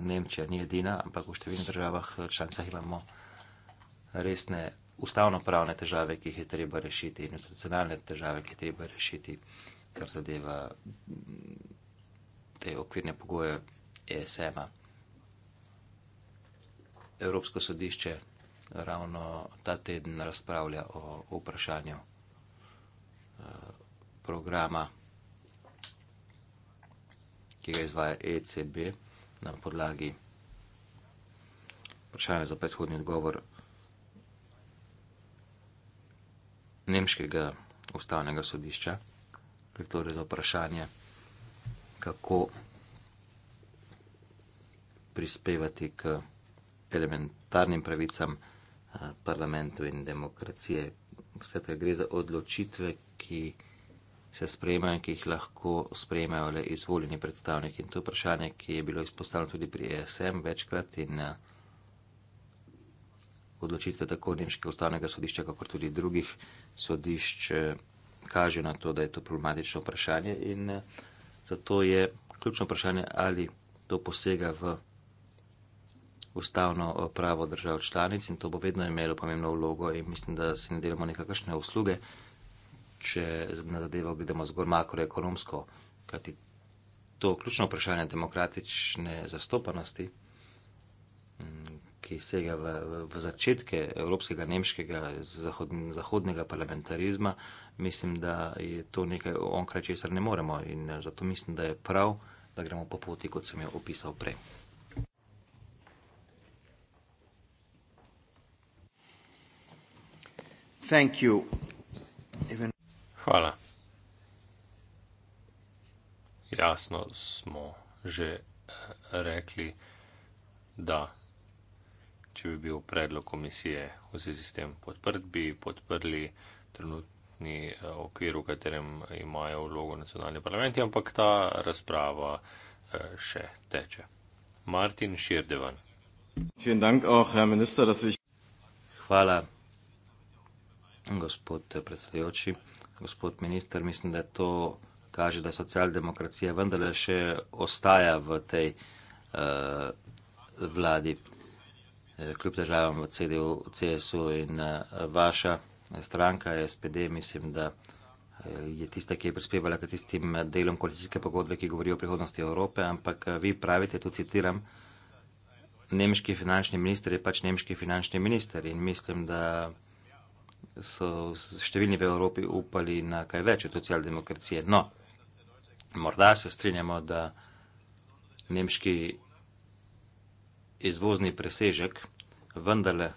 S2: Nemčija ni edina, ampak v številnih državah eh, članicah imamo resne ustavno-pravne težave, ki jih je treba rešiti, in institucionalne težave, ki jih je treba rešiti, kar zadeva te okvirne pogoje ESM-a. Evropsko sodišče ravno ta teden razpravlja o, o vprašanju eh, programa, ki ga izvaja ECB na podlagi vprašanja za predhodni odgovor Nemškega ustavnega sodišča, torej za vprašanje, kako prispevati k elementarnim pravicam eh, parlamentu in demokracije. Vse gre za odločitve, ki se sprejemajo in ki jih lahko sprejemajo le izvoljeni predstavniki. In to je vprašanje, ki je bilo izpostavljeno tudi pri ESM večkrat in eh, odločitve tako Nemškega ustavnega sodišča, kakor tudi drugih sodišč eh, kaže na to, da je to problematično vprašanje in eh, zato je ključno vprašanje, ali to posega v ustavno pravo držav članic in to bo vedno imelo pomembno vlogo in mislim, da se ne delamo nekakšne usluge če na zadevo gledamo zgolj makroekonomsko, kajti to je ključno vprašanje demokratične zastopanosti, ki sega v, v, v začetke evropskega, nemškega, zahod, zahodnega parlamentarizma, mislim, da je to nekaj, onkraj česar ne moremo in eh, zato mislim, da je prav, da gremo po poti, kot sem jo opisal prej.
S6: Thank you. Even
S3: Hvala. Jasno smo že eh, rekli, da če bi bil predlog komisije v zvezi s tem podprt, bi podprli trenutni eh, okvir, v katerem imajo vlogo nacionalni parlamenti, ampak ta razprava eh, še teče. Martin Širdevan.
S2: Hvala, gospod predsedujoči gospod minister, mislim, da to kaže, da socialdemokracija vendarle še ostaja v tej uh, vladi, eh, kljub težavam v CDU, CSU in uh, vaša stranka SPD, mislim, da je tista, ki je prispevala k tistim delom koalicijske pogodbe, ki govori o prihodnosti Evrope, ampak vi pravite, tu citiram, nemški finančni minister je pač nemški finančni minister in mislim, da so številni v Evropi upali na kaj več od socialdemokracije. No, morda se strinjamo, da nemški izvozni presežek vendarle.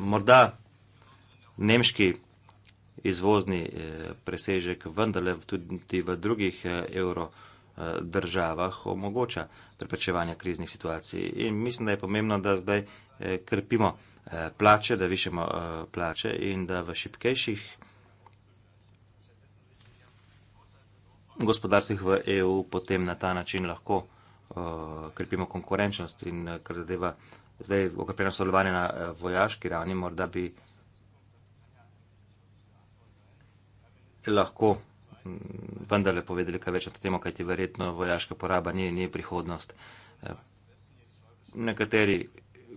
S2: Morda nemški izvozni eh, presežek vendarle tudi v drugih eh, evropskih. Eh, državah omogoča preprečevanje kriznih situacij. In mislim, da je pomembno, da zdaj eh, krpimo eh, plače, da višemo plače in da v šipkejših gospodarstvih v EU potem na ta način lahko krpimo konkurenčnost in kar zadeva zdaj okrepljeno sodelovanje na vojaški ravni, morda bi lahko vendarle povedali kaj več na to temo, kajti verjetno vojaška poraba ni, ni prihodnost. Eh, nekateri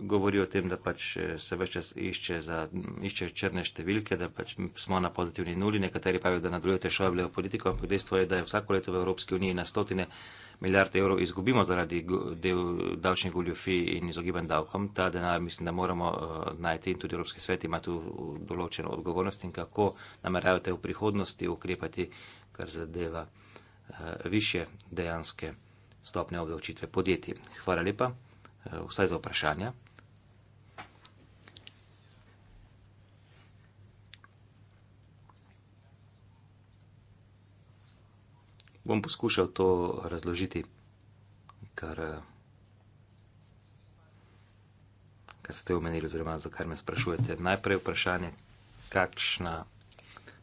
S2: govori o tem, da pač eh, se več čas išče, za, išče črne številke, da pač smo na pozitivni nuli, nekateri pravijo, da nadaljujejo težave v politiko, ampak dejstvo je, da je vsako leto v Evropski uniji na stotine milijarde evrov izgubimo zaradi davčnih goljofij in izogiban davkom. Ta denar mislim, da moramo uh, najti in tudi Evropski svet ima tu eh, določeno odgovornost in kako nameravate v prihodnosti ukrepati, kar zadeva uh, više dejanske stopne obdavčitve podjetij. Hvala lepa. Vsaj za vprašanja. bom poskušal to razložiti, kar, eh, kar ste omenili, oziroma za kar me sprašujete. Najprej vprašanje, kakšna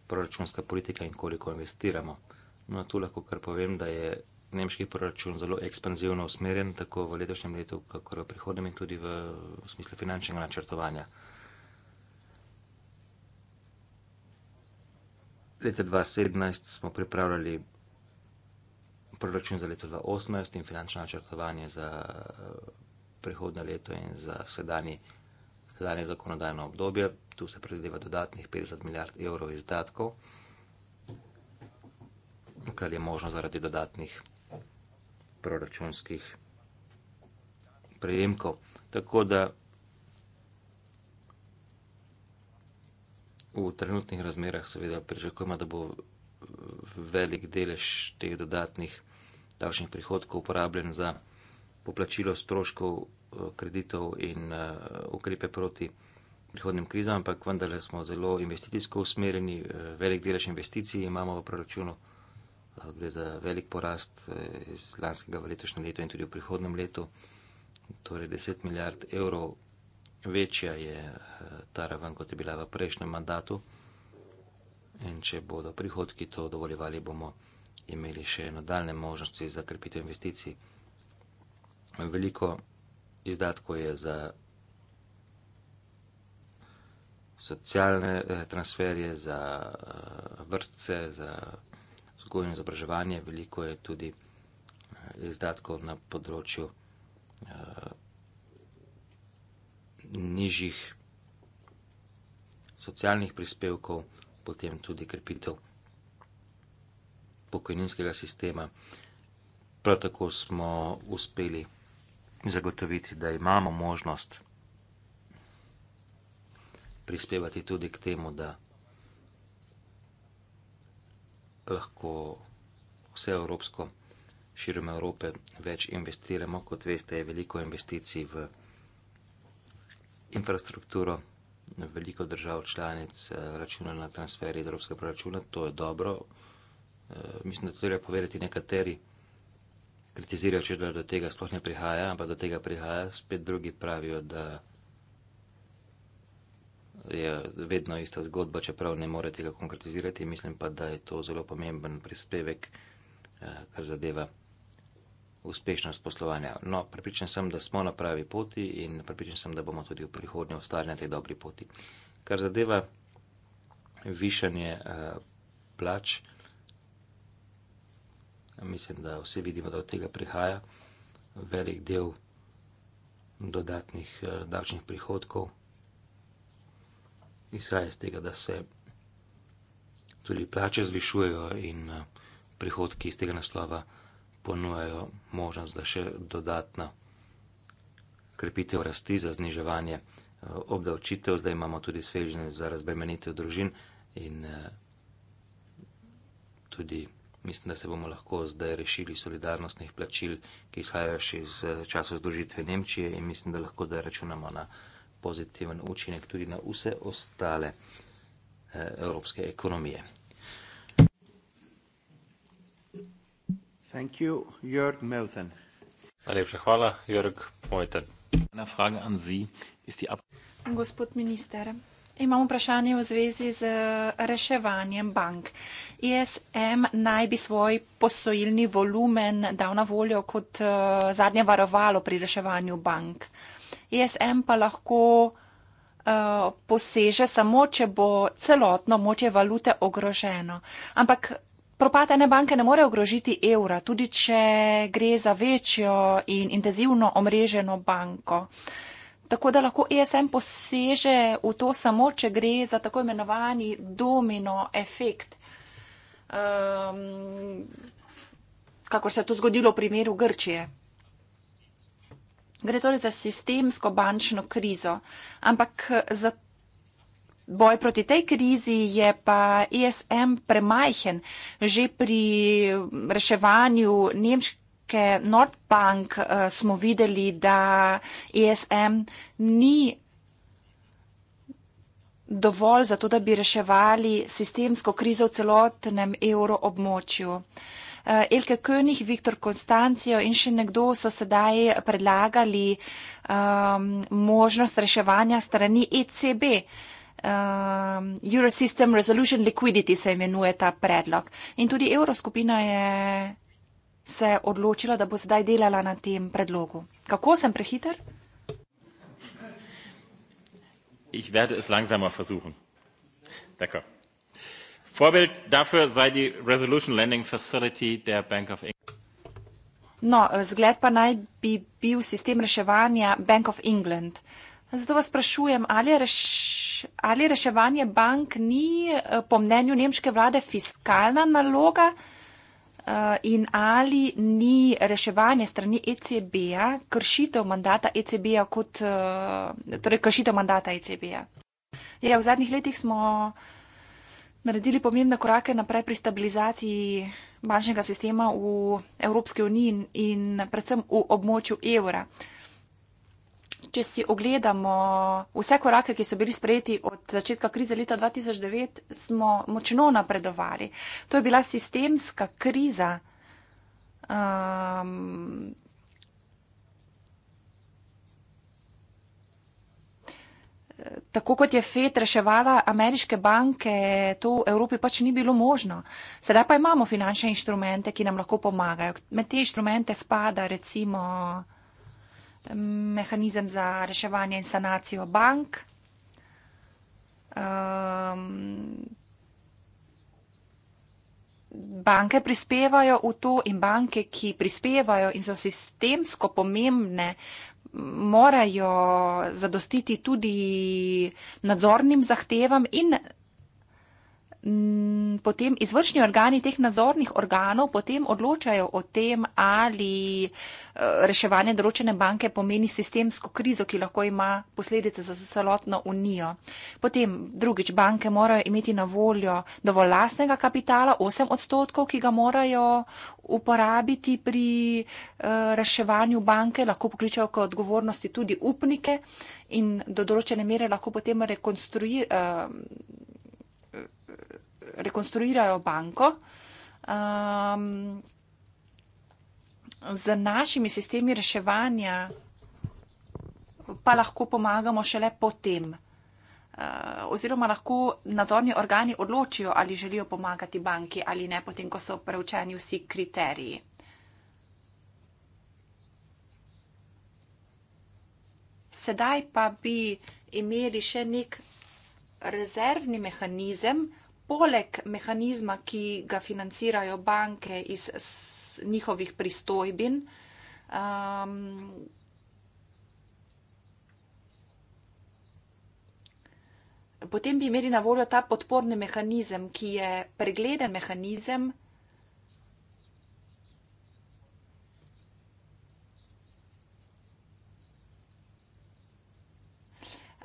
S2: proračunska politika in koliko investiramo. No, tu lahko kar povem, da je nemški proračun zelo ekspanzivno usmerjen, tako v letošnjem letu, kakor v prihodnem in tudi v, v smislu finančnega načrtovanja. Leta 2017 smo pripravljali proračun za leto 2018 in finančno načrtovanje za eh, prihodno leto in za sedanje, sedanje zakonodajno obdobje. Tu se predvideva dodatnih 50 milijard evrov izdatkov, kar je možno zaradi dodatnih proračunskih prejemkov. Tako da v trenutnih razmerah seveda pričakujemo, da bo eh, velik delež teh dodatnih proračunskih takšnih prihodkov uporabljen za poplačilo stroškov eh, kreditov in eh, ukrepe proti prihodnim krizam, ampak vendarle smo zelo investicijsko usmerjeni, eh, velik delež investicij imamo v proračunu, gre za velik porast iz lanskega v letošnje leto in tudi v prihodnem letu, torej 10 milijard evrov večja je ta raven, kot je bila v prejšnjem mandatu in če bodo prihodki to dovoljevali, bomo prihodki imeli še nadaljne možnosti za krepitev investicij. Veliko izdatkov je za socialne eh, transferje, za eh, vrtce, za vzgojno izobraževanje, veliko je tudi eh, izdatkov na področju uh, nižjih socialnih prispevkov, potem tudi krepitev pokojninskega sistema. Prav tako smo uspeli zagotoviti, da imamo možnost prispevati tudi k temu, da lahko vse evropsko širom Evrope več investiramo, kot veste, je veliko investicij v infrastrukturo, veliko držav članic eh, računa na transferi evropskega proračuna, to je dobro, Eh, mislim, da to treba povedati nekateri. Kritizirajo, da do tega sploh ne prihaja, ampak do tega prihaja, spet drugi pravijo, da je vedno ista zgodba, čeprav ne more tega konkretizirati. Mislim pa, da je to zelo pomemben prispevek, eh, kar zadeva uspešnost poslovanja. No, pripričan sem, da smo na pravi poti in pripričan sem, da bomo tudi v prihodnje ostali na tej dobri poti. Kar zadeva višanje eh, plač. Uh, mislim, da vsi vidimo, da od tega prihaja velik del dodatnih eh, davčnih prihodkov. Izhaja iz tega, da se tudi plače zvišujejo in eh, prihodki iz tega naslova ponujajo možnost, da še dodatna krepitev rasti za zniževanje eh, obdavčitev, zdaj imamo tudi svežnje za razbremenitev družin in tudi Mislim, da se bomo lahko zdaj rešili solidarnostnih plačil, ki izhajajo še iz eh, časov združitve Nemčije in mislim, da lahko da računamo na pozitiven učinek tudi na vse ostale eh, evropske ekonomije.
S6: Thank you, Jörg Melten.
S3: Najlepša hvala, Jörg Melten. Ena frage an Sie, ist die Ab
S5: Gospod minister, imam vprašanje v zvezi z eh, reševanjem bank. ISM e naj bi svoj posojilni volumen dal na voljo kot uh, zadnje varovalo pri reševanju bank. ISM e pa lahko uh, poseže samo, če bo celotno moče valute ogroženo. Ampak propadene banke ne more ogrožiti evra, tudi če gre za večjo in intenzivno omreženo banko. Tako da lahko ESM poseže v to samo, če gre za tako imenovani domino efekt um, kakor se je to zgodilo v primeru Grčije. Gre torej za sistemsko bančno krizo, ampak za boj proti tej krizi je pa ESM premajhen že pri reševanju nemške. Nordbank uh, smo videli, da ESM ni dovolj za to, da bi reševali sistemsko krizo v celotnem evroobmočju. Eh, Elke König, Viktor Konstancijo in še nekdo so sedaj predlagali um, možnost reševanja strani ECB. Um, ehm, Eurosystem Resolution Liquidity se imenuje ta predlog. In tudi Evroskupina je se odločila, da bo sedaj delala na tem predlogu. Kako sem prehiter?
S3: Ich werde es langsamer versuchen. D'accord. Vorbild dafür sei die Resolution Lending Facility der Bank of England.
S5: No, zgled pa naj bi bil sistem reševanja Bank of England. Zato vas sprašujem, ali, reš, ali reševanje bank ni eh, po mnenju nemške vlade fiskalna naloga? Eh, in ali ni reševanje strani ECB-ja kršitev mandata ECB-ja kot, eh, torej kršitev mandata ECB-ja? Ja, v zadnjih letih smo naredili pomembne korake naprej pri stabilizaciji bančnega sistema v Evropski uniji in predvsem v območju evra če si ogledamo vse korake, ki so bili sprejeti od začetka krize leta 2009, smo močno napredovali. To je bila sistemska kriza. Um, Tako kot je FED reševala ameriške banke, to v Evropi pač ni bilo možno. Sedaj pa imamo finančne inštrumente, ki nam lahko pomagajo. Med te inštrumente spada recimo mehanizem za reševanje in sanacijo bank. Um, banke prispevajo v to in banke, ki prispevajo in so sistemsko pomembne, morajo zadostiti tudi nadzornim zahtevam in potem izvršni organi teh nadzornih organov potem odločajo o tem, ali eh, reševanje določene banke pomeni sistemsko krizo, ki lahko ima posledice za celotno unijo. Potem drugič, banke morajo imeti na voljo dovolj lastnega kapitala, 8 odstotkov, ki ga morajo uporabiti pri eh, reševanju banke, lahko pokličajo k odgovornosti tudi upnike in do določene mere lahko potem rekonstruirajo. Eh, rekonstruirajo banko. Um, z našimi sistemi reševanja pa lahko pomagamo šele potem. Uh, oziroma lahko nadzorni organi odločijo, ali želijo pomagati banki ali ne, potem, ko so preučeni vsi kriteriji. Sedaj pa bi imeli še nek rezervni mehanizem, poleg mehanizma, ki ga financirajo banke iz njihovih pristojbin, um, potem bi imeli na voljo ta podporni mehanizem, ki je pregleden mehanizem.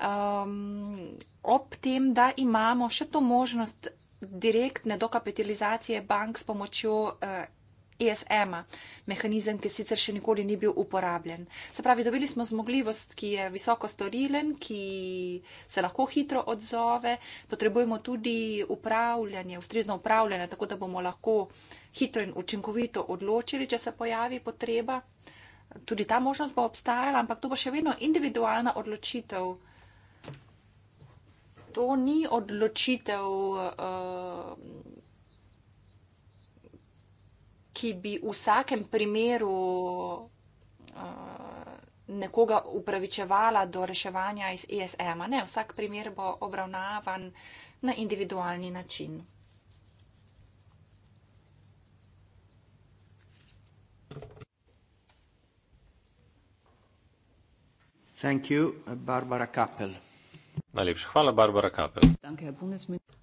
S5: Um, ob tem, da imamo še to možnost direktne dokapitalizacije bank s pomočjo ESM-a, eh, e mehanizem, ki sicer še nikoli ni bil uporabljen. Se pravi, dobili smo zmogljivost, ki je visoko storilen, ki se lahko hitro odzove, potrebujemo tudi upravljanje, ustrezno upravljanje, tako da bomo lahko hitro in učinkovito odločili, če se pojavi potreba. Tudi ta možnost bo obstajala, ampak to bo še vedno individualna odločitev to ni odločitev, eh, ki bi v vsakem primeru eh, nekoga upravičevala do reševanja iz ESM-a. Ne, vsak primer bo obravnavan na individualni način.
S3: Thank you, Barbara Kappel. Najlepša hvala, Barbara Kapel.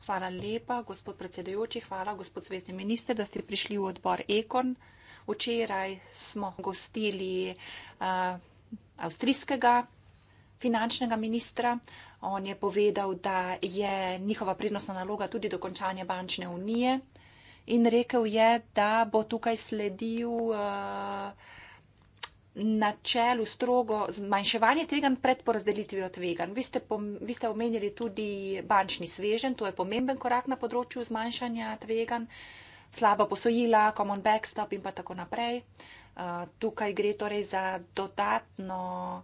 S5: Hvala lepa, gospod predsedujoči, hvala, gospod zvezdni minister, da ste prišli v odbor Ekon. Včeraj smo gostili uh, avstrijskega finančnega ministra. On je povedal, da je njihova prednostna naloga tudi dokončanje bančne unije in rekel je, da bo tukaj sledil. Uh, načelu strogo zmanjševanje tvegan pred porazdelitvijo tvegan. Vi ste, pom, vi ste omenili tudi bančni svežen, to je pomemben korak na področju zmanjšanja tvegan, slaba posojila, common backstop in pa tako naprej. Uh, tukaj gre torej za dodatno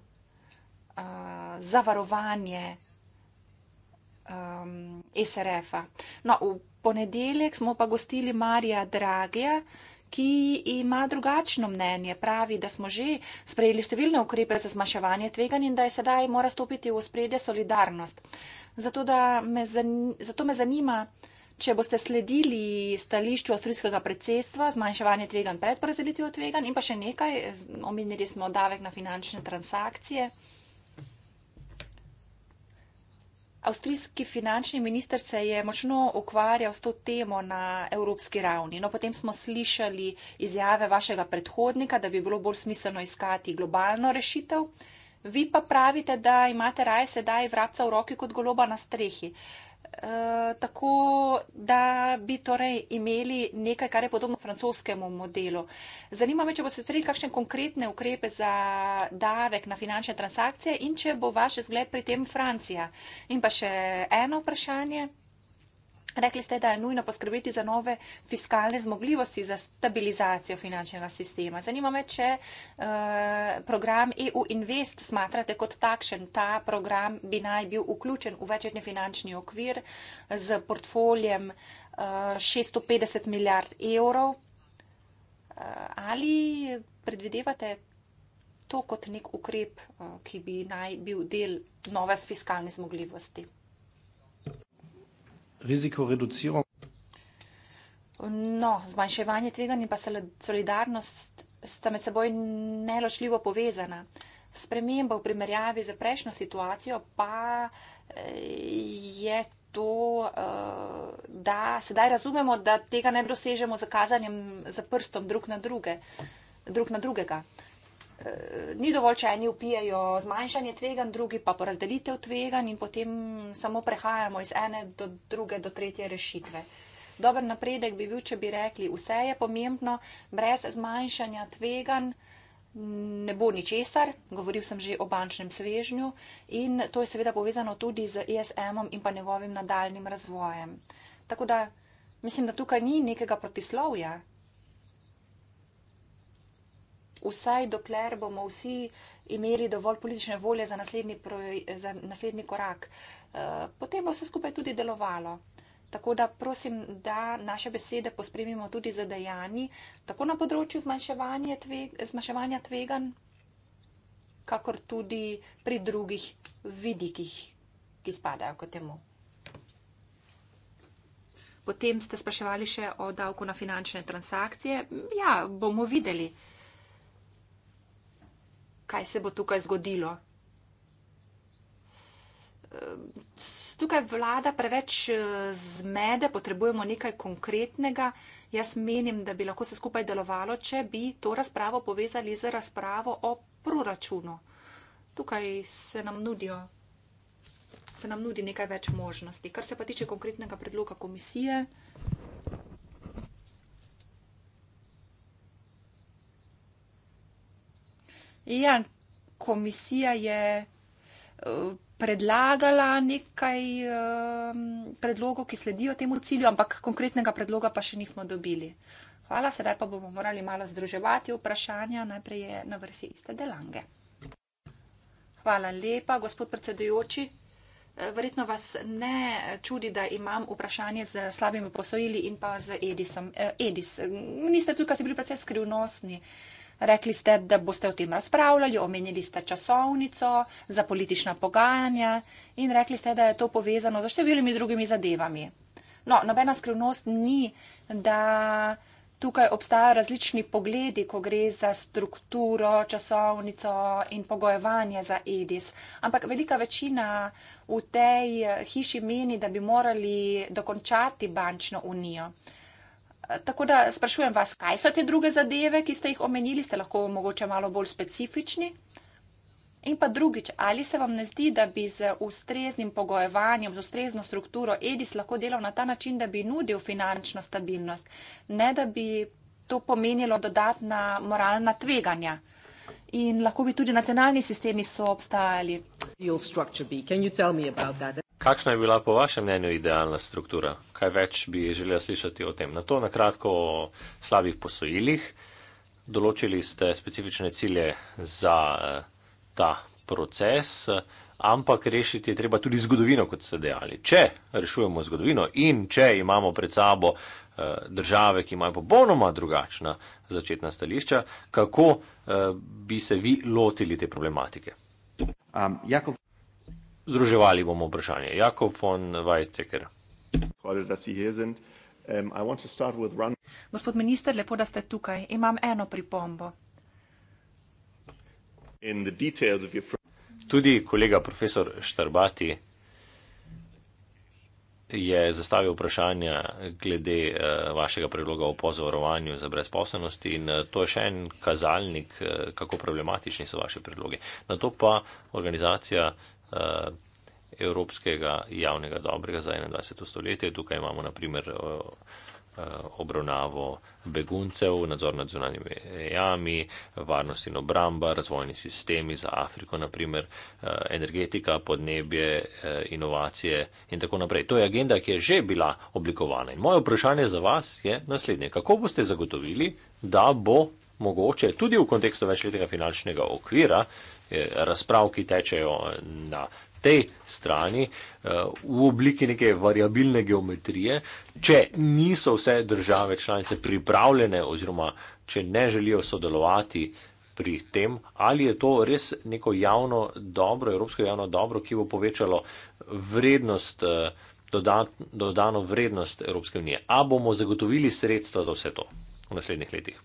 S5: uh, zavarovanje um, SRF-a. No, V ponedeljek smo pa gostili Marija Dragija, ki ima drugačno mnenje, pravi, da smo že sprejeli številne ukrepe za zmaševanje tveganj in da je sedaj mora stopiti v spredje solidarnost. Zato me, zani, zato me zanima, če boste sledili stališču avstrijskega predsedstva, zmanjševanje tveganj pred porazdelitvijo tveganj in pa še nekaj, omenili smo davek na finančne transakcije. Avstrijski finančni minister se je močno ukvarjal s to temo na evropski ravni. No, potem smo slišali izjave vašega predhodnika, da bi bilo bolj smiselno iskati globalno rešitev. Vi pa pravite, da imate raje sedaj vrabca v roki kot goloba na strehi. Eh, tako da bi torej imeli nekaj, kar je podobno francoskemu modelu. Zanima me, če boste sprejeli kakšne konkretne ukrepe za davek na finančne transakcije in če bo vaš zgled pri tem Francija. In pa še eno vprašanje. Rekli ste, da je nujno poskrbeti za nove fiskalne zmogljivosti za stabilizacijo finančnega sistema. Zanima me, če uh, program EU Invest smatrate kot takšen. Ta program bi naj bil vključen v večetni finančni okvir z portfoljem uh, eh, 650 milijard evrov. Uh, ali predvidevate to kot nek ukrep, uh, ki bi naj bil del nove fiskalne zmogljivosti?
S7: risikoreducierung?
S5: No, zmanjševanje tveganj in pa solidarnost sta med seboj neločljivo povezana. Sprememba v primerjavi za prejšnjo situacijo pa eh, je to, eh, da sedaj razumemo, da tega ne dosežemo z kazanjem za prstom drug na, druge, drug na drugega. Eh, ni dovolj, če eni upijajo zmanjšanje tvegan, drugi pa porazdelitev tvegan in potem samo prehajamo iz ene do druge, do tretje rešitve. Dober napredek bi bil, če bi rekli, vse je pomembno, brez zmanjšanja tvegan ne bo ničesar, govoril sem že o bančnem svežnju in to je seveda povezano tudi z ESM-om in pa njegovim nadaljnim razvojem. Tako da mislim, da tukaj ni nekega protislovja, vsaj dokler bomo vsi imeli dovolj politične volje za naslednji, proj, za naslednji korak, eh, potem bo vse skupaj tudi delovalo. Tako da prosim, da naše besede pospremimo tudi za dejanji, tako na področju zmanjševanja tvegan, kakor tudi pri drugih vidikih, ki spadajo k temu. Potem ste spraševali še o davku na finančne transakcije. Ja, bomo videli kaj se bo tukaj zgodilo. Ehm, tukaj vlada preveč eh, zmede, potrebujemo nekaj konkretnega. Jaz menim, da bi lahko se skupaj delovalo, če bi to razpravo povezali z razpravo o proračunu. Tukaj se nam nudijo. Se nam nudi nekaj več možnosti. Kar se pa tiče konkretnega predloga komisije, Ja, komisija je eh, predlagala nekaj ehm, predlogov, ki sledijo temu cilju, ampak konkretnega predloga pa še nismo dobili. Hvala, sedaj pa bomo morali malo združevati vprašanja. Najprej je na vrsti iste delange. Hvala lepa, gospod predsedujoči. Eh, verjetno vas ne čudi, da imam vprašanje z slabimi posojili in pa z Edisom. Eh, Edis, niste tukaj, ste bili predvsej skrivnostni. Rekli ste, da boste o tem razpravljali, omenili ste časovnico za politična pogajanja in rekli ste, da je to povezano z številnimi drugimi zadevami. No, nobena skrivnost ni, da tukaj obstajajo različni pogledi, ko gre za strukturo, časovnico in pogojevanje za EDIS. Ampak velika večina v tej hiši meni, da bi morali dokončati bančno unijo. Tako da sprašujem vas, kaj so te druge zadeve, ki ste jih omenili, ste lahko mogoče malo bolj specifični. In pa drugič, ali se vam ne zdi, da bi z ustreznim pogojevanjem, z ustrezno strukturo Edis lahko delal na ta način, da bi nudil finančno stabilnost, ne da bi to pomenilo dodatna moralna tveganja. In lahko bi tudi nacionalni sistemi soobstajali.
S3: Kakšna je bila po vašem mnenju idealna struktura? Kaj več bi želela slišati o tem? Na to, na kratko, o slabih posojilih. Določili ste specifične cilje za eh, ta proces, eh, ampak rešiti je treba tudi zgodovino, kot ste dejali. Če rešujemo zgodovino in če imamo pred sabo eh, države, ki imajo popolnoma drugačna začetna stališča, kako bi se vi lotili te problematike? Um, Jakob. Združevali bomo vprašanje. Jakob von Weizsäcker.
S5: Um, Gospod minister, lepo, da ste tukaj. Imam eno pripombo.
S3: Tudi kolega profesor Štrbati je zastavil vprašanje glede eh, vašega predloga o pozorovanju za brezposobnost in eh, to je še en kazalnik, eh, kako problematični so vaše predloge. Na to pa organizacija Eh, evropskega javnega dobrega za 21. stoletje. Tukaj imamo naprimer eh, eh, obravnavo beguncev, nadzor nad zunanjimi jami, varnost in obramba, razvojni sistemi za Afriko, naprimer energetika, podnebje, inovacije in tako naprej. To je agenda, ki je že bila oblikovana. In moje vprašanje za vas je naslednje. Kako boste zagotovili, da bo mogoče tudi v kontekstu večletnega finančnega okvira Eh, razprav, ki tečejo eh, na tej strani eh, v obliki neke variabilne geometrije, če niso vse države članice pripravljene oziroma če ne želijo sodelovati pri tem, ali je to res neko javno dobro, evropsko javno dobro, ki bo povečalo vrednost, dodat, dodano vrednost Evropske unije. A bomo zagotovili sredstva za vse to v naslednjih letih?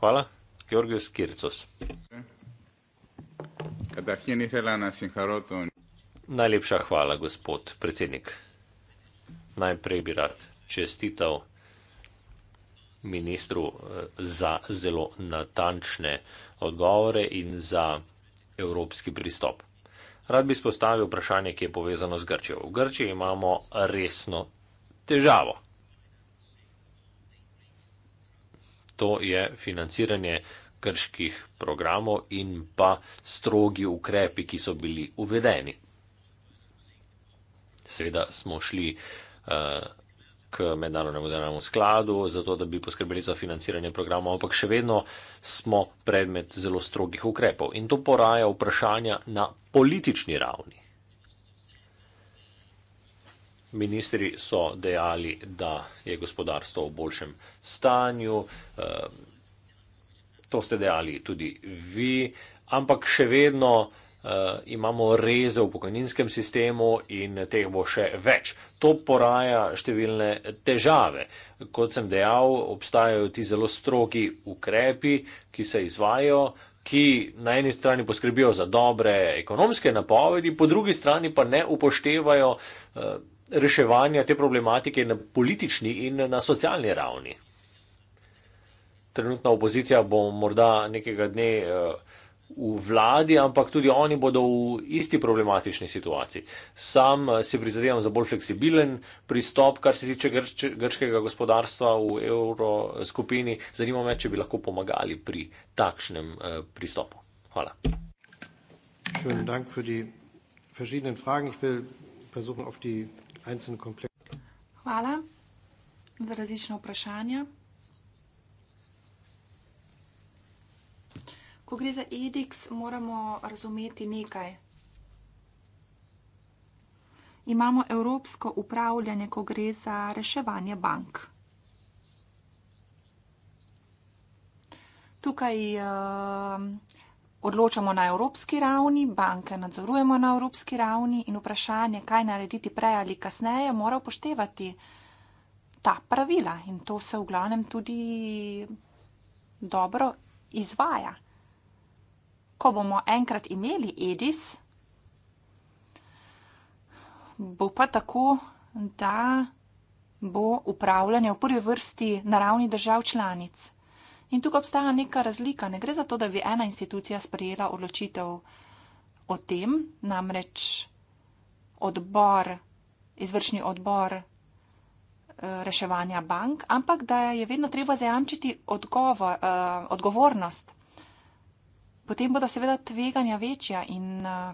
S3: Hvala. Georgios Kircos. Okay. Najlepša hvala, gospod predsednik. Najprej bi rad čestital ministru eh, za zelo natančne odgovore in za evropski pristop. Rad bi spostavil vprašanje, ki je povezano z Grčijo. V Grčiji imamo resno težavo. To je financiranje krških programov in pa strogi ukrepi, ki so bili uvedeni. Seveda smo šli uh, k mednarodnemu denarnemu skladu, zato da bi poskrbeli za financiranje programov, ampak še vedno smo predmet zelo strogih ukrepov in to poraja vprašanja na politični ravni. Ministri so dejali, da je gospodarstvo v boljšem stanju. Uh, to ste dejali tudi vi, ampak še vedno uh, imamo reze v pokojninskem sistemu in teh bo še več. To poraja številne težave. Kot sem dejal, obstajajo ti zelo strogi ukrepi, ki se izvajo, ki na eni strani poskrbijo za dobre ekonomske napovedi, po drugi strani pa ne upoštevajo. Uh, Reševanja te problematike na politični in na socialni ravni trenutna opozicija bo morda nekega dne eh, v vladi, ampak tudi oni bodo v isti problematični situaciji. Sam eh, si prizadevam za bolj fleksibilen pristop, kar se tiče grč, grčkega gospodarstva v evroskupini. Zanima me, če bi lahko pomagali pri takšnem eh, pristopu. Hvala.
S5: Hvala za različno vprašanje. ko gre za ediks, moramo razumeti nekaj. Imamo evropsko upravljanje, ko gre za reševanje bank. Tukaj uh, odločamo na evropski ravni, banke nadzorujemo na evropski ravni in vprašanje, kaj narediti prej ali kasneje, mora upoštevati ta pravila in to se v glavnem tudi dobro izvaja ko bomo enkrat imeli Edis, bo pa tako, da bo upravljanje v prvi vrsti na ravni držav članic. In tukaj obstaja neka razlika. Ne gre za to, da bi ena institucija sprejela odločitev o tem, namreč odbor, izvršni odbor eh, reševanja bank, ampak da je vedno treba zajamčiti odgovor, eh, odgovornost potem bodo seveda tveganja večja in eh,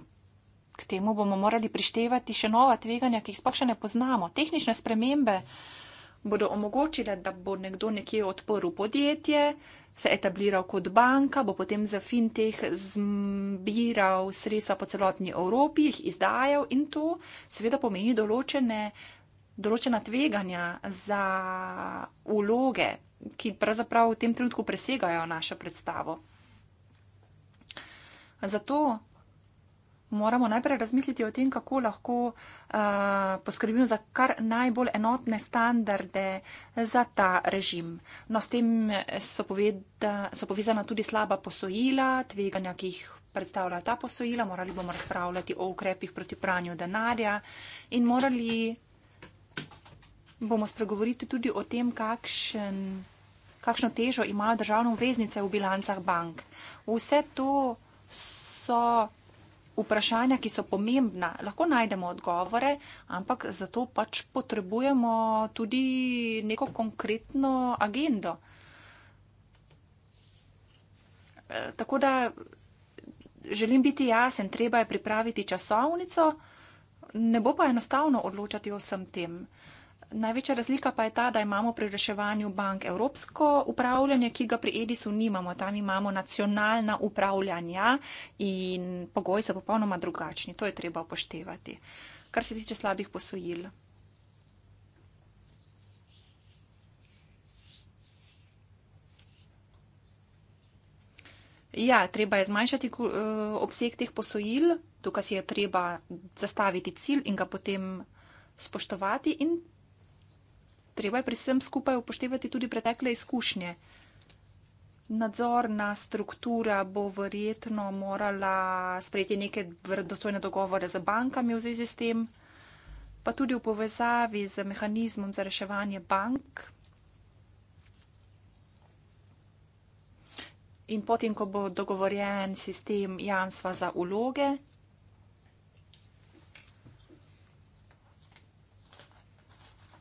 S5: k temu bomo morali prištevati še nova tveganja, ki jih sploh še ne poznamo. Tehnične spremembe bodo omogočile, da bo nekdo nekje odprl podjetje, se etabliral kot banka, bo potem za finteh zbiral sredstva po celotni Evropi, jih izdajal in to seveda pomeni določene, določena tveganja za uloge, ki pravzaprav v tem trenutku presegajo našo predstavo. Zato moramo najprej razmisliti o tem, kako lahko uh, poskrbimo za kar najbolj enotne standarde za ta režim. No, s tem eh, so, poveda, so povezana tudi slaba posojila, tveganja, ki jih predstavlja ta posojila. Morali bomo razpravljati o ukrepih proti pranju denarja in morali bomo spregovoriti tudi o tem, kakšen, kakšno težo imajo državne obveznice v bilancah bank. Vse to so vprašanja, ki so pomembna, lahko najdemo odgovore, ampak zato pač potrebujemo tudi neko konkretno agendo. E, tako da želim biti jasen, treba je pripraviti časovnico, ne bo pa enostavno odločati o vsem tem. Največja razlika pa je ta, da imamo pri reševanju bank evropsko upravljanje, ki ga pri Edisu nimamo. Tam imamo nacionalna upravljanja in pogoji so popolnoma drugačni. To je treba upoštevati. Kar se tiče slabih posojil. Ja, treba je zmanjšati eh, obseg teh posojil, tukaj si je treba zastaviti cilj in ga potem spoštovati in treba je pri vsem skupaj upoštevati tudi pretekle izkušnje. Nadzorna struktura bo verjetno morala sprejeti neke vredostojne dogovore z bankami v zvezi s tem, pa tudi v povezavi z mehanizmom za reševanje bank. In potem, ko bo dogovorjen sistem jamstva za uloge,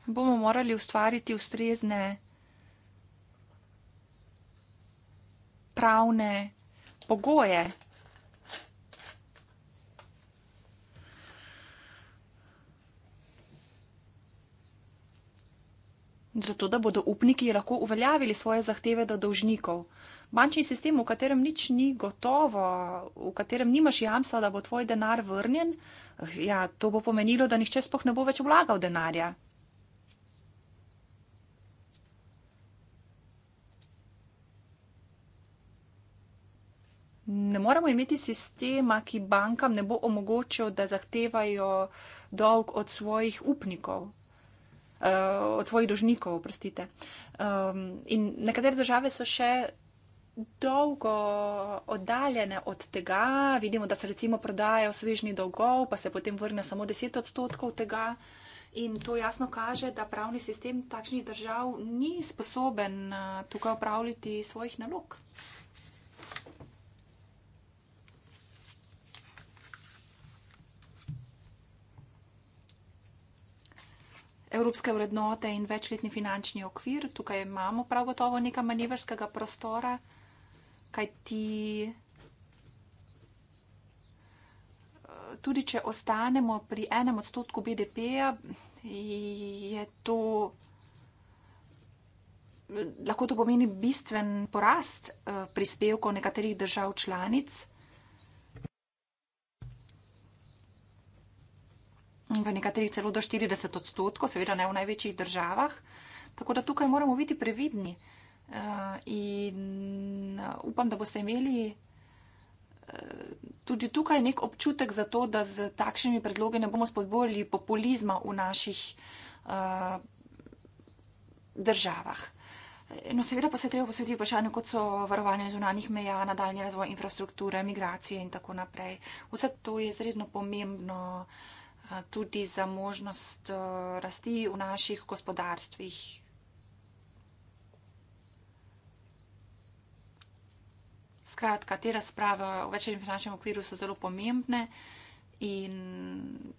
S5: bomo morali ustvariti ustrezne pravne pogoje. Zato, da bodo upniki lahko uveljavili svoje zahteve do dolžnikov. Bančni sistem, v katerem nič ni gotovo, v katerem nimaš jamstva, da bo tvoj denar vrnjen, ja, to bo pomenilo, da nihče spoh ne bo več vlagal denarja. ne moremo imeti sistema, ki bankam ne bo omogočil, da zahtevajo dolg od svojih upnikov, uh, od svojih dožnikov. Um, ehm, in nekatere države so še dolgo oddaljene od tega. Vidimo, da se recimo prodajajo svežni dolgov, pa se potem vrne samo 10 odstotkov tega. In to jasno kaže, da pravni sistem takšnih držav ni sposoben eh, tukaj upravljati svojih nalog. evropske vrednote in večletni finančni okvir. Tukaj imamo prav gotovo nekaj manevrskega prostora, kaj ti. Eh, tudi če ostanemo pri enem odstotku BDP-ja, je to eh, lahko to pomeni bistven porast eh, prispevkov nekaterih držav članic. v nekaterih celo do 40 odstotkov, seveda ne v največjih državah. Tako da tukaj moramo biti previdni eh, in eh, upam, da boste imeli eh, tudi tukaj nek občutek za to, da z takšnimi predlogi ne bomo spodbojali populizma v naših državah. No, seveda pa se treba posvetiti vprašanju, kot so varovanje zunanih meja, nadaljni razvoj infrastrukture, migracije in tako naprej. Vse to je izredno pomembno tudi za možnost rasti v naših gospodarstvih. Skratka, te razprave o večjem finančnem okviru so zelo pomembne in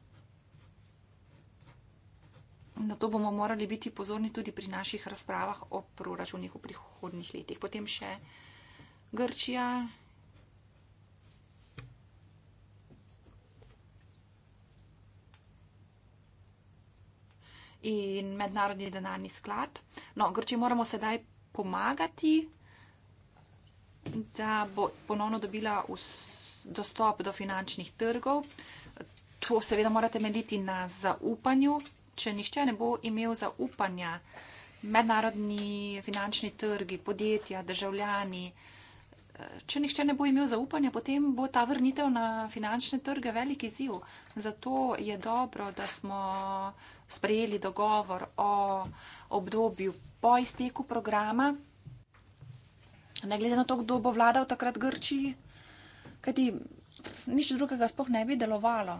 S5: na to bomo morali biti pozorni tudi pri naših razpravah o proračunih v prihodnih letih. Potem še Grčija, in mednarodni denarni sklad. No, Grči moramo sedaj pomagati, da bo ponovno dobila dostop do finančnih trgov. To seveda mora temeljiti na zaupanju. Če nišče ne bo imel zaupanja, mednarodni finančni trgi, podjetja, državljani, če nišče ne bo imel zaupanja, potem bo ta vrnitev na finančne trge veliki ziv. Zato je dobro, da smo sprejeli dogovor o obdobju po izteku programa. Ne glede na to, kdo bo vladal takrat v Grčiji, kajti nič drugega spoh ne bi delovalo.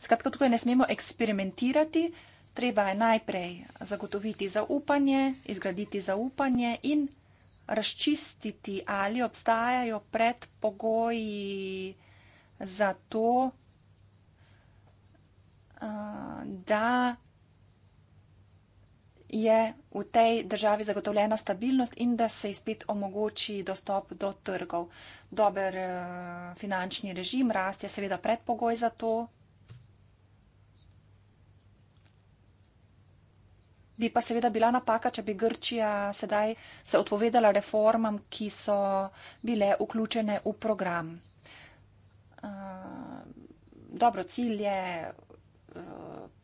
S5: Skratka, tukaj ne smemo eksperimentirati, treba je najprej zagotoviti zaupanje, izgraditi zaupanje in razčistiti, ali obstajajo predpogoji za to, da je v tej državi zagotovljena stabilnost in da se izpet omogoči dostop do trgov. Dober finančni režim, rast je seveda predpogoj za to, Bi pa seveda bila napaka, če bi Grčija sedaj se odpovedala reformam, ki so bile vključene v program. Dobro, cilj je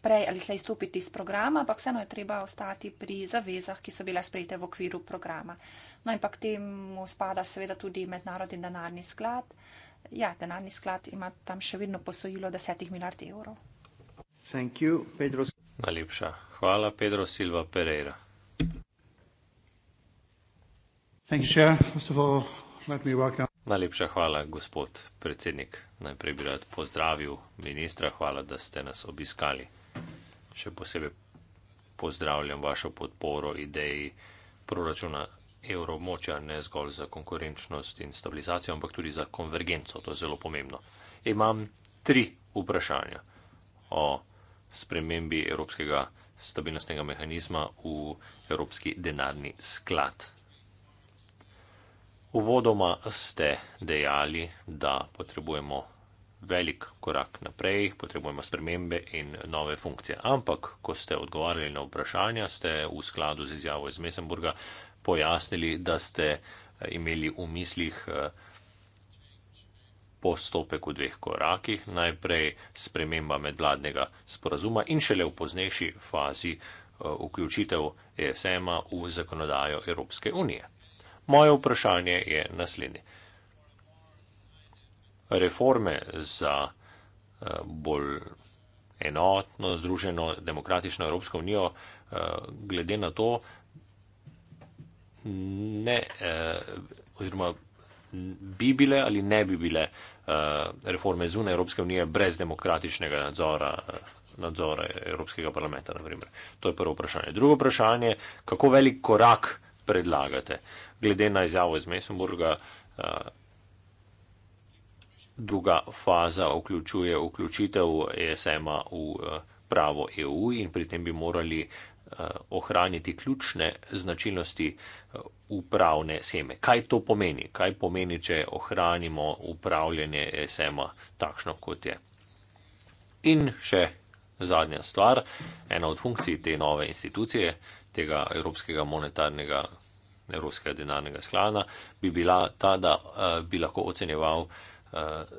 S5: prej ali slej stopiti iz programa, ampak vseeno je treba ostati pri zavezah, ki so bile sprejete v okviru programa. No in pa k temu spada seveda tudi mednarodni denarni sklad. Ja, denarni sklad ima tam še vedno posojilo desetih milijard evrov.
S3: Najlepša Hvala, Pedro Silva Pereira. Najlepša hvala, gospod predsednik. Najprej bi rad pozdravil ministra, hvala, da ste nas obiskali. Še posebej pozdravljam vašo podporo ideji proračuna evromoča, ne zgolj za konkurenčnost in stabilizacijo, ampak tudi za konvergenco. To je zelo pomembno. Imam tri vprašanja o spremembi evropskega proračuna stabilnostnega mehanizma v Evropski denarni sklad. Uvodoma ste dejali, da potrebujemo velik korak naprej, potrebujemo spremembe in nove funkcije. Ampak, ko ste odgovarjali na vprašanja, ste v skladu z izjavo iz Mesenburga pojasnili, da ste eh, imeli v mislih uh, postopek v dveh korakih, najprej sprememba medvladnega sporazuma in šele v poznejši fazi eh, vključitev ESM-a v zakonodajo Evropske unije. Moje vprašanje je naslednje. Reforme za eh, bolj enotno, združeno, demokratično Evropsko unijo, eh, glede na to, ne, oziroma bi bile ali ne bi bile uh, reforme zunaj Evropske unije brez demokratičnega nadzora, uh, nadzora Evropskega parlamenta. Naprimer. To je prvo vprašanje. Drugo vprašanje, kako velik korak predlagate, glede na izjavo iz Mesenburga, uh, eh, druga faza vključuje vključitev ESM-a v uh, pravo EU in pri tem bi morali uh, Eh, ohraniti ključne značilnosti eh, upravne seme. Kaj to pomeni? Kaj pomeni, če ohranimo upravljanje SM-a takšno, kot je? In še zadnja stvar, ena od funkcij te nove institucije, tega Evropskega monetarnega, Evropskega denarnega sklada, bi bila ta, da eh, bi lahko ocenjeval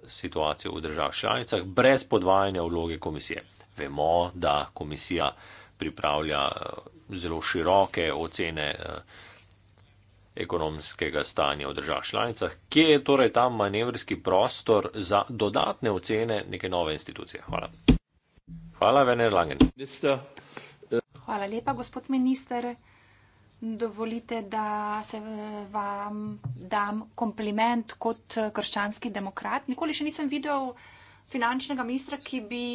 S3: situacijo v državah članicah brez podvajanja vloge komisije. Vemo, da komisija pripravlja eh, zelo široke ocene eh, ekonomskega stanja v državah članicah. Kje je torej ta manevrski prostor za dodatne ocene neke nove institucije? Hvala. Hvala, Vener Langen. Eh,
S5: Hvala lepa, gospod minister. Dovolite, da se vam dam kompliment kot krščanski demokrat. Nikoli še nisem videl finančnega ministra, ki bi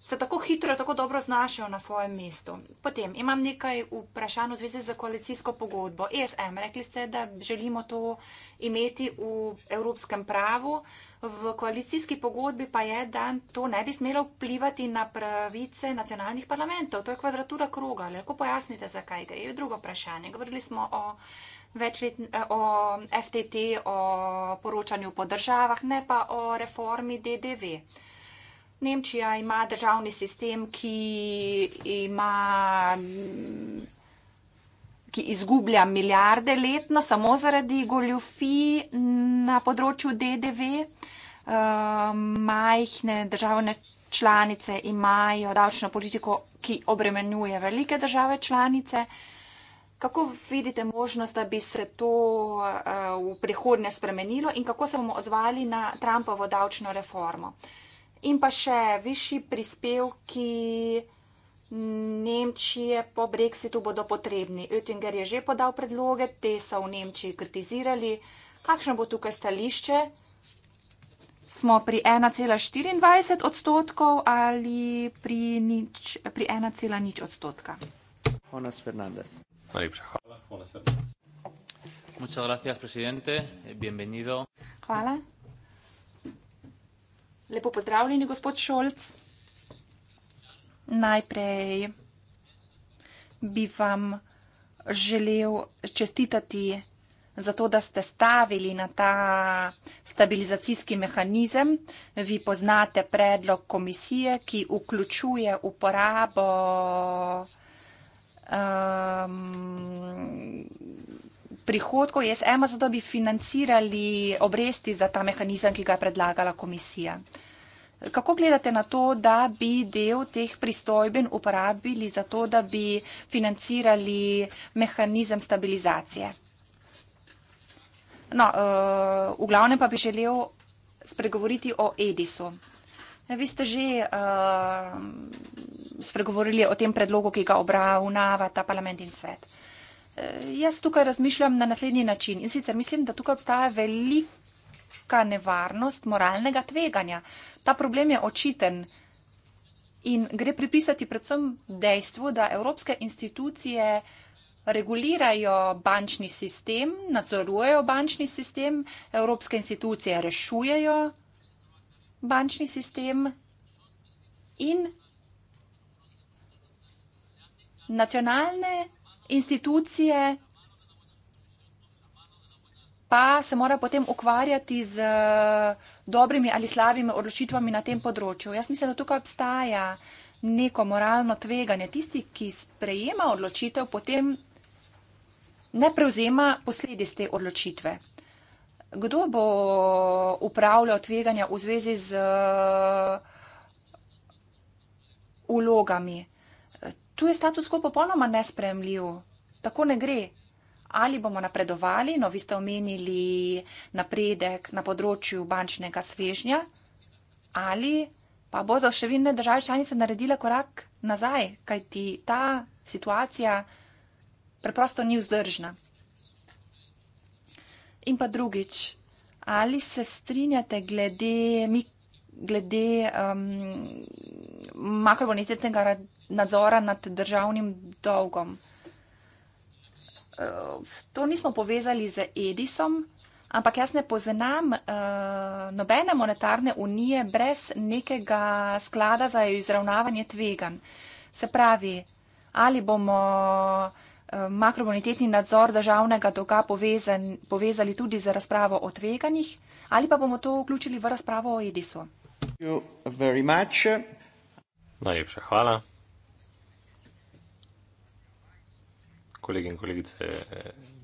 S5: se tako hitro, tako dobro znašajo na svojem mestu. Potem imam nekaj vprašanj v zvezi z koalicijsko pogodbo. ESM, rekli ste, da želimo to imeti v evropskem pravu, v koalicijski pogodbi pa je, da to ne bi smelo vplivati na pravice nacionalnih parlamentov. To je kvadratura kroga. Lahko pojasnite, zakaj gre. Je drugo vprašanje. Govorili smo o. Večlet, eh, o FTT, o poročanju po državah, ne pa o reformi DDV. Nemčija ima državni sistem, ki ima. Ki izgublja milijarde letno samo zaradi goljufij na področju DDV. Um, majhne državne članice imajo davčno politiko, ki obremenjuje velike države članice. Kako vidite možnost, da bi se to uh, v prihodnje spremenilo in kako se bomo odzvali na Trumpovo davčno reformo? in pa še višji prispevki Nemčije po brexitu bodo potrebni. Oettinger je že podal predloge, te so v Nemčiji kritizirali. Kakšno bo tukaj stališče? Smo pri 1,24 odstotkov ali pri, nič, pri 1,0 odstotka?
S6: Jonas Fernandez. Najlepša hvala, Jonas Fernandez.
S4: Muchas gracias, presidente. Bienvenido.
S5: Hvala. Lepo pozdravljeni, gospod Šolc. Najprej bi vam želel čestitati za to, da ste stavili na ta stabilizacijski mehanizem. Vi poznate predlog komisije, ki vključuje uporabo um, prihodkov iz e Amazona, da bi financirali obresti za ta mehanizem, ki ga je predlagala komisija. Kako gledate na to, da bi del teh pristojben uporabili za to, da bi financirali mehanizem stabilizacije? No, eh, v glavnem pa bi želel spregovoriti o Edisu. Ja, vi ste že eh, spregovorili o tem predlogu, ki ga obravnava ta parlament in svet jaz tukaj razmišljam na naslednji način. In sicer mislim, da tukaj obstaja velika nevarnost moralnega tveganja. Ta problem je očiten in gre pripisati predvsem dejstvu, da evropske institucije regulirajo bančni sistem, nadzorujejo bančni sistem, evropske institucije rešujejo bančni sistem in nacionalne institucije pa se mora potem ukvarjati z eh, dobrimi ali slabimi odločitvami na tem področju. Jaz mislim, da tukaj obstaja neko moralno tveganje. Tisti, ki sprejema odločitev, potem ne prevzema posledic te odločitve. Kdo bo upravljal tveganja v zvezi z eh, vlogami? Uh, tu je status quo popolnoma nespremljiv. Tako ne gre. Ali bomo napredovali, no vi ste omenili napredek na področju bančnega svežnja, ali pa bodo še vinne države članice naredile korak nazaj, kajti ta situacija preprosto ni vzdržna. In pa drugič, ali se strinjate glede, glede um, makrobonitetnega radikala? nadzora nad državnim dolgom. Eh, to nismo povezali z Edisom, ampak jaz ne poznam eh, nobene monetarne unije brez nekega sklada za izravnavanje tvegan. Se pravi, ali bomo eh, makrobonitetni nadzor državnega dolga povezali tudi z razpravo o tveganjih ali pa bomo to vključili v razpravo o Edisu.
S3: Najlepša hvala. kolegi in kolegice,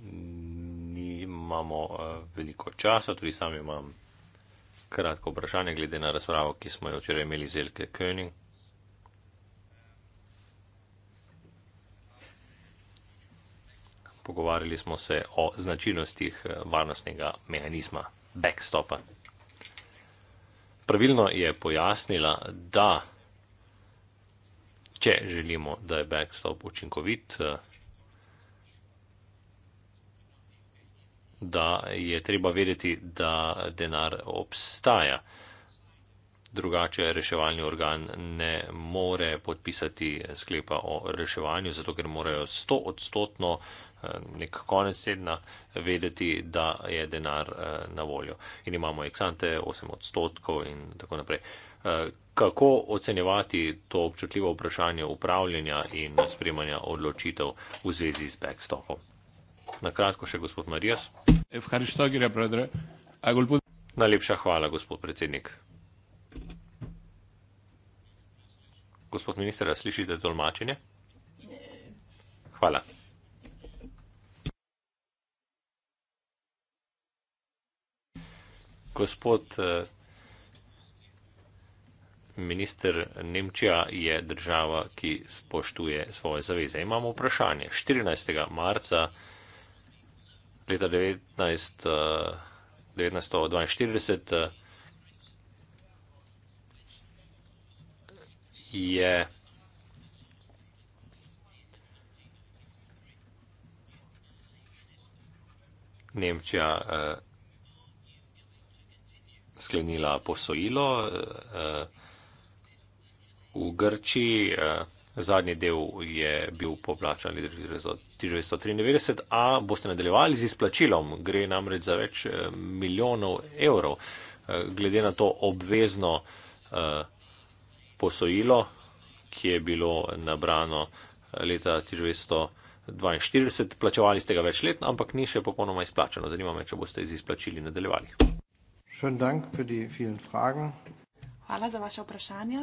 S3: nimamo eh, veliko časa, tudi sam imam kratko vprašanje glede na razpravo, ki smo jo včeraj imeli z Elke König. Pogovarjali smo se o značilnostih eh, varnostnega mehanizma backstopa. Pravilno je pojasnila, da če želimo, da je backstop učinkovit, eh, da je treba vedeti, da denar obstaja. Drugače reševalni organ ne more podpisati sklepa o reševanju, zato ker morajo 100 odstotno eh, nek konec tedna vedeti, da je denar eh, na voljo. In imamo eksante 8 odstotkov in tako naprej. Eh, kako ocenjevati to občutljivo vprašanje upravljanja in sprejemanja odločitev v zvezi z backstopom? Na kratko še gospod Marijas. Najlepša hvala, gospod predsednik. Gospod minister, slišite tolmačenje? Hvala. Gospod eh, minister, Nemčija je država, ki spoštuje svoje zaveze. Imamo vprašanje. 14. marca leta 19, uh, 1942 uh, je Nemčija uh, sklenila posojilo uh, v Grčiji. Uh, zadnji del je bil poplačan, ali drži rezultat. 1993, a boste nadaljevali z izplačilom. Gre namreč za več eh, milijonov evrov. Eh, glede na to obvezno eh, posojilo, ki je bilo nabrano leta 1942, plačevali ste ga več let, ampak ni še popolnoma izplačeno. Zanima me, če boste z izplačili nadaljevali.
S5: Hvala za vaše vprašanje.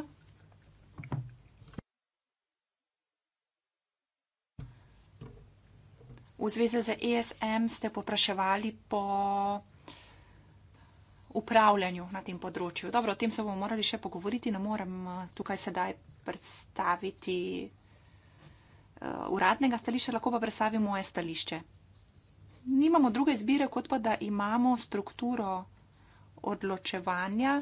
S5: V zvezi z ESM ste popraševali po upravljanju na tem področju. Dobro, o tem se bomo morali še pogovoriti, ne morem eh, tukaj sedaj predstaviti eh, uradnega stališča, lahko pa predstavim moje stališče. Nimamo druge izbire, kot pa da imamo strukturo odločevanja,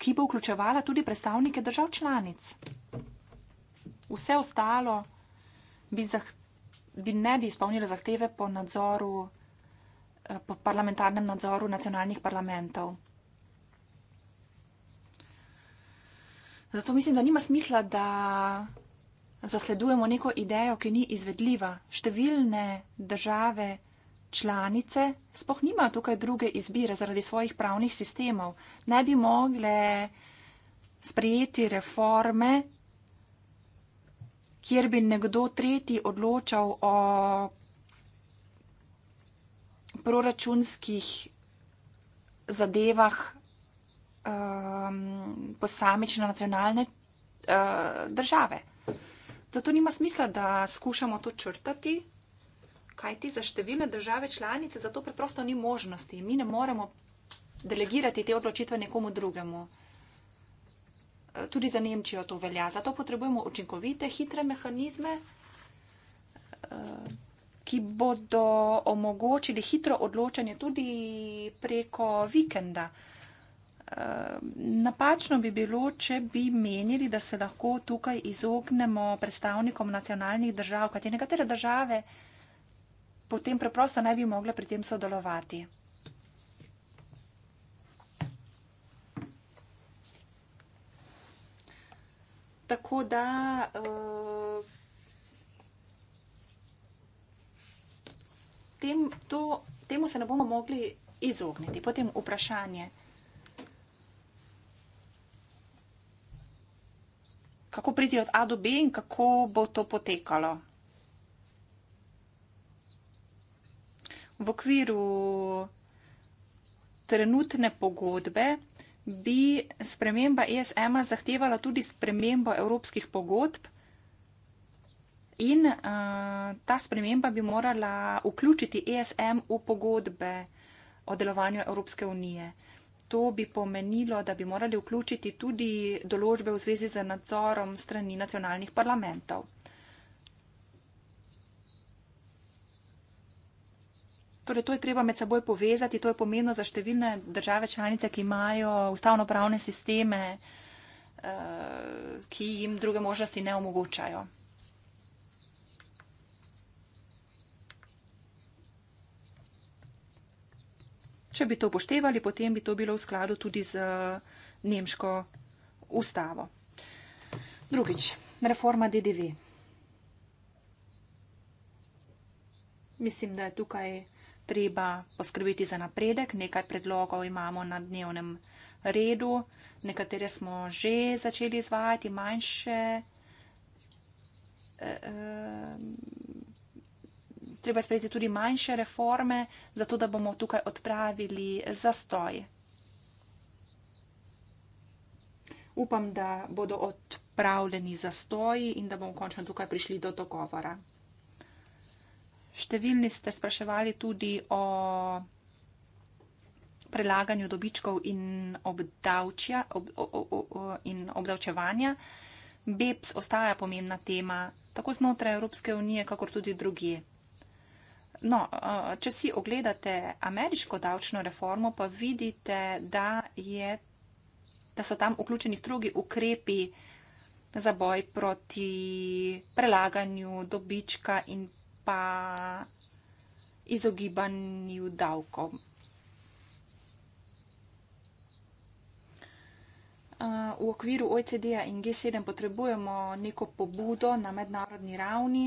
S5: ki bo vključevala tudi predstavnike držav članic. Vse ostalo bi, zah, bi ne bi izpolnila zahteve po nadzoru, eh, po parlamentarnem nadzoru nacionalnih parlamentov. Zato mislim, da nima smisla, da zasledujemo neko idejo, ki ni izvedljiva. Številne države članice spoh nima tukaj druge izbire zaradi svojih pravnih sistemov. Ne bi mogle sprejeti reforme, kjer bi nekdo tretji odločal o proračunskih zadevah um, posamične nacionalne uh, države. Zato nima smisla, da skušamo to črtati, kajti za številne države članice za to preprosto ni možnosti. Mi ne moremo delegirati te odločitve nekomu drugemu tudi za Nemčijo to velja. Zato potrebujemo učinkovite, hitre mehanizme, eh, ki bodo omogočili hitro odločanje tudi preko vikenda. Eh, napačno bi bilo, če bi menili, da se lahko tukaj izognemo predstavnikom nacionalnih držav, kajti nekatere države potem preprosto ne bi mogle pri tem sodelovati. Tako da. Uh, Tem, to, temu se ne bomo mogli izogniti. Potem vprašanje, kako priti od A do B in kako bo to potekalo. V okviru trenutne pogodbe bi sprememba ESM-a zahtevala tudi spremembo evropskih pogodb in uh, ta sprememba bi morala vključiti ESM v pogodbe o delovanju Evropske unije. To bi pomenilo, da bi morali vključiti tudi določbe v zvezi z nadzorom strani nacionalnih parlamentov. Torej, to je treba med seboj povezati, to je pomembno za številne države članice, ki imajo ustavno-pravne sisteme, eh, ki jim druge možnosti ne omogočajo. Če bi to upoštevali, potem bi to bilo v skladu tudi z eh, nemško ustavo. Drugič, reforma DDV. Mislim, da je tukaj treba poskrbeti za napredek. Nekaj predlogov imamo na dnevnem redu, nekatere smo že začeli izvajati, manjše. Eh, eh, treba sprejeti tudi manjše reforme, zato da bomo tukaj odpravili zastoj. Upam, da bodo odpravljeni zastoji in da bomo končno tukaj prišli do dogovora. Številni ste spraševali tudi o prelaganju dobičkov in, obdavčja, ob, o, o, o, in obdavčevanja. BEPS ostaja pomembna tema, tako znotraj Evropske unije, kakor tudi drugi. No, če si ogledate ameriško davčno reformo, pa vidite, da, je, da so tam vključeni strogi ukrepi za boj proti prelaganju dobička in pa izogibanju davkom. Uh, v okviru OECD-ja in G7 potrebujemo neko pobudo na mednarodni ravni.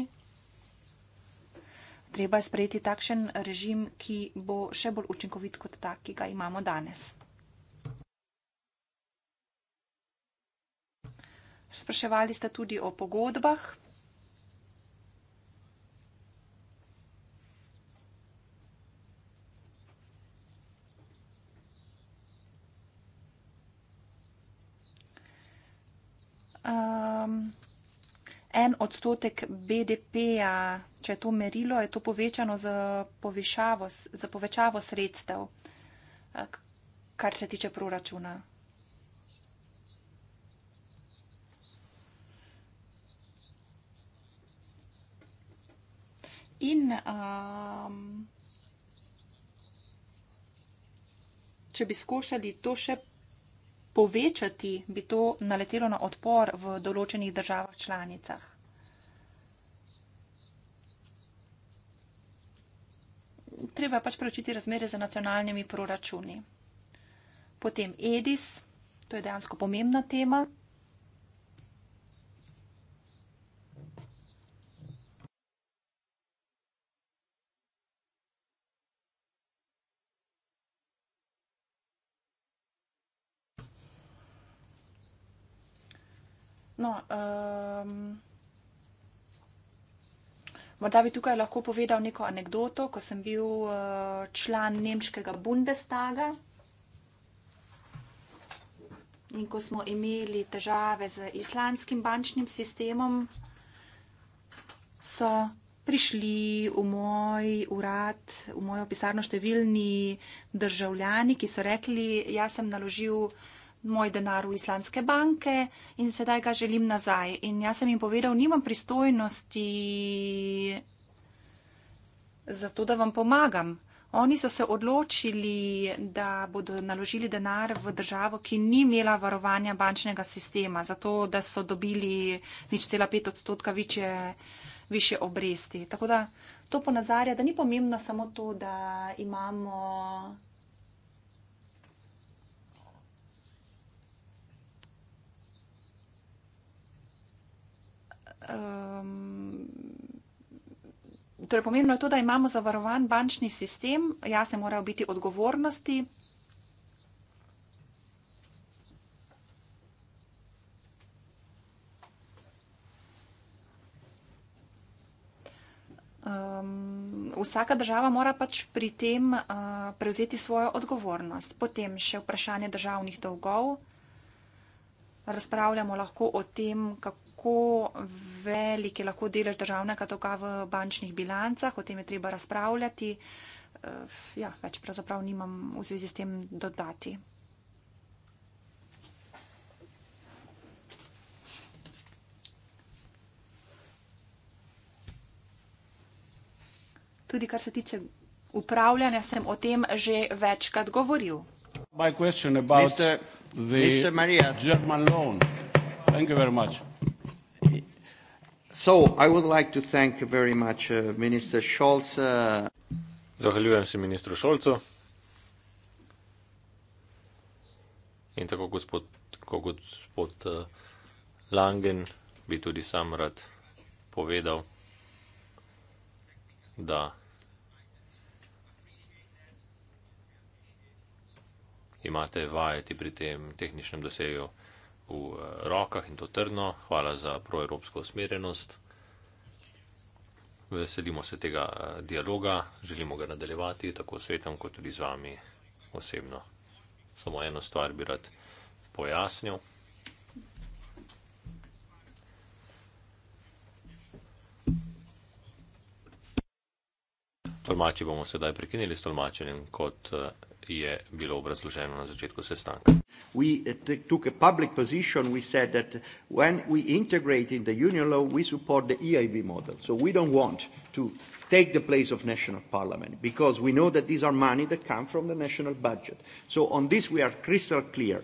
S5: Treba je sprejeti takšen režim, ki bo še bolj učinkovit kot ta, ki ga imamo danes. Spraševali ste tudi o pogodbah. um, en odstotek BDP-ja, če je to merilo, je to povečano z, povišavo, z povečavo sredstev, uh, kar se tiče proračuna. In um, če bi skušali to še povečati, bi to naletelo na odpor v določenih državah članicah. Treba pač preučiti razmere z nacionalnimi proračuni. Potem EDIS, to je dejansko pomembna tema. No, um, morda bi tukaj lahko povedal neko anegdoto, ko sem bil uh, član nemškega Bundestaga in ko smo imeli težave z islandskim bančnim sistemom, so prišli v moj urad, v mojo pisarno številni državljani, ki so rekli, jaz sem naložil moj denar v islandske banke in sedaj ga želim nazaj. In jaz sem jim povedal, nimam pristojnosti za to, da vam pomagam. Oni so se odločili, da bodo naložili denar v državo, ki ni imela varovanja bančnega sistema, zato da so dobili nič cela pet odstotka više, više obresti. Tako da to ponazarja, da ni pomembno samo to, da imamo um, torej pomembno je to, da imamo zavarovan bančni sistem, jasne morajo biti odgovornosti. Um, vsaka država mora pač pri tem uh, prevzeti svojo odgovornost. Potem še vprašanje državnih dolgov. Razpravljamo lahko o tem, kako kako velik je lahko delež državnega toga v bančnih bilancah, o tem je treba razpravljati. Eh, ja, več pravzaprav nimam v zvezi s tem dodati. Tudi kar se tiče upravljanja, sem o tem že večkrat govoril.
S4: Mr. Mr. Maria. German loan. Thank you very much.
S6: So I would like to thank very much uh, Minister
S3: Scholz. Uh, Zahvaljujem se ministru Šolcu. In tako gospod, ko gospod uh, Langen bi tudi sam rad povedal, da imate vajeti pri tem tehničnem dosegu v eh, rokah in to trdno. Hvala za proevropsko usmerjenost. Veselimo se tega eh, dialoga, želimo ga nadaljevati tako svetom, kot tudi z vami osebno. Samo eno stvar bi rad pojasnil. Tolmači bomo sedaj prekinili s tolmačenjem kot eh, je bilo obrazloženo na začetku sestanka.
S6: Uh, e take the place of national parliament because we know that these are money that come from the national budget. So, on this, we are crystal clear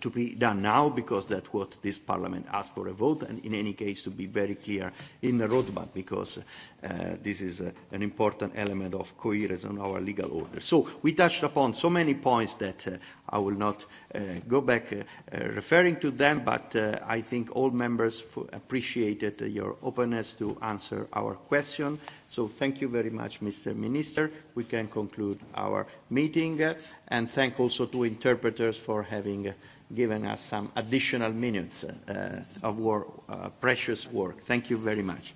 S6: to be done now because that's what this parliament asked for a vote and in any case to be very clear in the roadmap because uh, this is a, uh, an important element of coherence on our legal order. So we touched upon so many points that uh, I will not uh, go back uh, uh referring to them but uh, I think all members f appreciated uh, your openness to answer our question. So thank you very much Mr. Minister. We can conclude our meeting uh, and thank also to interpreters for having uh, given us some additional minutes uh, of work, uh, precious work. Thank you very much.